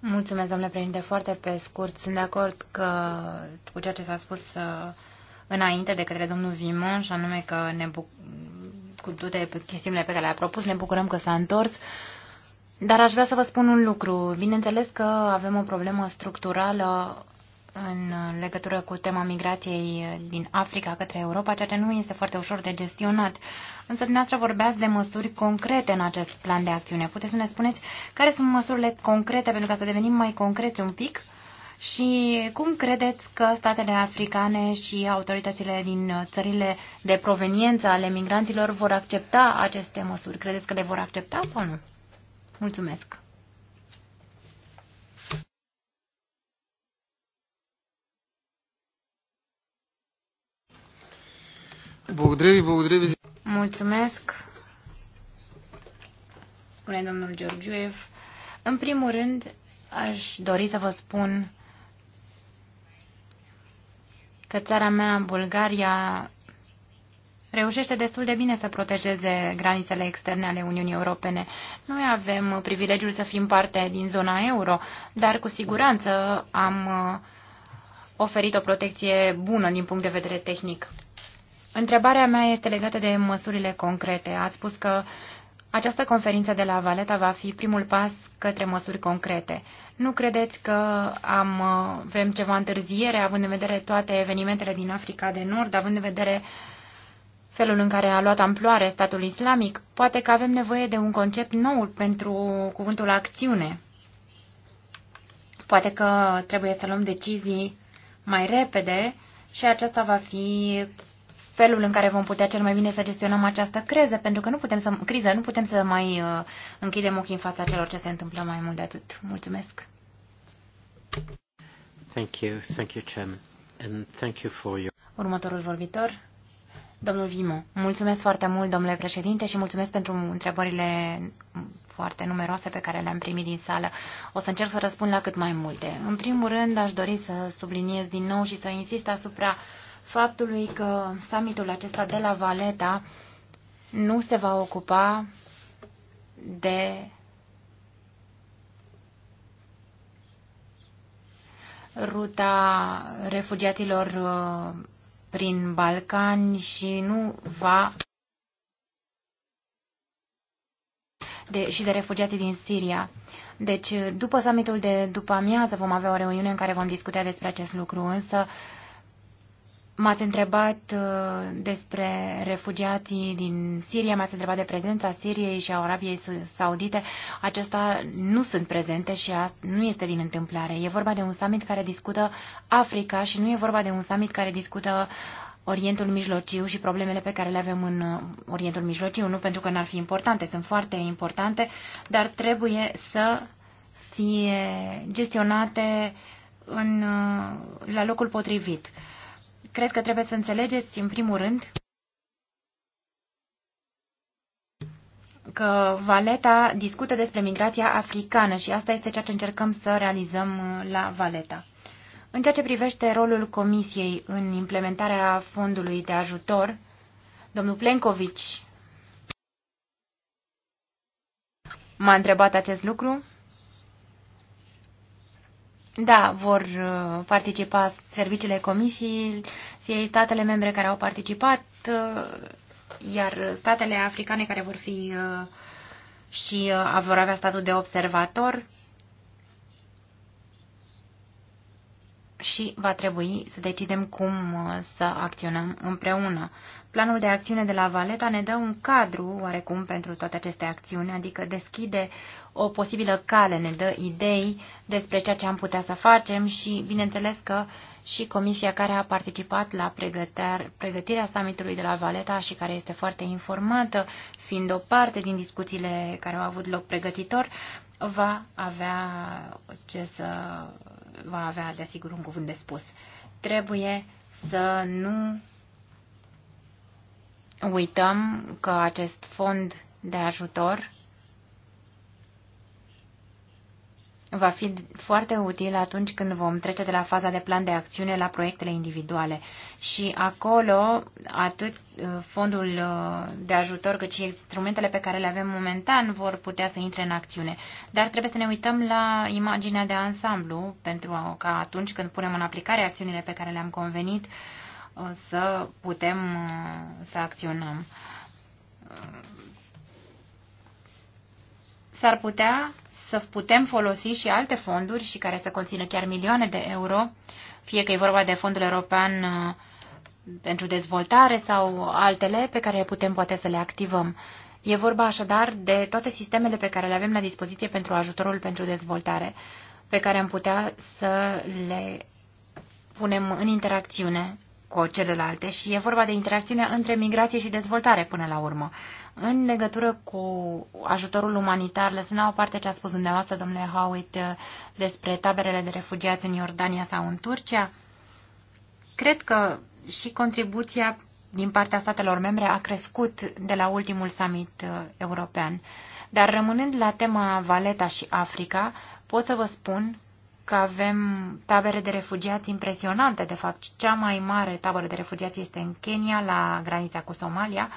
Mulțumesc, domnule președinte. Foarte pe scurt, sunt de acord că cu ceea ce s-a spus înainte de către domnul Vimon, și anume că ne bucurăm cu toate chestiunile pe care le-a propus. Ne bucurăm că s-a întors. Dar aș vrea să vă spun un lucru. Bineînțeles că avem o problemă structurală în legătură cu tema migrației din Africa către Europa, ceea ce nu este foarte ușor de gestionat. Însă dumneavoastră vorbeați de măsuri concrete în acest plan de acțiune. Puteți să ne spuneți care sunt măsurile concrete pentru ca să devenim mai concreți un pic? Uh, și cum credeți că statele africane și autoritățile din țările de proveniență ale migranților vor accepta aceste măsuri? Credeți că le vor accepta sau nu? Mulțumesc! Mulțumesc, spune domnul Georgiev. În primul rând, aș dori să vă spun că țara mea, Bulgaria, reușește destul de bine să protejeze granițele externe ale Uniunii Europene. Noi avem privilegiul să fim parte din zona euro, dar cu siguranță am uh, oferit o protecție bună din punct de vedere tehnic. Întrebarea mea este legată de măsurile concrete. Ați spus că uh, această conferință de la Valeta va fi primul pas către măsuri concrete. Nu credeți că am, avem ceva întârziere, având în vedere toate evenimentele din Africa de Nord, având în vedere felul în care a luat amploare statul islamic? Poate că avem nevoie de un concept nou pentru cuvântul acțiune. Poate că trebuie să luăm decizii mai repede și aceasta va fi felul în care vom putea cel mai bine să gestionăm această criză, pentru că nu putem să, criză, nu putem să mai uh, închidem ochii în fața celor ce se întâmplă mai mult de atât. Mulțumesc! Thank you, thank you, Chairman, and thank you for your... Următorul vorbitor, domnul Vimo. Mulțumesc foarte mult, domnule președinte, și mulțumesc pentru întrebările foarte numeroase pe care le-am primit din sală. O să încerc să răspund la cât mai multe. În primul rând, aș dori să subliniez din nou și să insist asupra uh, faptului că summitul acesta de la Valeta nu se va ocupa de ruta refugiaților uh, prin Balcani și nu va de, și de refugiații din Siria. Deci, după summitul de după amiază vom avea o reuniune în care vom discuta despre acest lucru, însă uh, M-ați întrebat uh, despre refugiații din Siria, m-ați întrebat de prezența Siriei și a Arabiei Saudite. Acestea nu sunt prezente și nu este din întâmplare. E vorba de un summit care discută Africa și nu e vorba de un summit care discută Orientul Mijlociu și problemele pe care le avem în uh, Orientul Mijlociu. Nu pentru că n-ar fi importante, sunt foarte importante, dar trebuie să fie gestionate în, uh, la locul potrivit cred că trebuie să înțelegeți, în primul rând, că Valeta discută despre migrația africană și asta este ceea ce încercăm să realizăm la Valeta. În ceea ce privește rolul Comisiei în implementarea fondului de ajutor, domnul Plenkovici m-a întrebat acest lucru. Da, vor uh, participa serviciile comisiei, statele membre care au participat, uh, iar statele africane care vor fi uh, și vor avea statul de observator și va trebui să decidem cum uh, să acționăm împreună. Planul de acțiune de la Valeta ne dă un cadru oarecum pentru toate aceste acțiuni, adică deschide o posibilă cale, ne dă idei despre ceea ce am putea să facem și, bineînțeles că și comisia care a participat la pregătirea summitului de la Valeta și care este foarte informată, fiind o parte din discuțiile care au avut loc pregătitor, va avea ce să va avea, desigur, un cuvânt de spus. Trebuie să nu uităm că acest fond de ajutor va fi foarte util atunci când vom trece de la faza de plan de acțiune la proiectele individuale. Și acolo, atât uh, fondul uh, de ajutor, cât și instrumentele pe care le avem momentan vor putea să intre în acțiune. Dar trebuie să ne uităm la imaginea de ansamblu, pentru că atunci când punem în aplicare acțiunile pe care le-am convenit, uh, să putem să acționăm. S-ar putea să putem folosi și alte fonduri și care să conțină chiar milioane de euro, fie că e vorba de fondul european uh, pentru dezvoltare sau altele pe care putem poate să le activăm. E vorba așadar de toate sistemele pe care le avem la dispoziție pentru ajutorul pentru dezvoltare, pe care am putea să le punem în interacțiune cu celelalte și e vorba de interacțiunea între migrație și dezvoltare până la urmă. În legătură cu ajutorul umanitar, lăsând la o parte ce a spus dumneavoastră, domnule Howitt, uh, despre taberele de refugiați în Iordania sau în Turcia, cred că și contribuția din partea statelor membre a crescut de la ultimul summit uh, european. Dar rămânând la tema Valeta și Africa, pot să vă spun că avem tabere de refugiați impresionante. De fapt, cea mai mare tabără de refugiați este în Kenya, la granița cu Somalia,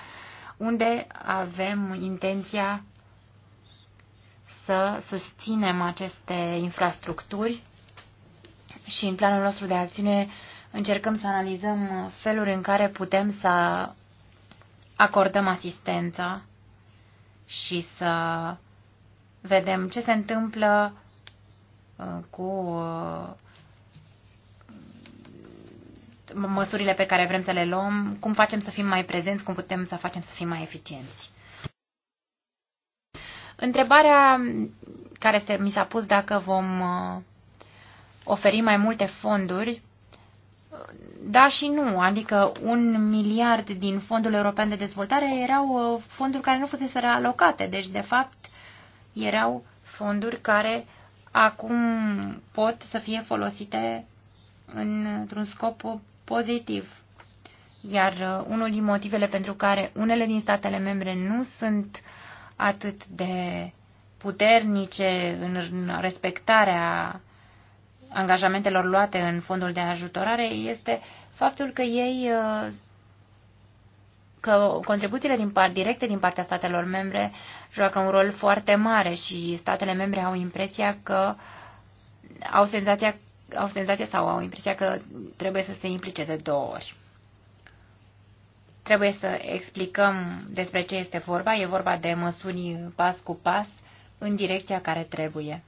unde avem intenția să susținem aceste infrastructuri și în planul nostru de acțiune încercăm să analizăm feluri în care putem să acordăm asistență și să vedem ce se întâmplă uh, cu uh, măsurile pe care vrem să le luăm, cum facem să fim mai prezenți, cum putem să facem să fim mai eficienți. Întrebarea care se, mi s-a pus dacă vom uh, oferi mai multe fonduri, da și nu, adică un miliard din fondul european de dezvoltare erau uh, fonduri care nu fusese realocate, deci de fapt erau fonduri care acum pot să fie folosite într-un scop pozitiv. Iar uh, unul din motivele pentru care unele din statele membre nu sunt atât de puternice în respectarea angajamentelor luate în fondul de ajutorare este faptul că ei uh, că contribuțiile din part, directe din partea statelor membre joacă un rol foarte mare și statele membre au impresia că au senzația au senzația sau au impresia că trebuie să se implice de două ori. Trebuie să explicăm despre ce este vorba. E vorba de măsuri pas cu pas în direcția care trebuie.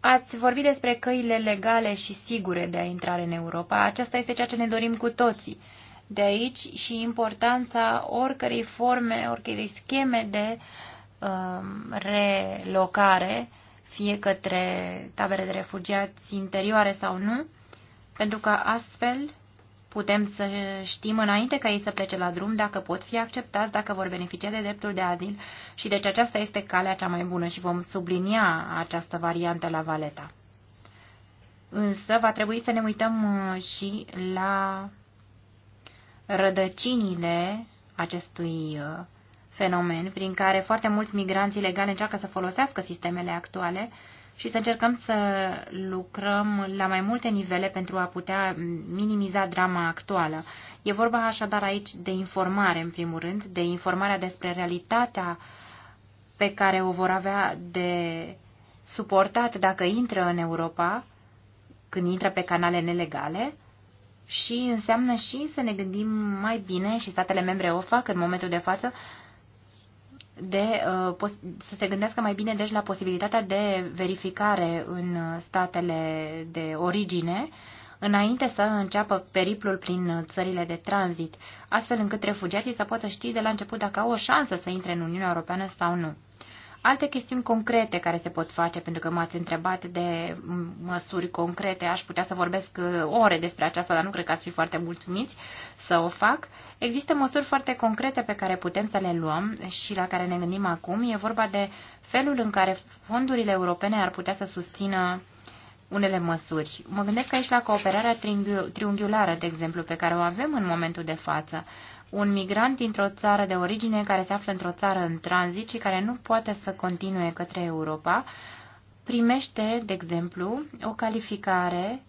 Ați vorbit despre căile legale și sigure de a intra în Europa. Aceasta este ceea ce ne dorim cu toții. De aici și importanța oricărei forme, oricărei scheme de uh, Um, relocare, fie către tabere de refugiați interioare sau nu, pentru că astfel putem să știm înainte ca ei să plece la drum dacă pot fi acceptați, dacă vor beneficia de dreptul de azil și deci aceasta este calea cea mai bună și vom sublinia această variantă la Valeta. Însă va trebui să ne uităm uh, și la rădăcinile acestui uh, fenomen prin care foarte mulți migranți ilegali încearcă să folosească sistemele actuale și să încercăm să lucrăm la mai multe nivele pentru a putea minimiza drama actuală. E vorba așadar aici de informare, în primul rând, de informarea despre realitatea pe care o vor avea de suportat dacă intră în Europa, când intră pe canale nelegale, și înseamnă și să ne gândim mai bine, și statele membre o fac în momentul de față, de, uh, să se gândească mai bine deci la posibilitatea de verificare în statele de origine înainte să înceapă periplul prin țările de tranzit, astfel încât refugiații să poată ști de la început dacă au o șansă să intre în Uniunea Europeană sau nu. Alte chestiuni concrete care se pot face, pentru că m-ați întrebat de măsuri concrete, aș putea să vorbesc uh, ore despre aceasta, dar nu cred că ați fi foarte mulțumiți să o fac. Există măsuri foarte concrete pe care putem să le luăm și la care ne gândim acum. E vorba de felul în care fondurile europene ar putea să susțină unele măsuri. Mă gândesc aici la cooperarea triunghiulară, de exemplu, pe care o avem în momentul de față un migrant dintr-o țară de origine care se află într-o țară în tranzit și care nu poate să continue către Europa, primește, de exemplu, o calificare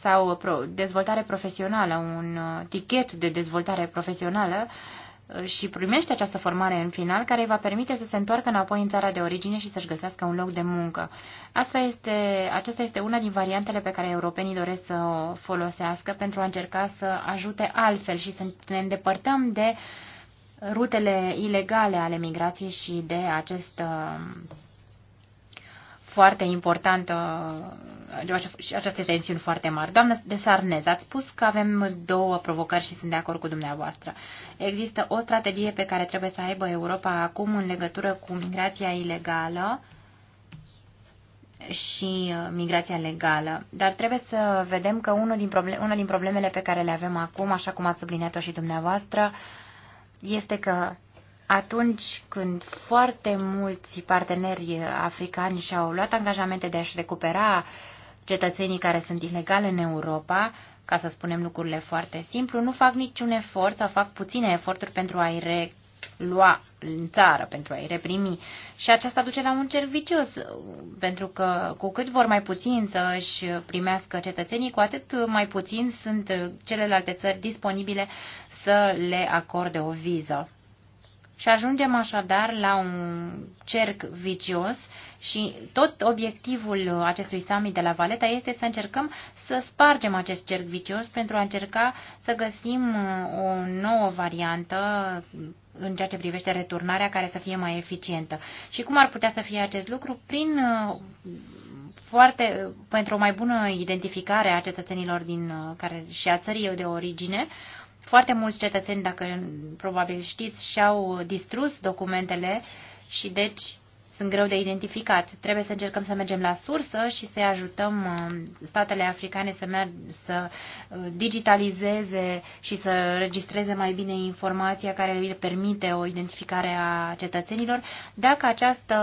sau dezvoltare profesională, un uh, tichet de dezvoltare profesională și primește această formare în final, care îi va permite să se întoarcă înapoi în țara de origine și să-și găsească un loc de muncă. Asta este, aceasta este una din variantele pe care europenii doresc să o folosească pentru a încerca să ajute altfel și să ne îndepărtăm de rutele ilegale ale migrației și de acest uh, foarte importantă și aceste tensiuni foarte mari. Doamnă de Sarnez, ați spus că avem două provocări și sunt de acord cu dumneavoastră. Există o strategie pe care trebuie să aibă Europa acum în legătură cu migrația ilegală și uh, migrația legală. Dar trebuie să vedem că unul din probleme, una din problemele pe care le avem acum, așa cum ați subliniat-o și dumneavoastră, este că atunci când foarte mulți parteneri africani și-au luat angajamente de a-și recupera cetățenii care sunt ilegale în Europa, ca să spunem lucrurile foarte simplu, nu fac niciun efort sau fac puține eforturi pentru a-i re lua în țară pentru a-i reprimi. Și aceasta duce la un cerc vicios, pentru că cu cât vor mai puțin să își primească cetățenii, cu atât mai puțin sunt celelalte țări disponibile să le acorde o viză. Și ajungem așadar la un cerc vicios și tot obiectivul acestui summit de la Valeta este să încercăm să spargem acest cerc vicios pentru a încerca să găsim uh, o nouă variantă în ceea ce privește returnarea care să fie mai eficientă. Și cum ar putea să fie acest lucru? Prin uh, foarte, pentru o mai bună identificare a cetățenilor din, uh, care, și a țării de origine, foarte mulți cetățeni, dacă probabil știți, și-au distrus documentele și deci sunt greu de identificat. Trebuie să încercăm să mergem la sursă și să-i ajutăm uh, statele africane să, mer- să uh, digitalizeze și să registreze mai bine informația care îi permite o identificare a cetățenilor. Dacă această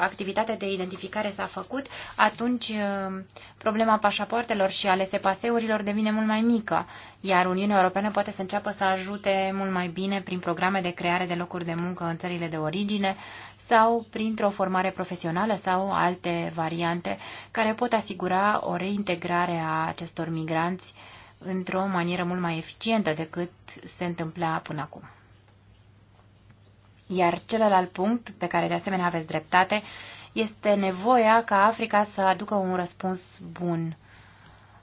activitate de identificare s-a făcut, atunci uh, problema pașapoartelor și ale sepaseurilor devine mult mai mică, iar Uniunea Europeană poate să înceapă să ajute mult mai bine prin programe de creare de locuri de muncă în țările de origine sau printr-o formare profesională sau alte variante care pot asigura o reintegrare a acestor migranți într-o manieră mult mai eficientă decât se întâmpla până acum. Iar celălalt punct, pe care de asemenea aveți dreptate, este nevoia ca Africa să aducă un răspuns bun.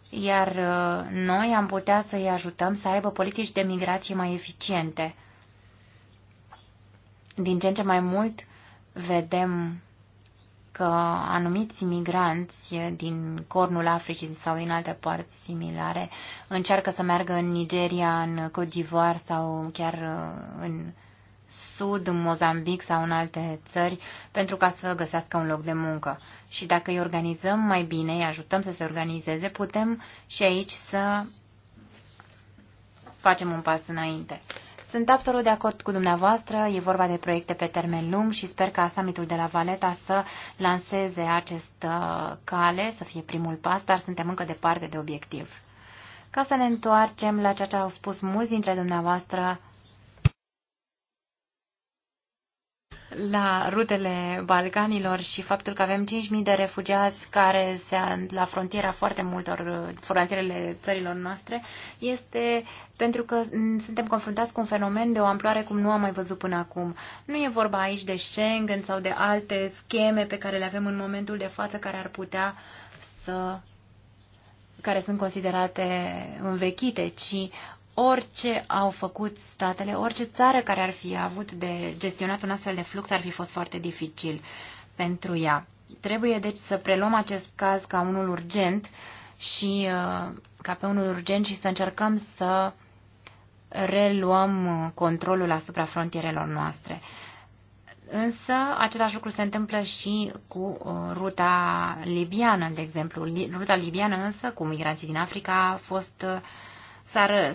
Iar uh, noi am putea să-i ajutăm să aibă politici de migrație mai eficiente. Din ce în ce mai mult, vedem că anumiți migranți din cornul Africii sau din alte părți similare încearcă să meargă în Nigeria, în Côte d'Ivoire sau chiar uh, în Sud, în Mozambic sau în alte țări pentru ca să găsească un loc de muncă. Și dacă îi organizăm mai bine, îi ajutăm să se organizeze, putem și aici să facem un pas înainte. Sunt absolut de acord cu dumneavoastră, e vorba de proiecte pe termen lung și sper ca summitul de la Valeta să lanseze acest uh, cale, să fie primul pas, dar suntem încă departe de obiectiv. Ca să ne întoarcem la ceea ce au spus mulți dintre dumneavoastră la rutele Balcanilor și faptul că avem 5.000 de refugiați care se la frontiera foarte multor, frontierele țărilor noastre, este pentru că suntem confruntați cu un fenomen de o amploare cum nu am mai văzut până acum. Nu e vorba aici de Schengen sau de alte scheme pe care le avem în momentul de față care ar putea să care sunt considerate învechite, ci orice au făcut statele, orice țară care ar fi avut de gestionat un astfel de flux ar fi fost foarte dificil pentru ea. Trebuie deci să preluăm acest caz ca unul urgent și uh, ca pe unul urgent și să încercăm să reluăm uh, controlul asupra frontierelor noastre. Însă, același lucru se întâmplă și cu uh, ruta libiană, de exemplu. Ruta libiană însă, cu migranții din Africa, a fost uh,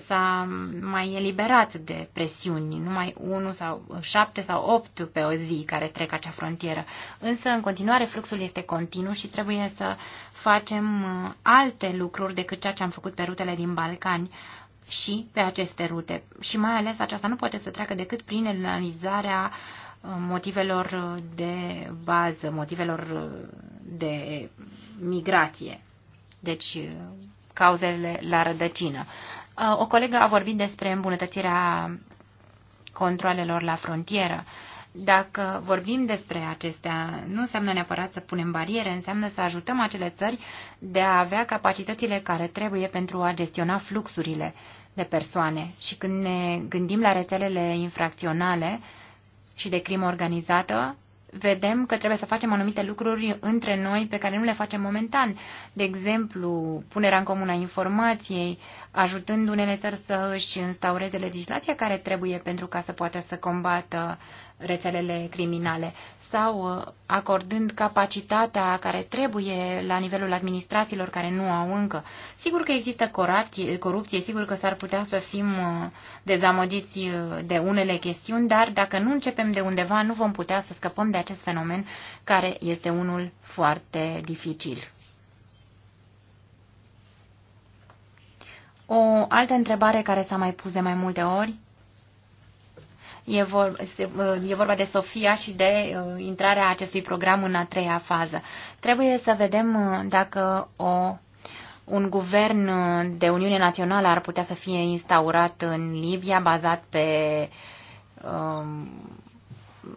s-a, mai eliberat de presiuni, numai 1 sau 7 sau 8 pe o zi care trec acea frontieră. Însă, în continuare, fluxul este continuu și trebuie să facem uh, alte lucruri decât ceea ce am făcut pe rutele din Balcani și pe aceste rute. Și mai ales aceasta nu poate să treacă decât prin analizarea uh, motivelor uh, de bază, motivelor de migrație. Deci, cauzele la rădăcină. Uh, o colegă a vorbit despre îmbunătățirea controlelor la frontieră. Dacă vorbim despre acestea, nu înseamnă neapărat să punem bariere, înseamnă să ajutăm acele țări de a avea capacitățile care trebuie pentru a gestiona fluxurile de persoane. Și când ne gândim la rețelele infracționale și de crimă organizată, vedem că trebuie să facem anumite lucruri între noi pe care nu le facem momentan. De exemplu, punerea în comună a informației, ajutând unele țări să își instaureze legislația care trebuie pentru ca să poată să combată rețelele criminale sau uh, acordând capacitatea care trebuie la nivelul administrațiilor care nu au încă. Sigur că există corupție, sigur că s-ar putea să fim uh, dezamăgiți uh, de unele chestiuni, dar dacă nu începem de undeva, nu vom putea să scăpăm de acest fenomen care este unul foarte dificil. O altă întrebare care s-a mai pus de mai multe ori E, vor, uh, e vorba de Sofia și de uh, intrarea acestui program în a treia fază. Trebuie să vedem uh, dacă o, un guvern de Uniune Națională ar putea să fie instaurat în Libia, bazat pe um,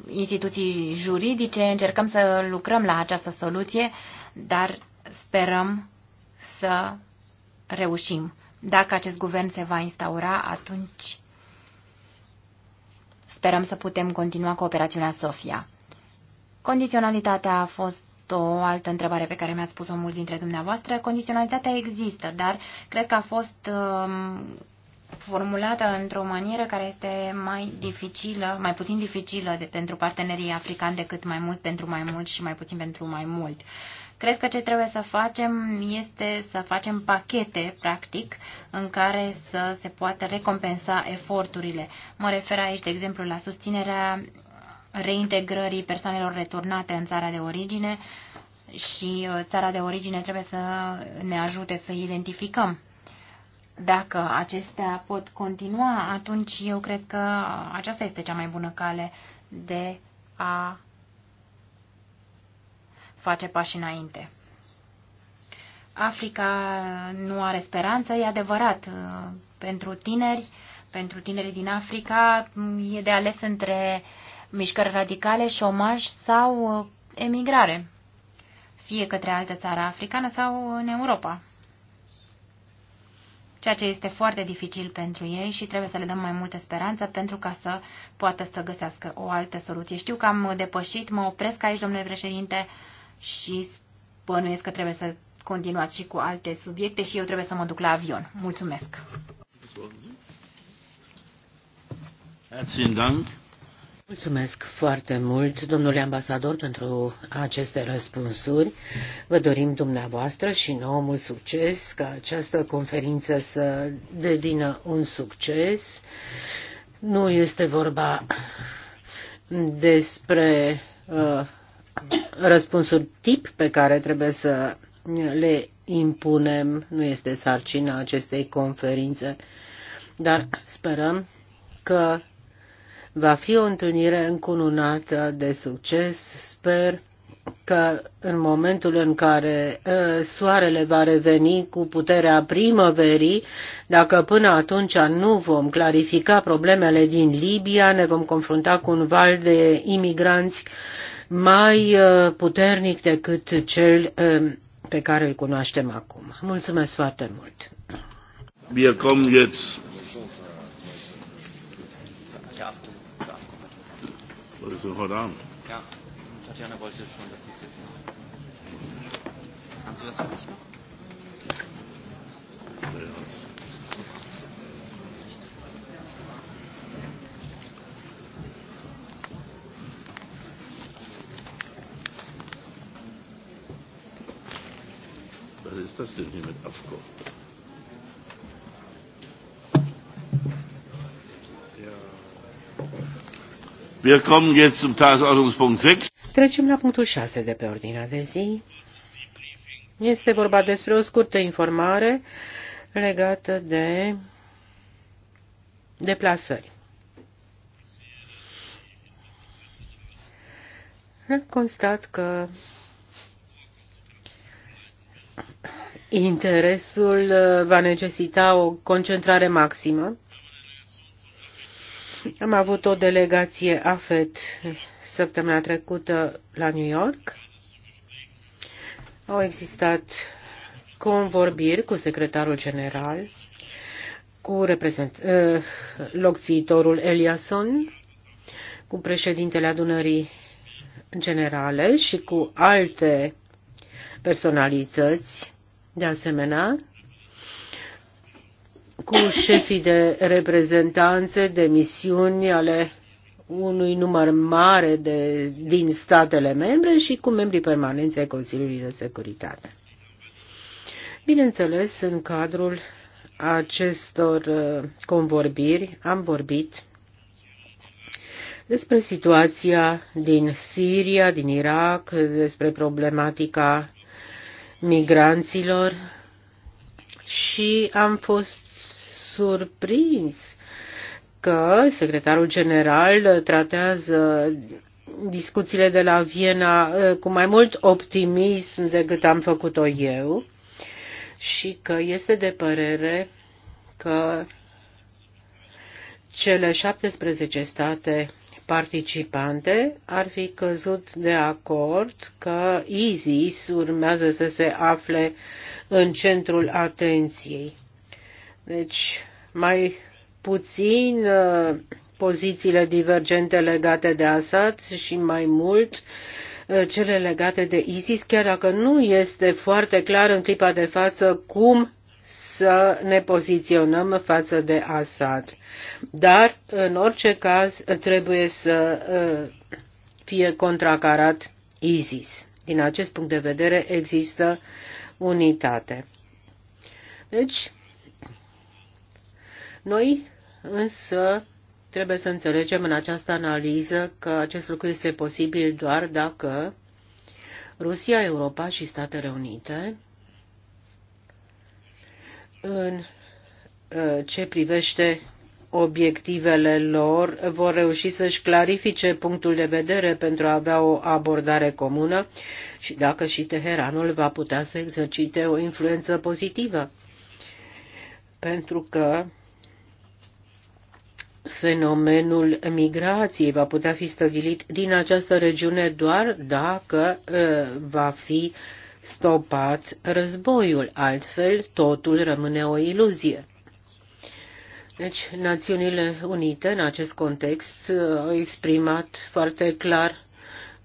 instituții juridice. Încercăm să lucrăm la această soluție, dar sperăm să reușim. Dacă acest guvern se va instaura, atunci Sperăm să putem continua cu operațiunea Sofia. Condiționalitatea a fost o altă întrebare pe care mi ați spus-o mulți dintre dumneavoastră. Condiționalitatea există, dar cred că a fost um, formulată într-o manieră care este mai dificilă, mai puțin dificilă de, pentru partenerii africani decât mai mult pentru mai mult și mai puțin pentru mai mult. Uh, Cred că ce trebuie să facem este să facem pachete, practic, în care să se poată recompensa eforturile. Mă refer aici, de exemplu, la susținerea reintegrării persoanelor returnate în țara de origine și uh, țara de origine trebuie să ne ajute să identificăm dacă acestea pot continua, atunci eu cred că aceasta este cea mai bună cale de a face pași înainte. Africa nu are speranță, e adevărat. Pentru tineri, pentru tinerii din Africa, e de ales între mișcări radicale, șomaj sau emigrare, fie către altă țară africană sau în Europa. Ceea ce este foarte dificil pentru ei și trebuie să le dăm mai multă speranță pentru ca să poată să găsească o altă soluție. Știu că am depășit, mă opresc aici, domnule președinte, și bănuiesc că trebuie să continuați și cu alte subiecte și eu trebuie să mă duc la avion. Mulțumesc! Mulțumesc foarte mult, domnule ambasador, pentru aceste răspunsuri. Vă dorim dumneavoastră și nouă mult succes, ca această conferință să devină un succes. Nu este vorba despre uh, răspunsul tip pe care trebuie să le impunem, nu este sarcina acestei conferințe, dar sperăm că va fi o întâlnire încununată de succes. Sper că în momentul în care ă, soarele va reveni cu puterea primăverii, dacă până atunci nu vom clarifica problemele din Libia, ne vom confrunta cu un val de imigranți mai uh, puternic decât cel um, pe care îl cunoaștem acum. Mulțumesc foarte mult! Wir kommen jetzt Was ist denn heute Abend? Ja, Tatjana wollte schon, dass Sie es jetzt machen. Haben Sie für mich noch? Ja, asta se numește hier AFCO? Trecem la punctul 6 de pe ordinea de zi. Este vorba despre o scurtă informare legată de deplasări. Constat că interesul uh, va necesita o concentrare maximă. Am avut o delegație AFET săptămâna trecută la New York. Au existat convorbiri cu secretarul general, cu reprezent, uh, locțiitorul Eliasson, cu președintele adunării generale și cu alte personalități de asemenea, cu șefii de reprezentanțe, de misiuni ale unui număr mare de, din statele membre și cu membrii permanenți ai Consiliului de Securitate. Bineînțeles, în cadrul acestor uh, convorbiri am vorbit despre situația din Siria, din Irak, despre problematica migranților și am fost surprins că secretarul general tratează discuțiile de la Viena uh, cu mai mult optimism decât am făcut-o eu și că este de părere că cele 17 state participante ar fi căzut de acord că ISIS urmează să se afle în centrul atenției. Deci, mai puțin uh, pozițiile divergente legate de Assad și mai mult uh, cele legate de ISIS, chiar dacă nu este foarte clar în clipa de față cum să ne poziționăm față de Assad. Dar, în orice caz, trebuie să ă, fie contracarat ISIS. Din acest punct de vedere există unitate. Deci, noi însă trebuie să înțelegem în această analiză că acest lucru este posibil doar dacă Rusia, Europa și Statele Unite în uh, ce privește obiectivele lor, vor reuși să-și clarifice punctul de vedere pentru a avea o abordare comună și dacă și Teheranul va putea să exercite o influență pozitivă. Pentru că fenomenul migrației va putea fi stăvilit din această regiune doar dacă uh, va fi stopat războiul, altfel totul rămâne o iluzie. Deci, Națiunile Unite, în acest context, au exprimat foarte clar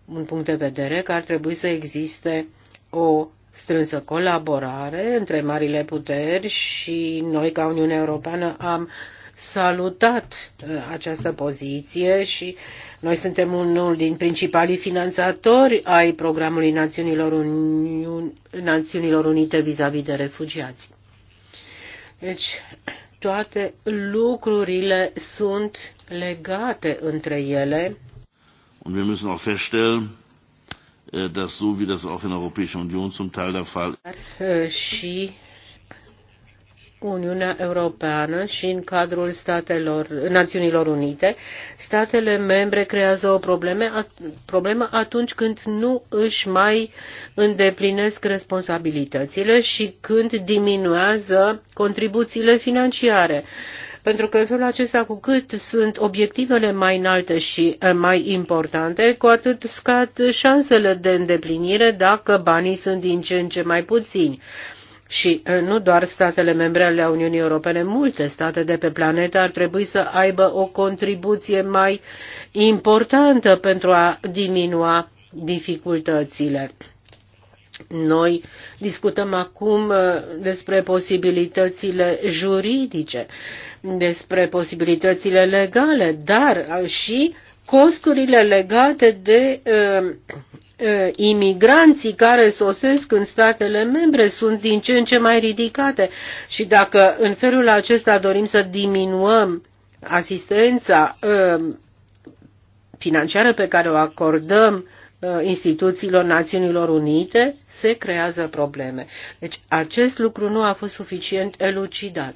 un punct de vedere că ar trebui să existe o strânsă colaborare între marile puteri și noi, ca Uniunea Europeană, am uh, salutat uh, această poziție și noi suntem unul din principalii finanțatori ai programului Națiunilor, Uni- Națiunilor Unite vis-a-vis -vis de refugiați. Deci, toate lucrurile sunt legate între ele. Und wir müssen auch feststellen, äh, dass so wie das auch in der Europäischen Union zum Teil der Fall äh, ist. Uniunea Europeană și în cadrul statelor, Națiunilor Unite, statele membre creează o probleme, problemă atunci când nu își mai îndeplinesc responsabilitățile și când diminuează contribuțiile financiare. Pentru că în felul acesta, cu cât sunt obiectivele mai înalte și eh, mai importante, cu atât scad șansele de îndeplinire dacă banii sunt din ce în ce mai puțini și eh, nu doar statele membre ale Uniunii Europene, multe state de pe planetă ar trebui să aibă o contribuție mai importantă pentru a diminua dificultățile. Noi discutăm acum eh, despre posibilitățile juridice, despre posibilitățile legale, dar eh, și costurile legate de Uh, imigranții care sosesc în statele membre sunt din ce în ce mai ridicate și dacă în felul acesta dorim să diminuăm asistența uh, financiară pe care o acordăm uh, instituțiilor Națiunilor Unite, se creează probleme. Deci acest lucru nu a fost suficient elucidat.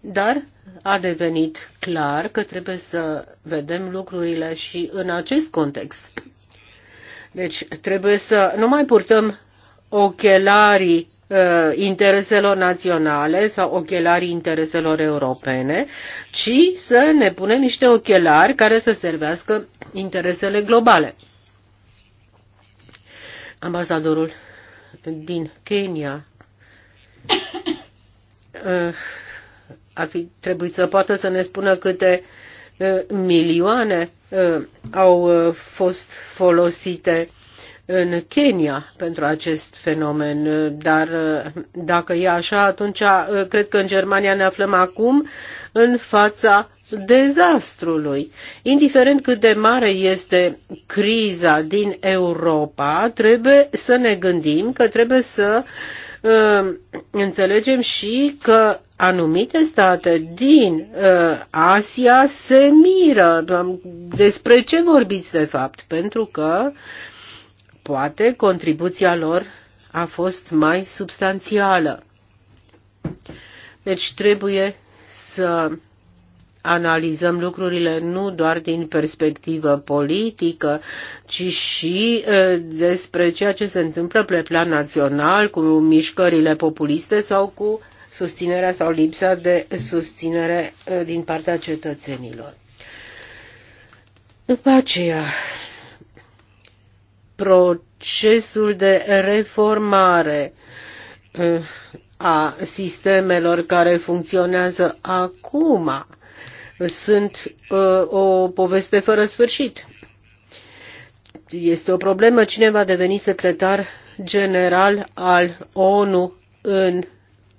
Dar a devenit clar că trebuie să vedem lucrurile și în acest context. Deci trebuie să nu mai purtăm ochelarii uh, intereselor naționale sau ochelarii intereselor europene, ci să ne punem niște ochelari care să servească interesele globale. Ambasadorul din Kenya uh, ar fi trebuit să poată să ne spună câte uh, milioane Uh, au uh, fost folosite în Kenya pentru acest fenomen, uh, dar dacă e așa, atunci cred că în Germania ne aflăm acum în fața dezastrului. Indiferent cât de mare este criza din Europa, trebuie să ne gândim că trebuie să uh, Ehm, înțelegem și că anumite state din eh, Asia se miră despre ce vorbiți de fapt, pentru că poate contribuția lor a fost mai substanțială. Deci trebuie să analizăm lucrurile nu doar din perspectivă politică, ci și despre ceea ce se întâmplă pe plan național cu mișcările populiste sau cu susținerea sau lipsa de susținere din partea cetățenilor. După aceea, procesul de reformare a sistemelor care funcționează acum sunt uh, o poveste fără sfârșit. Este o problemă cine va deveni secretar general al ONU în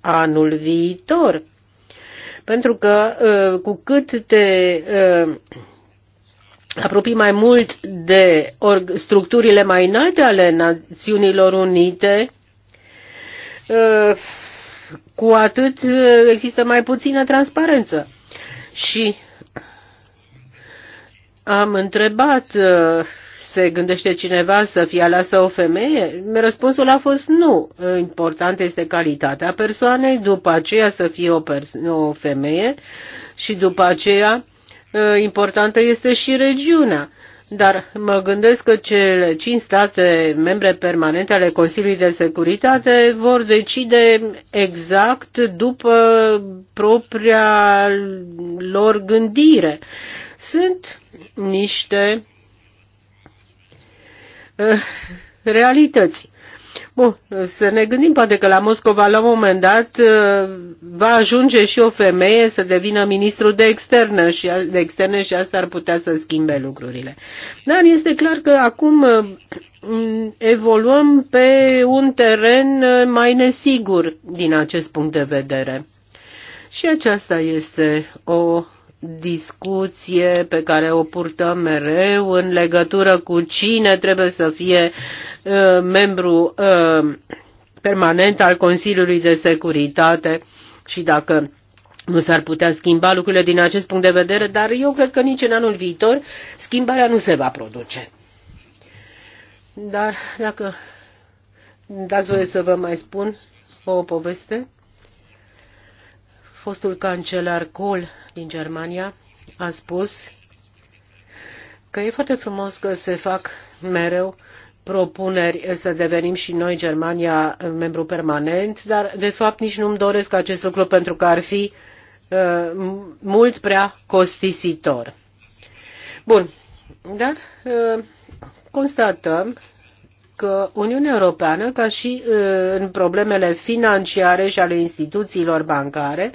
anul viitor. Pentru că uh, cu cât te uh, apropii mai mult de structurile mai înalte ale Națiunilor Unite, cu atât există mai puțină transparență. Și am întrebat, uh, se gândește cineva să fie aleasă o femeie? Răspunsul a fost nu. Important este calitatea persoanei, după aceea să fie o, o femeie și după aceea uh, importantă este și regiunea dar mă gândesc că cele cinci state membre permanente ale Consiliului de Securitate vor decide exact după propria lor gândire. Sunt niște eh, realități. Bun, să ne gândim poate că la Moscova la un moment dat uh, va ajunge și o femeie să devină ministru de externe și, de externe și asta ar putea să schimbe lucrurile. Dar este clar că acum uh, mm, evoluăm pe un teren uh, mai nesigur din acest punct de vedere. Și aceasta este o discuție pe care o purtăm mereu în legătură cu cine trebuie să fie uh, membru uh, permanent al Consiliului de Securitate și dacă nu s-ar putea schimba lucrurile din acest punct de vedere, dar eu cred că nici în anul viitor schimbarea nu se va produce. Dar dacă dați voie să vă mai spun o poveste, fostul cancelar Kohl din Germania a spus că e foarte frumos că se fac mereu propuneri să devenim și noi Germania membru permanent, dar de fapt nici nu-mi doresc acest lucru pentru că ar fi uh, mult prea costisitor. Bun, dar uh, constatăm că Uniunea Europeană, ca și în problemele financiare și ale instituțiilor bancare,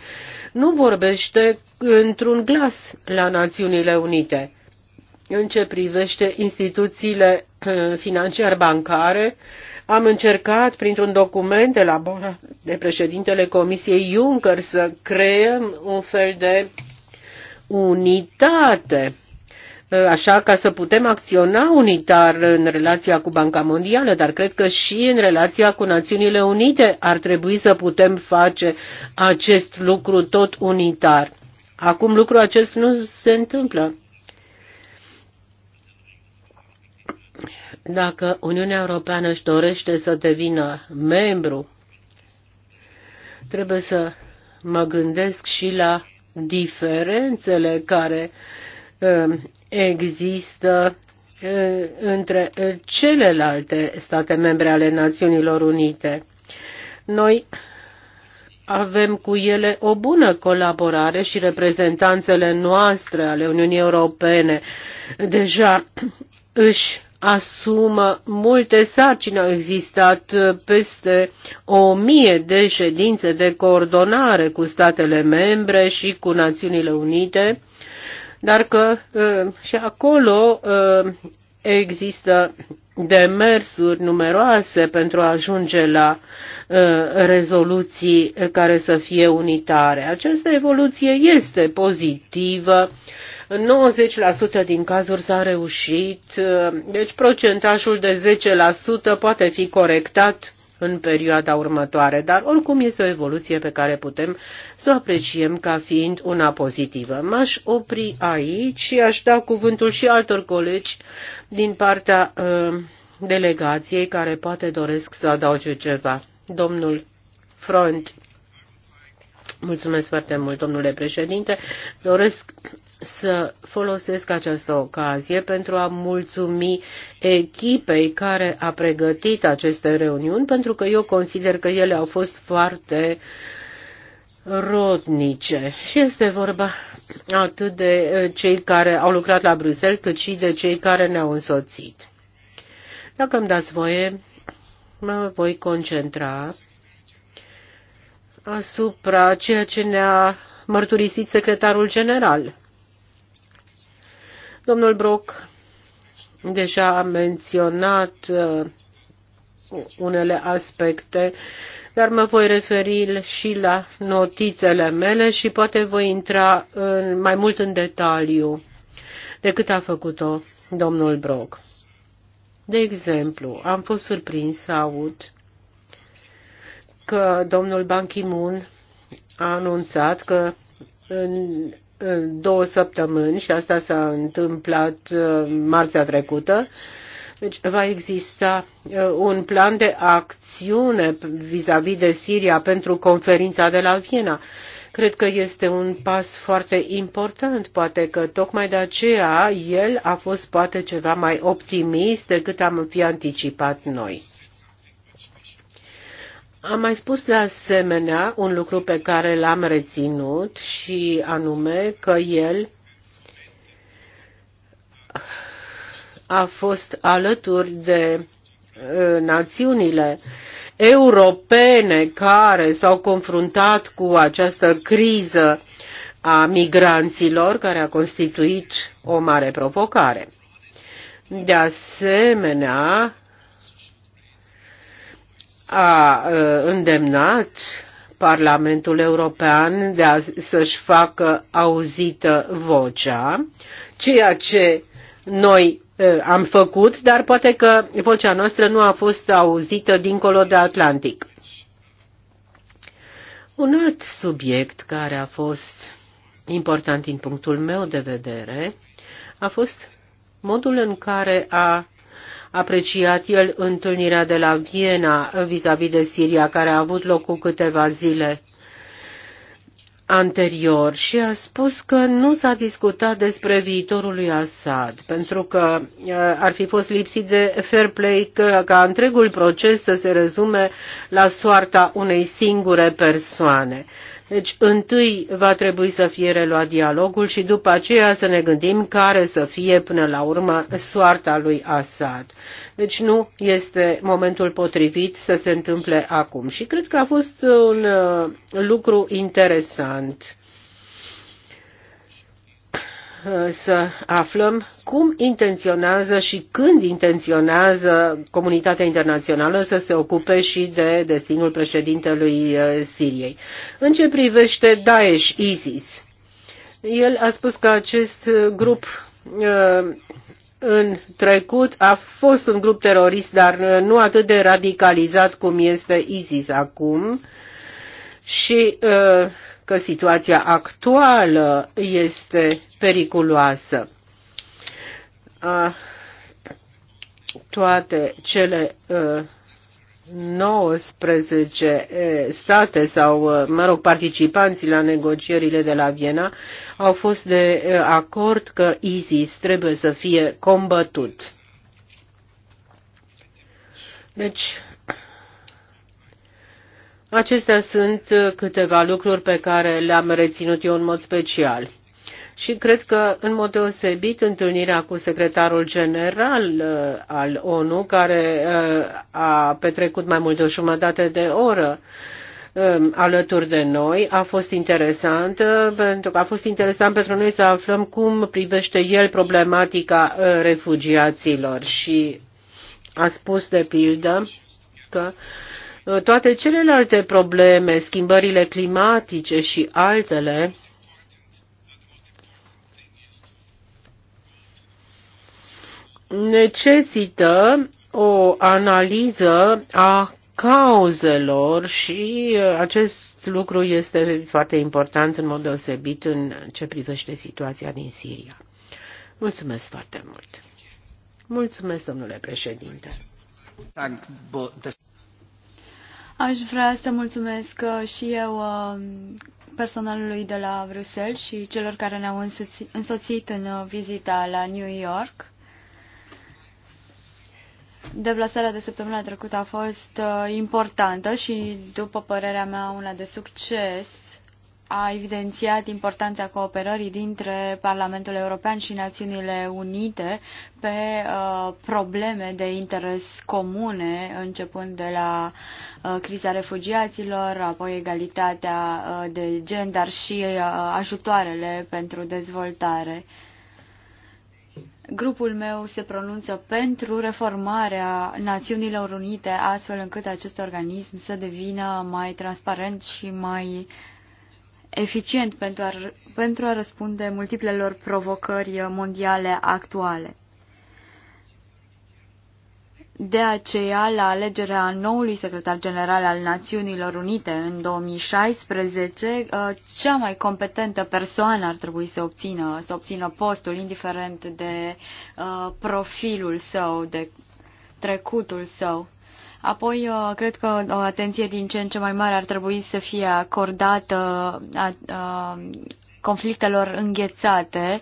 nu vorbește într-un glas la Națiunile Unite. În ce privește instituțiile financiar-bancare, am încercat printr-un document elaborat de președintele Comisiei Juncker să creăm un fel de unitate Uh, așa ca să putem acționa unitar în relația cu Banca Mondială, dar cred că și în relația cu Națiunile Unite ar trebui să putem face acest lucru tot unitar. Acum lucrul acest nu se întâmplă. Dacă Uniunea Europeană își dorește să devină membru, trebuie să mă gândesc și la diferențele care uh, există între celelalte state membre ale Națiunilor Unite. Noi avem cu ele o bună colaborare și reprezentanțele noastre ale Uniunii Europene deja își asumă multe sarcini. Au existat peste o mie de ședințe de coordonare cu statele membre și cu Națiunile Unite dar că ă, și acolo ă, există demersuri numeroase pentru a ajunge la ă, rezoluții care să fie unitare. Această evoluție este pozitivă. În 90% din cazuri s-a reușit, deci procentajul de 10% poate fi corectat în perioada următoare, dar oricum este o evoluție pe care putem să o apreciem ca fiind una pozitivă. M-aș opri aici și aș da cuvântul și altor colegi din partea uh, delegației care poate doresc să adauge ceva. Domnul Front. Mulțumesc foarte mult, domnule președinte. Doresc să folosesc această ocazie pentru a mulțumi echipei care a pregătit aceste reuniuni, pentru că eu consider că ele au fost foarte rodnice. Și este vorba atât de cei care au lucrat la Bruxelles, cât și de cei care ne-au însoțit. Dacă îmi dați voie, mă voi concentra asupra ceea ce ne-a mărturisit secretarul general. Domnul Brock deja a menționat uh, unele aspecte, dar mă voi referi și la notițele mele și poate voi intra în, mai mult în detaliu decât a făcut-o domnul Brock. De exemplu, am fost surprins să aud că domnul Ban Ki-moon a anunțat că în două săptămâni și asta s-a întâmplat uh, marțea trecută. Deci va exista uh, un plan de acțiune vis-a-vis -vis de Siria pentru conferința de la Viena. Cred că este un pas foarte important, poate că tocmai de aceea el a fost poate ceva mai optimist decât am fi anticipat noi. Am mai spus de asemenea un lucru pe care l-am reținut și anume că el a fost alături de națiunile europene care s-au confruntat cu această criză a migranților, care a constituit o mare provocare. De asemenea, a uh, îndemnat Parlamentul European de a, să-și facă auzită vocea, ceea ce noi uh, am făcut, dar poate că vocea noastră nu a fost auzită dincolo de Atlantic. Un alt subiect care a fost important din punctul meu de vedere a fost modul în care a apreciat el întâlnirea de la Viena vis-a-vis -vis de Siria, care a avut loc cu câteva zile anterior și a spus că nu s-a discutat despre viitorul lui Assad, pentru că uh, ar fi fost lipsit de fair play că, ca întregul proces să se rezume la soarta unei singure persoane. Deci, întâi va trebui să fie reluat dialogul și după aceea să ne gândim care să fie până la urmă soarta lui Assad. Deci nu este momentul potrivit să se întâmple acum. Și cred că a fost un uh, lucru interesant să aflăm cum intenționează și când intenționează comunitatea internațională să se ocupe și de destinul președintelui uh, Siriei. În ce privește Daesh, ISIS, el a spus că acest grup uh, în trecut a fost un grup terorist, dar uh, nu atât de radicalizat cum este ISIS acum și uh, că situația actuală este periculoasă. toate cele 19 state sau, mă rog, participanții la negocierile de la Viena au fost de acord că ISIS trebuie să fie combătut. Deci, Acestea sunt uh, câteva lucruri pe care le-am reținut eu în mod special. Și cred că, în mod deosebit, întâlnirea cu secretarul general uh, al ONU, care uh, a petrecut mai mult de o jumătate de oră um, alături de noi, a fost interesantă, pentru că a fost interesant pentru noi să aflăm cum privește el problematica refugiaților și a spus, de pildă, că uh, Uh, toate celelalte probleme, schimbările climatice și altele, necesită o analiză a cauzelor și uh, acest lucru este foarte important în mod deosebit în ce privește situația din Siria. Mulțumesc foarte mult. Mulțumesc, domnule președinte. Aș vrea să mulțumesc uh, și eu uh, personalului de la Bruxelles și celor care ne-au însoțit în uh, vizita la New York. Deplasarea de săptămâna trecută a fost importantă și, după părerea mea, una de succes a evidențiat importanța cooperării dintre Parlamentul European și Națiunile Unite pe uh, probleme de interes comune, începând de la uh, criza refugiaților, apoi egalitatea uh, de gen, dar și uh, ajutoarele pentru dezvoltare. Grupul meu se pronunță pentru reformarea Națiunilor Unite, astfel încât acest organism să devină mai transparent și mai uh, eficient pentru a, pentru a răspunde multiplelor provocări uh, mondiale actuale. De aceea, la alegerea noului secretar general al Națiunilor Unite în 2016, uh, cea mai competentă persoană ar trebui să obțină, să obțină postul, indiferent de uh, profilul său, de trecutul său. Apoi, uh, cred că o uh, atenție din ce în ce mai mare ar trebui să fie acordată a, a, conflictelor înghețate,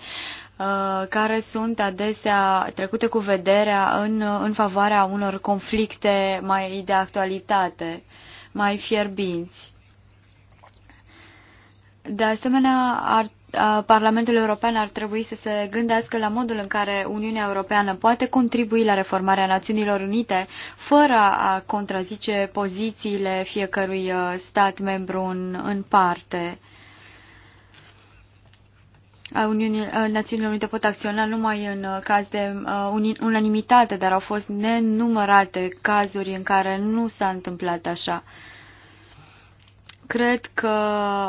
uh, care sunt adesea trecute cu vederea în, în favoarea unor conflicte mai de actualitate, mai fierbinți. De asemenea, ar Parlamentul European ar trebui să se gândească la modul în care Uniunea Europeană poate contribui la reformarea Națiunilor Unite fără a contrazice pozițiile fiecărui stat membru în, în parte. Națiunile Unite pot acționa numai în caz de unanimitate, dar au fost nenumărate cazuri în care nu s-a întâmplat așa. Cred că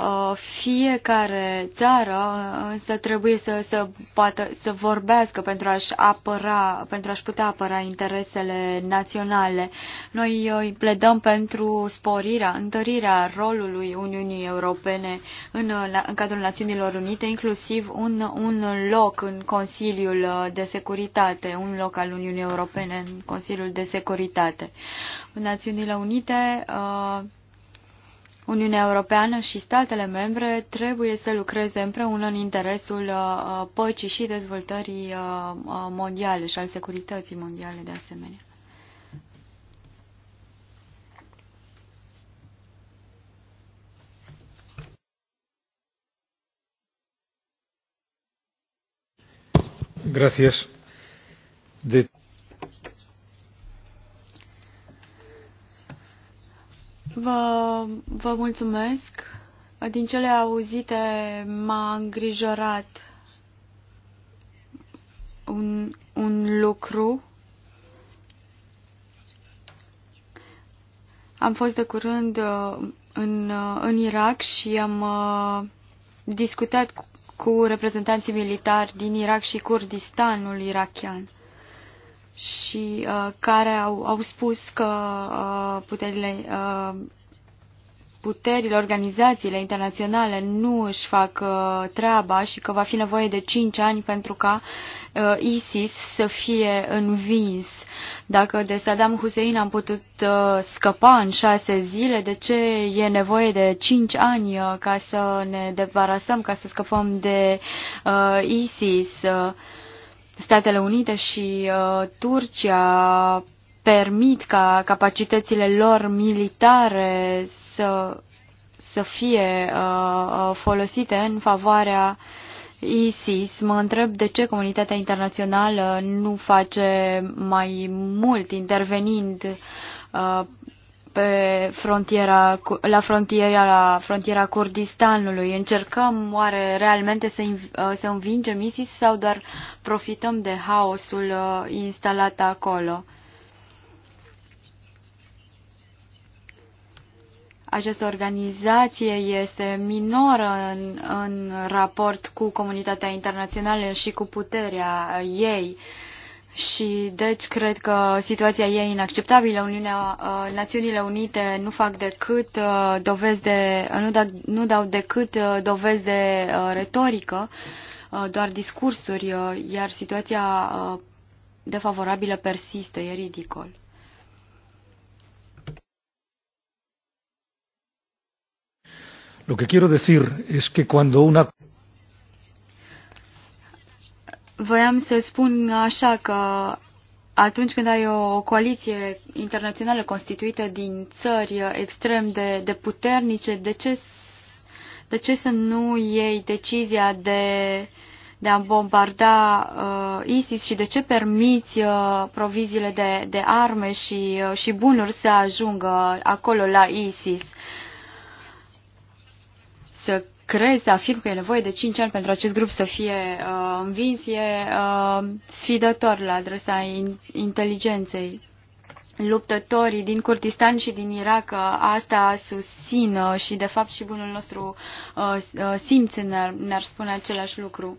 uh, fiecare țară uh, însă trebuie să, să, poată, să vorbească pentru a-și, apăra, pentru a-și putea apăra interesele naționale. Noi uh, îi pledăm pentru sporirea, întărirea rolului Uniunii Europene în, în cadrul Națiunilor Unite, inclusiv un, un loc în Consiliul de Securitate, un loc al Uniunii Europene în Consiliul de Securitate. În Națiunile Unite uh, Uniunea Europeană și statele membre trebuie să lucreze împreună în interesul uh, uh, păcii și dezvoltării uh, mondiale și al securității mondiale de asemenea. Gracias. De Vă, vă mulțumesc. Din cele auzite m-a îngrijorat un, un lucru. Am fost de curând uh, în, uh, în Irak și am uh, discutat cu, cu reprezentanții militari din Irak și Kurdistanul irachian și uh, care au, au spus că uh, puterile, uh, puterile, organizațiile internaționale nu își fac uh, treaba și că va fi nevoie de 5 ani pentru ca uh, ISIS să fie învins. Dacă de Saddam Hussein am putut uh, scăpa în 6 zile, de ce e nevoie de 5 ani uh, ca să ne debarasăm, ca să scăpăm de uh, ISIS? Uh, Statele Unite și uh, Turcia permit ca capacitățile lor militare să, să fie uh, uh, folosite în favoarea ISIS. Mă întreb de ce comunitatea internațională nu face mai mult intervenind uh, pe frontiera, la, frontiera, la frontiera Kurdistanului. Încercăm oare realmente să, uh, să învingem ISIS sau doar profităm de haosul uh, instalat acolo? Această organizație este minoră în, în raport cu comunitatea internațională și cu puterea ei. Uh, și deci cred că situația e inacceptabilă. Uniunea, uh, Națiunile Unite nu fac decât uh, dovezi de, nu, da, nu dau decât uh, dovezi de retorică, doar discursuri, iar situația defavorabilă persistă, e ridicol. Lo que quiero decir es que cuando una voiam să spun așa că atunci când ai o coaliție internațională constituită din țări extrem de, de puternice, de ce, de ce să nu iei decizia de, de a bombarda uh, ISIS și de ce permiți uh, proviziile de, de arme și, uh, și bunuri să ajungă acolo la ISIS? Să crezi, afirm că e nevoie de 5 ani pentru acest grup să fie uh, învins, e uh, sfidător la adresa in inteligenței. Luptătorii din Kurdistan și din Irak uh, asta susțin și, de fapt, și bunul nostru uh, uh simț ne-ar ne spune același lucru.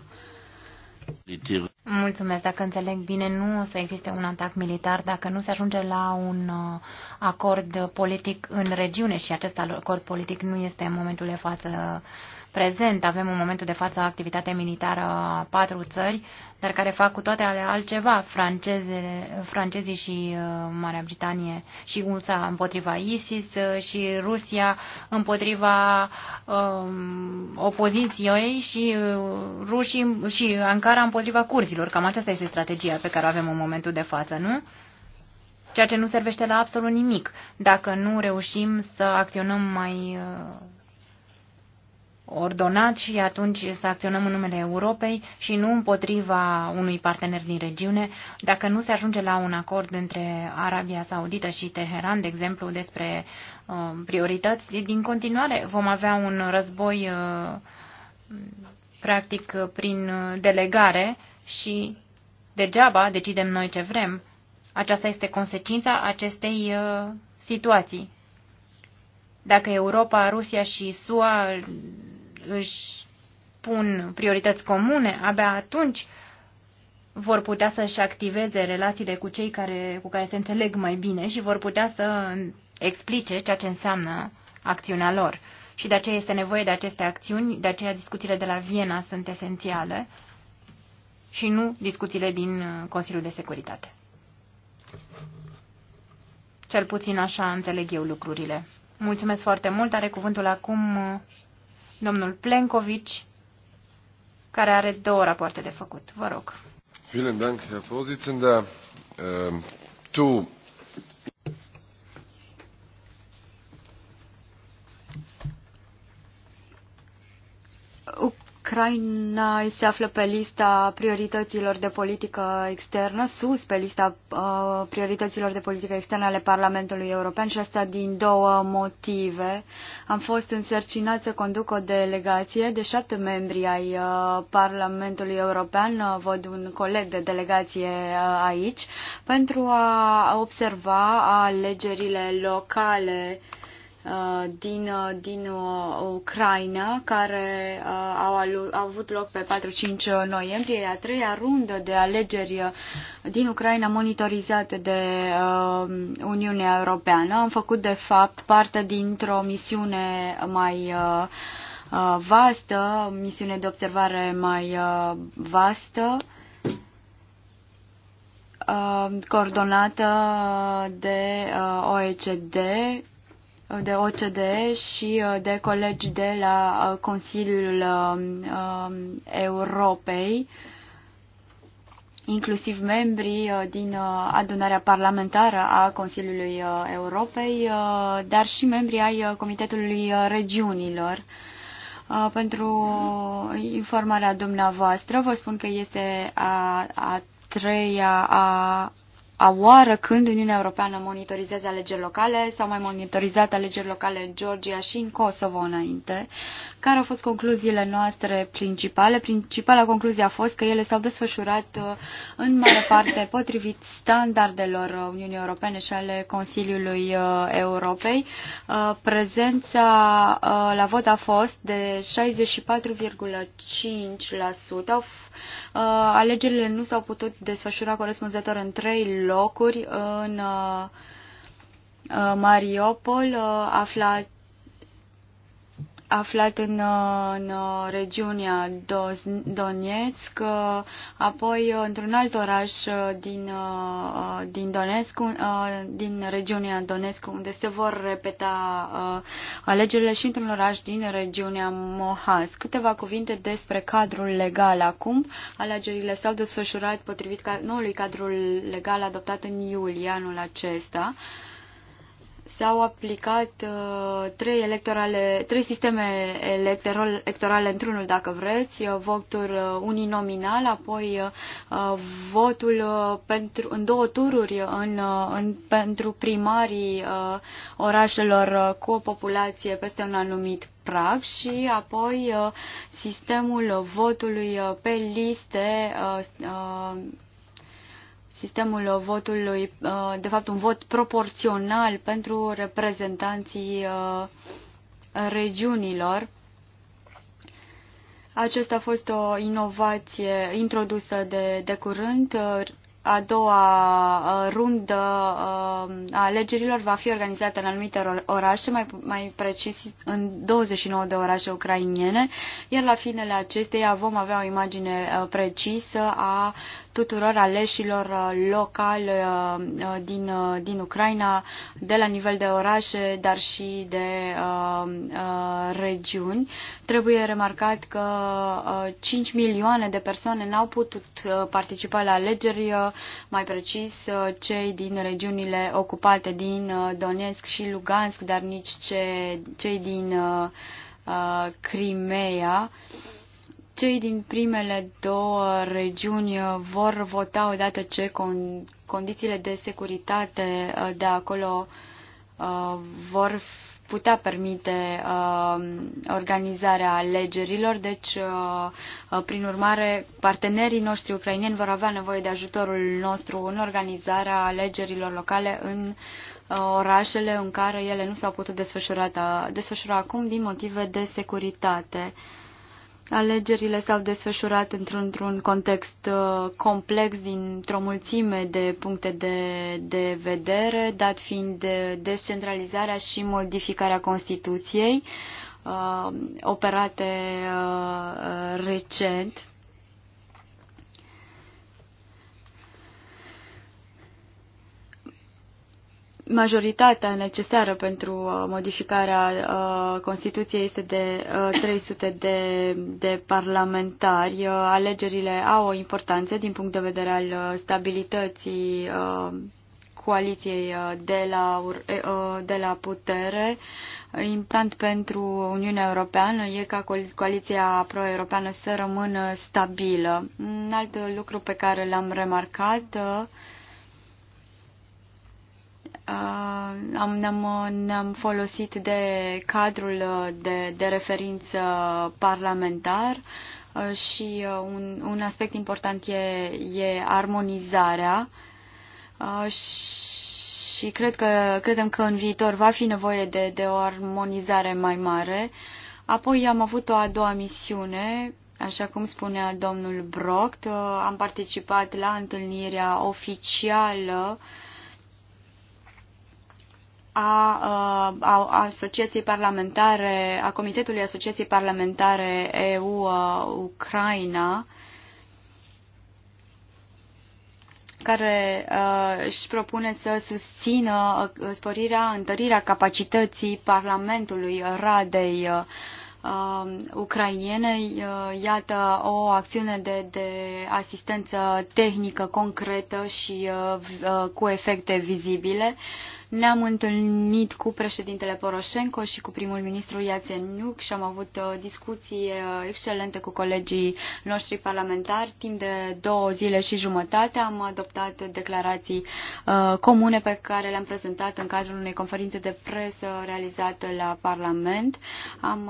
Mulțumesc. Dacă înțeleg bine, nu o să existe un atac militar dacă nu se ajunge la un uh, acord politic în regiune și acest acord politic nu este în momentul de față uh, prezent. Avem în momentul de față activitate militară a patru țări, dar care fac cu toate ale altceva. Franceze, francezii și uh, Marea Britanie și USA împotriva ISIS uh, și Rusia împotriva uh, opoziției și uh, rușii și Ankara împotriva curzilor. Cam aceasta este strategia pe care o avem în momentul de față, nu? ceea ce nu servește la absolut nimic dacă nu reușim să acționăm mai ordonat și atunci să acționăm în numele Europei și nu împotriva unui partener din regiune. Dacă nu se ajunge la un acord între Arabia Saudită și Teheran, de exemplu, despre uh, priorități, din continuare vom avea un război uh, practic uh, prin delegare și degeaba decidem noi ce vrem. Aceasta este consecința acestei uh, situații. Dacă Europa, Rusia și SUA își pun priorități comune, abia atunci vor putea să-și activeze relațiile cu cei care, cu care se înțeleg mai bine și vor putea să explice ceea ce înseamnă acțiunea lor. Și de aceea este nevoie de aceste acțiuni, de aceea discuțiile de la Viena sunt esențiale și nu discuțiile din Consiliul de Securitate. Cel puțin așa înțeleg eu lucrurile. Mulțumesc foarte mult. Are cuvântul acum domnul Plenković, care are două rapoarte de făcut. Vă rog. Vielen Dank, Herr Vorsitzender. Tu. Ähm, Ucraina se află pe lista priorităților de politică externă, sus pe lista uh, priorităților de politică externă ale Parlamentului European și asta din două motive. Am fost însărcinat să conduc o delegație de șapte membri ai uh, Parlamentului European, uh, văd un coleg de delegație aici, pentru a observa alegerile locale Uh, din, uh, din uh, Ucraina, care au, au avut loc pe 4-5 noiembrie, e a treia rundă de alegeri din Ucraina monitorizate de Uniunea Europeană. Am făcut, de fapt, parte dintr-o misiune mai vastă, misiune de observare mai vastă, coordonată de OECD de OCDE și uh, de colegi de la uh, Consiliul uh, um, Europei, inclusiv membrii din adunarea parlamentară a Consiliului Europei, dar și membrii ai Comitetului Regiunilor pentru informarea dumneavoastră. Vă spun că este a, a treia a, a oară când Uniunea Europeană monitorizează alegeri locale, sau mai monitorizat alegeri locale în Georgia și în Kosovo înainte. Care au fost concluziile noastre principale? Principala concluzie a fost că ele s-au desfășurat uh, în mare parte potrivit standardelor Uniunii Europene și ale Consiliului uh, Europei. Uh, prezența la vot a fost de 64,5%. Alegerile nu s-au putut desfășura corespunzător în trei locuri în uh, uh, Mariupol uh, aflat aflat în, uh, în uh, regiunea Donetsk, uh, apoi într-un alt oraș din, din Donetsk, din regiunea Donetsk, unde se vor repeta alegerile și într-un oraș din regiunea Mohas. Câteva cuvinte despre cadrul legal acum. Alegerile s-au desfășurat potrivit noului cadrul legal adoptat în iulie anul acesta s-au aplicat uh, trei, electorale, trei sisteme electorale într-unul, dacă vreți, uh, votul uh, uninominal, apoi uh, votul uh, pentru, în două tururi în, uh, în, pentru primarii uh, orașelor cu o populație peste un anumit prag și apoi sistemul votului pe liste sistemul votului, uh, de fapt un vot proporțional pentru reprezentanții uh, regiunilor. Acesta a fost o inovație introdusă de, de curând. A doua uh, rundă a alegerilor va fi organizată în anumite orașe, mai, mai precis în 29 de orașe ucrainiene, iar la finele acesteia vom avea o imagine precisă a tuturor aleșilor uh, locali uh, uh, din, din Ucraina, de la nivel de orașe, dar și de uh, uh, regiuni. Trebuie remarcat că uh, 5 milioane de persoane n-au putut participa la alegeri, mai precis cei din regiunile ocupate din Donetsk și Lugansk, dar nici ce, cei din Crimea. Uh, cei din primele două regiuni uh, vor vota odată ce con condițiile de securitate uh, de acolo uh, vor putea permite organizarea alegerilor, deci prin urmare partenerii noștri ucrainieni vor avea nevoie de ajutorul nostru în organizarea alegerilor locale în orașele în care ele nu s-au putut desfășura, desfășura acum din motive de securitate. Alegerile s-au desfășurat într-un într context uh, complex dintr-o mulțime de puncte de, de vedere, dat fiind de descentralizarea și modificarea Constituției uh, operate uh, recent majoritatea necesară pentru uh, modificarea uh, Constituției este de 300 uh, de, de parlamentari. Alegerile au o importanță din punct de vedere al stabilității coaliției de la, de la putere. Important pentru Uniunea Europeană e ca coaliția pro-europeană să rămână stabilă. Un alt lucru pe care l-am remarcat Ah, am, ne-am, ne-am folosit de cadrul uh, de, de referință parlamentar uh, și uh, un, un aspect important e, e armonizarea ah, și cred că, credem că în viitor va fi nevoie de, de o armonizare mai mare. Apoi am avut o a doua misiune, așa cum spunea domnul Brock, am participat la întâlnirea oficială uh, a, a, a Asociației Parlamentare, a Comitetului Asociației Parlamentare EU-Ucraina, uh, care uh, își propune să susțină uh, sporirea, întărirea capacității Parlamentului Radei uh, uh, ucrainiene. Uh, iată o acțiune de, de asistență tehnică concretă și uh, cu efecte vizibile. Uh, ne-am întâlnit cu președintele Poroșenko și cu primul ministru Iațeniuc și am avut uh, discuții uh, excelente cu colegii noștri parlamentari. Timp de două zile și jumătate am adoptat declarații uh, comune pe care le-am prezentat în cadrul unei conferințe de presă realizată la Parlament. Am,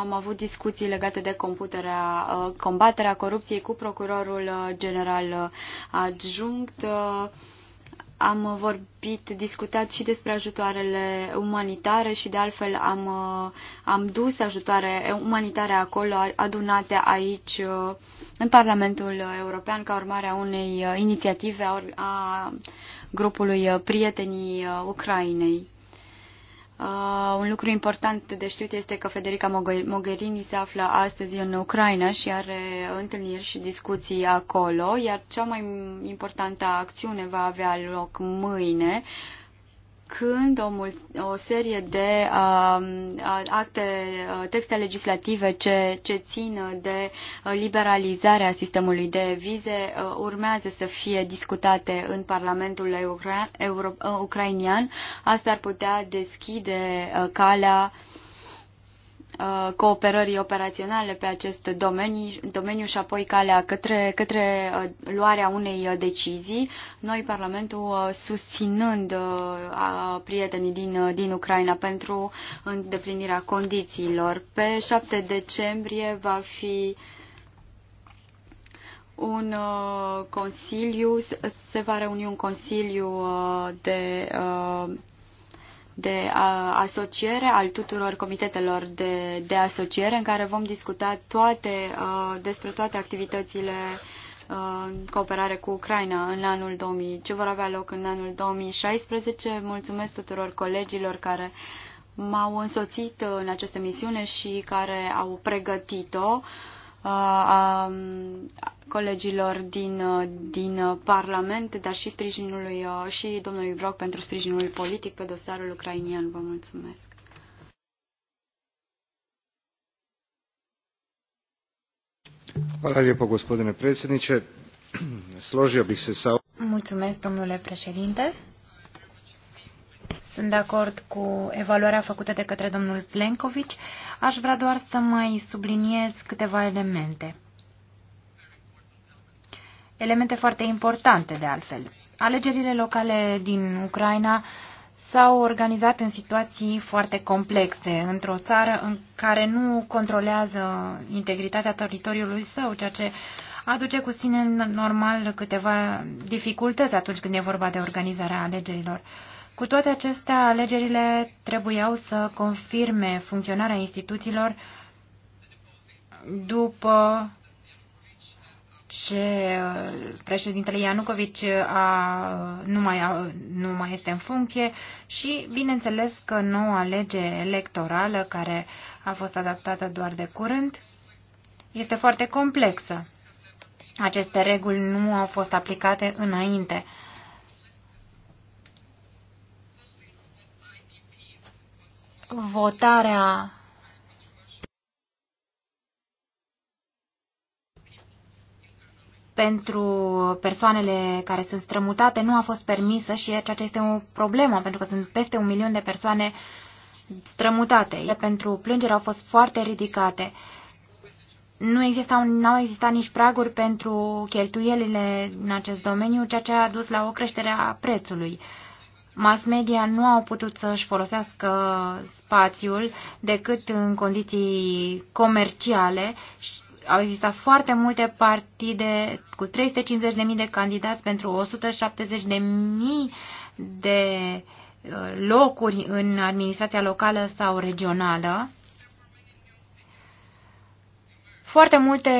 am avut discuții legate de computerea, combaterea corupției cu procurorul general adjunct am vorbit, discutat și despre ajutoarele umanitare și de altfel am, uh, am dus ajutoare umanitare acolo adunate aici uh, în Parlamentul European ca urmare a unei uh, inițiative a, a grupului Prietenii Ucrainei un lucru important de știut este că Federica Mogherini se află astăzi în Ucraina și are întâlniri și discuții acolo, iar cea mai importantă acțiune va avea loc mâine. Uh, când o, o serie de uh, acte, texte legislative ce, ce țin de liberalizarea sistemului de vize uh, urmează să fie discutate în Parlamentul Euro- Euro ucrainian, asta ar putea deschide uh, calea uh, Uh, cooperării operaționale pe acest domeniu, domeniu și apoi calea către, către uh, luarea unei uh, decizii. Noi, Parlamentul, susținând prietenii din, din Ucraina pentru îndeplinirea condițiilor. Pe 7 decembrie va fi un consiliu, se va reuni un consiliu de uh, de asociere al tuturor comitetelor de, de asociere în care vom discuta toate, uh, despre toate activitățile uh, în cooperare cu Ucraina în anul 2000, ce vor avea loc în anul 2016. Mulțumesc tuturor colegilor care m-au însoțit uh, în această misiune și care au pregătit-o a colegilor din, din Parlament, dar și sprijinului și domnului Brock pentru sprijinul politic pe dosarul ucrainian. Vă mulțumesc. Hvala lijepo gospodine predsjedniče. Složio bih se sa... Mulțumesc, domnule președinte. Sunt de acord cu evaluarea făcută de către domnul Plenković. Aș vrea doar să mai subliniez câteva elemente. Elemente foarte importante, de altfel. Alegerile locale din Ucraina s-au organizat în situații foarte complexe, într-o țară în care nu controlează integritatea teritoriului său, ceea ce aduce cu sine normal câteva dificultăți atunci când e vorba de organizarea alegerilor. Cu toate acestea, alegerile trebuiau să confirme funcționarea instituțiilor după ce uh, președintele Ianucovici a, nu, mai, a, nu mai este în funcție și, bineînțeles, că noua lege electorală, care a fost adaptată doar de curând, este foarte complexă. Aceste reguli nu au fost aplicate înainte. votarea pentru persoanele care sunt strămutate nu a fost permisă și ceea ce este o problemă, pentru că sunt peste un milion de persoane strămutate. Ele pentru plângeri au fost foarte ridicate. Nu existau, au existat nici praguri pentru cheltuielile în acest domeniu, ceea ce a dus la o creștere a prețului mass media nu au putut să-și folosească spațiul decât în condiții comerciale. Au existat foarte multe partide cu 350.000 de candidați pentru 170.000 de uh, locuri în administrația locală sau regională. Foarte multe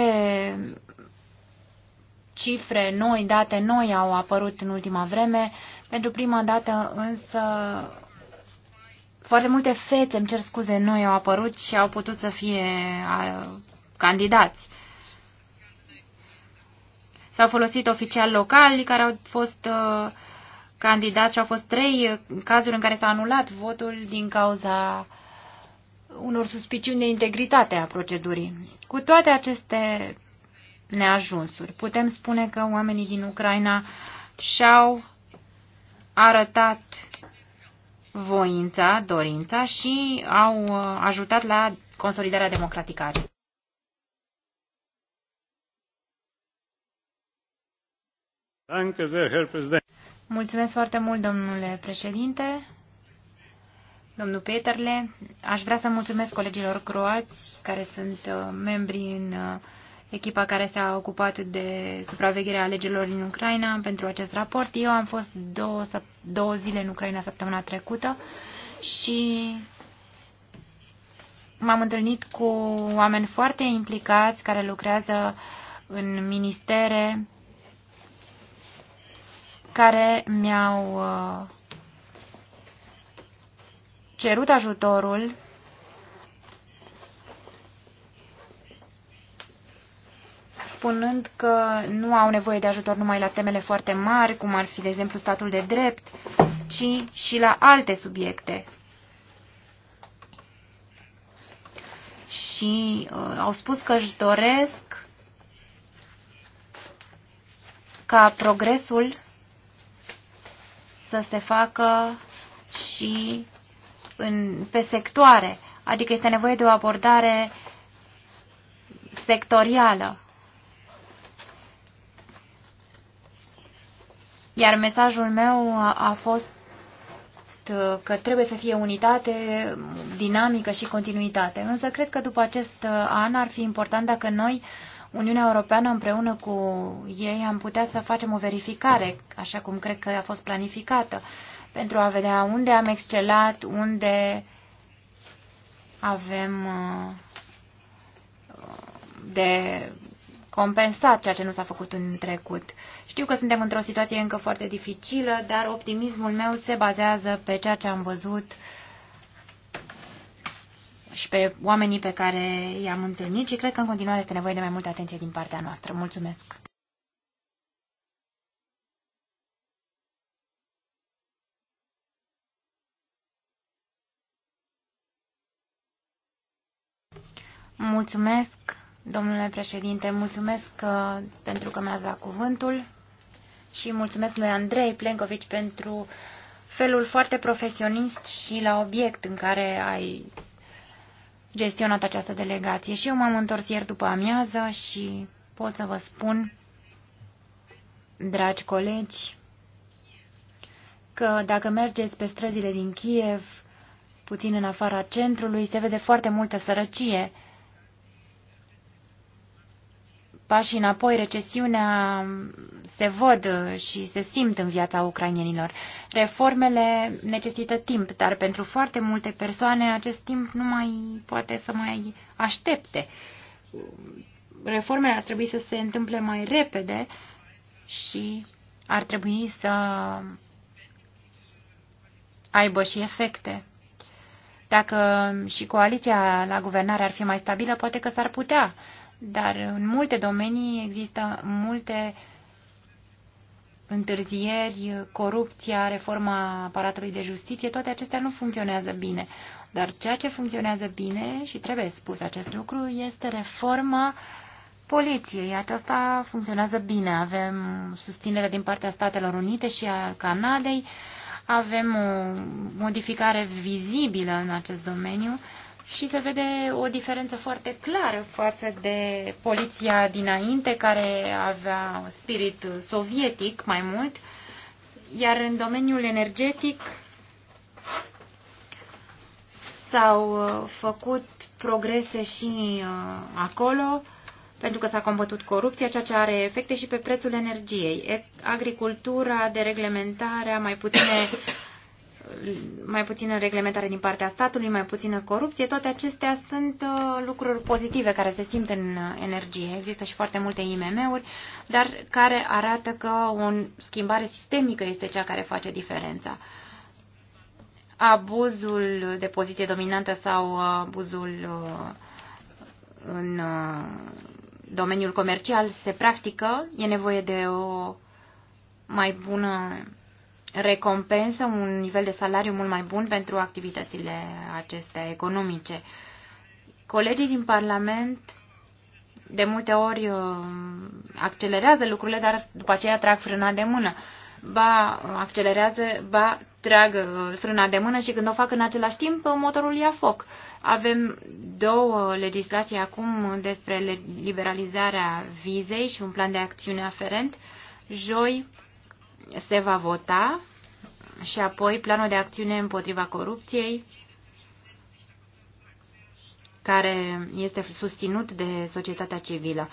cifre noi, date noi au apărut în ultima vreme. Pentru prima dată însă foarte multe fețe, îmi cer scuze, noi au apărut și au putut să fie candidați. S-au folosit oficiali locali care au fost uh, candidați și au fost trei cazuri în care s-a anulat votul din cauza unor suspiciuni de integritate a procedurii. Cu toate aceste neajunsuri, putem spune că oamenii din Ucraina și-au arătat voința, dorința și au uh, ajutat la consolidarea democratică Mulțumesc foarte mult, domnule președinte. Domnul Peterle, aș vrea să mulțumesc colegilor croați care sunt uh, membri în uh, echipa care s-a ocupat de supravegherea alegerilor în Ucraina pentru acest raport. Eu am fost două, două zile în Ucraina săptămâna trecută și m-am întâlnit cu oameni foarte implicați care lucrează în ministere, care mi-au uh, cerut ajutorul spunând că nu au nevoie de ajutor numai la temele foarte mari, cum ar fi, de exemplu, statul de drept, ci și la alte subiecte. Și uh, au spus că își doresc ca progresul să se facă și în, pe sectoare, adică este nevoie de o abordare sectorială. Iar mesajul meu a fost că trebuie să fie unitate, dinamică și continuitate. Însă cred că după acest an ar fi important dacă noi, Uniunea Europeană, împreună cu ei, am putea să facem o verificare, așa cum cred că a fost planificată, pentru a vedea unde am excelat, unde avem uh, de compensa ceea ce nu s-a făcut în trecut. Știu că suntem într-o situație încă foarte dificilă, dar optimismul meu se bazează pe ceea ce am văzut și pe oamenii pe care i-am întâlnit și cred că în continuare este nevoie de mai multă atenție din partea noastră. Mulțumesc! Mulțumesc! Domnule președinte, mulțumesc uh, pentru că mi-ați dat cuvântul și mulțumesc lui Andrei Plencovici pentru felul foarte profesionist și la obiect în care ai gestionat această delegație. Și eu m-am întors ieri după amiază și pot să vă spun, dragi colegi, că dacă mergeți pe străzile din Kiev, puțin în afara centrului, se vede foarte multă sărăcie pași înapoi, recesiunea se văd și se simt în viața ucrainienilor. Reformele necesită timp, dar pentru foarte multe persoane acest timp nu mai poate să mai aștepte. Reformele ar trebui să se întâmple mai repede și ar trebui să aibă și efecte. Dacă și coaliția la guvernare ar fi mai stabilă, poate că s-ar putea dar în multe domenii există multe întârzieri, corupția, reforma aparatului de justiție, toate acestea nu funcționează bine. Dar ceea ce funcționează bine, și trebuie spus acest lucru, este reforma poliției. Aceasta funcționează bine. Avem susținere din partea Statelor Unite și a Canadei. Avem o modificare vizibilă în acest domeniu și se vede o diferență foarte clară față de poliția dinainte, care avea spirit sovietic mai mult, iar în domeniul energetic s-au uh, făcut progrese și uh, acolo, pentru că s-a combătut corupția, ceea ce are efecte și pe prețul energiei. Agricultura, dereglementarea, mai puține <coughs> mai puțină reglementare din partea statului, mai puțină corupție, toate acestea sunt uh, lucruri pozitive care se simt în uh, energie. Există și foarte multe IMM-uri, dar care arată că o schimbare sistemică este cea care face diferența. Abuzul de poziție dominantă sau uh, abuzul în domeniul comercial se practică, e nevoie de o mai bună recompensă, un nivel de salariu mult mai bun pentru activitățile acestea economice. Colegii din Parlament de multe ori uh, accelerează lucrurile, dar după aceea trag frâna de mână. Ba accelerează, ba trag uh, frâna de mână și când o fac în același timp, uh, motorul ia foc. Avem două legislații acum despre liberalizarea vizei și un plan de acțiune aferent. Joi se va vota și apoi planul de acțiune împotriva corupției, care este susținut de societatea civilă.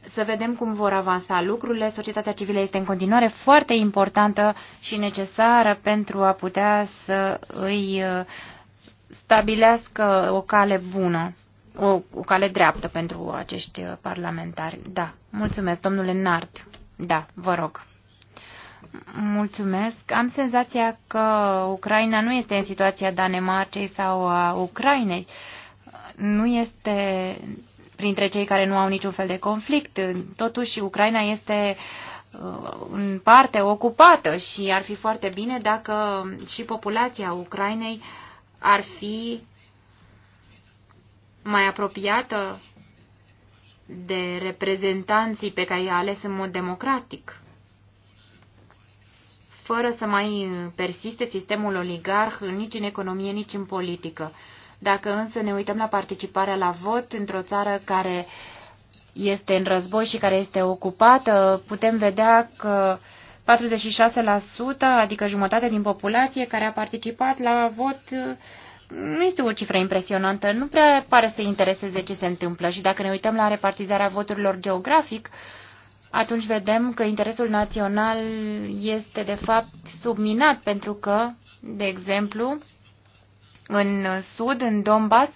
Să vedem cum vor avansa lucrurile. Societatea civilă este în continuare foarte importantă și necesară pentru a putea să îi uh, stabilească o cale bună, o, o cale dreaptă pentru acești uh, parlamentari. Da, mulțumesc, domnule Nard. Da, vă rog. Mulțumesc. Am senzația că Ucraina nu este în situația Danemarcei sau a Ucrainei. Nu este printre cei care nu au niciun fel de conflict. Totuși, Ucraina este uh, în parte ocupată și ar fi foarte bine dacă și populația Ucrainei ar fi mai apropiată de reprezentanții pe care i-a ales în mod democratic fără să mai uh, persiste sistemul oligarh nici în economie, nici în politică. Dacă însă ne uităm la participarea la vot într-o țară care este în război și care este ocupată, putem vedea că 46%, adică jumătate din populație care a participat la vot, uh, nu este o cifră impresionantă, nu prea pare să intereseze ce se întâmplă și dacă ne uităm la repartizarea voturilor geografic, atunci vedem că interesul național este de fapt subminat pentru că, de exemplu, în Sud, în Donbass,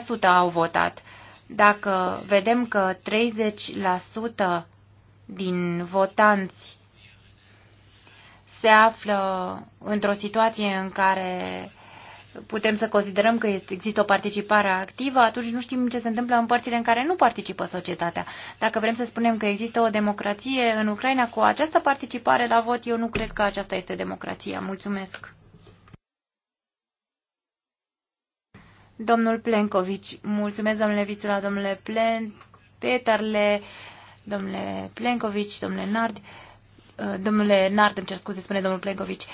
30% au votat. Dacă vedem că 30% din votanți se află într-o situație în care uh, putem să considerăm că există o participare activă, atunci nu știm ce se întâmplă în părțile în care nu participă societatea. Dacă vrem să spunem că există o democrație în Ucraina cu această participare la vot, eu nu cred că aceasta este democrația. Mulțumesc! Domnul Plencovici, mulțumesc domnule Vițula, domnule Plen, Petarle, domnule Plencovici, domnule Nard, domnule Nard, îmi cer scuze, spune domnul Plencovici.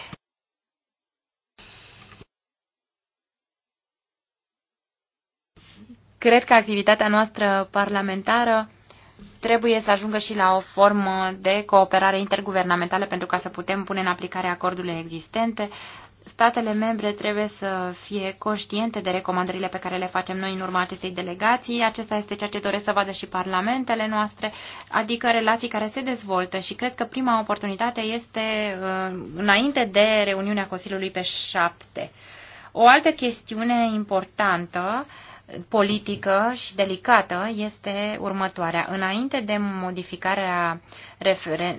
Cred că activitatea noastră parlamentară trebuie să ajungă și la o formă de cooperare interguvernamentală pentru ca să putem pune în aplicare acordurile existente. Statele membre trebuie să fie conștiente de recomandările pe care le facem noi în urma acestei delegații. Acesta este ceea ce doresc să vadă și parlamentele noastre, adică relații care se dezvoltă și cred că prima oportunitate este uh, înainte de reuniunea Consiliului pe 7. O altă chestiune importantă uh, politică și delicată este următoarea. Înainte de modificarea referen,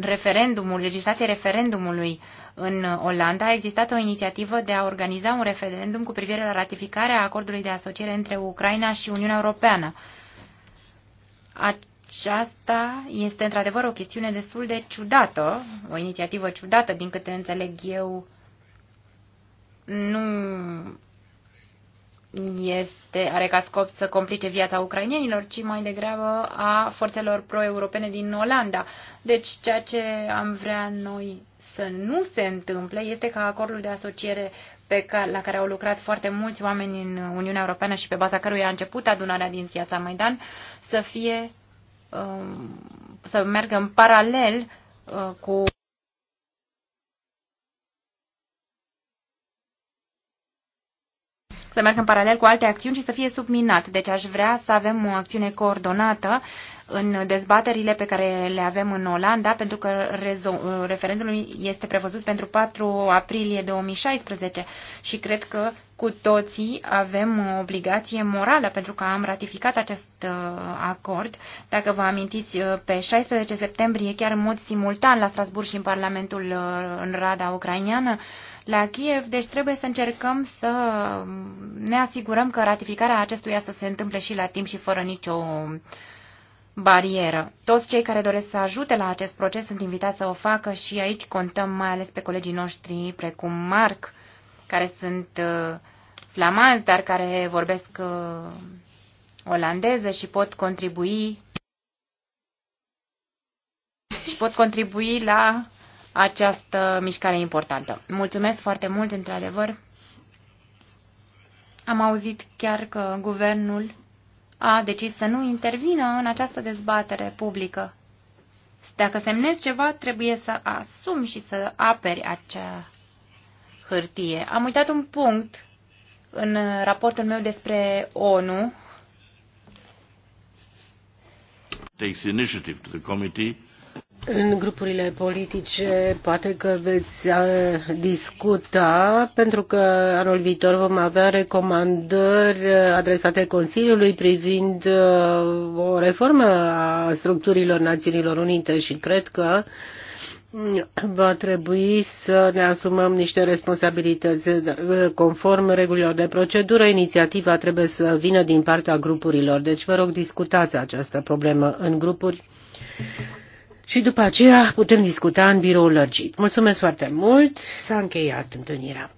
refer, legislației referendumului în Olanda, a existat o inițiativă de a organiza un referendum cu privire la ratificarea acordului de asociere între Ucraina și Uniunea Europeană. Aceasta este într-adevăr o chestiune destul de ciudată, o inițiativă ciudată, din câte înțeleg eu, nu este, are ca scop să complice viața ucrainienilor, ci mai degrabă a forțelor pro-europene din Olanda. Deci ceea ce am vrea noi să nu se întâmple este ca acordul de asociere pe care, la care au lucrat foarte mulți oameni în Uniunea Europeană și pe baza căruia a început adunarea din Piața Maidan să fie um, să meargă în paralel uh, cu să meargă în paralel cu alte acțiuni și să fie subminat. Deci aș vrea să avem o acțiune coordonată în dezbaterile pe care le avem în Olanda, pentru că referendumul este prevăzut pentru 4 aprilie 2016 și cred că cu toții avem o obligație morală pentru că am ratificat acest uh, acord. Dacă vă amintiți, uh, pe 16 septembrie, chiar în mod simultan la Strasburg și în Parlamentul uh, în Rada Ucraineană, la Kiev, deci trebuie să încercăm să ne asigurăm că ratificarea acestuia să se întâmple și la timp și fără nicio barieră. Toți cei care doresc să ajute la acest proces sunt invitați să o facă și aici contăm mai ales pe colegii noștri precum Marc, care sunt uh, flamanți, dar care vorbesc uh, olandeză și pot contribui și pot contribui la această mișcare importantă. Mulțumesc foarte mult, într-adevăr. Am auzit chiar că guvernul a decis să nu intervină în această dezbatere publică. Dacă semnezi ceva, trebuie să asumi și să aperi acea hârtie. Am uitat un punct în raportul meu despre ONU. Takes initiative to the committee în grupurile politice poate că veți discuta, pentru că anul viitor vom avea recomandări adresate Consiliului privind o reformă a structurilor Națiunilor Unite și cred că mm, va trebui să ne asumăm niște responsabilități. Da, conform regulilor de procedură, inițiativa trebuie să vină din partea grupurilor. Deci vă rog discutați această problemă în grupuri și după aceea putem discuta în birou lărgit. Mulțumesc foarte mult, s-a încheiat întâlnirea.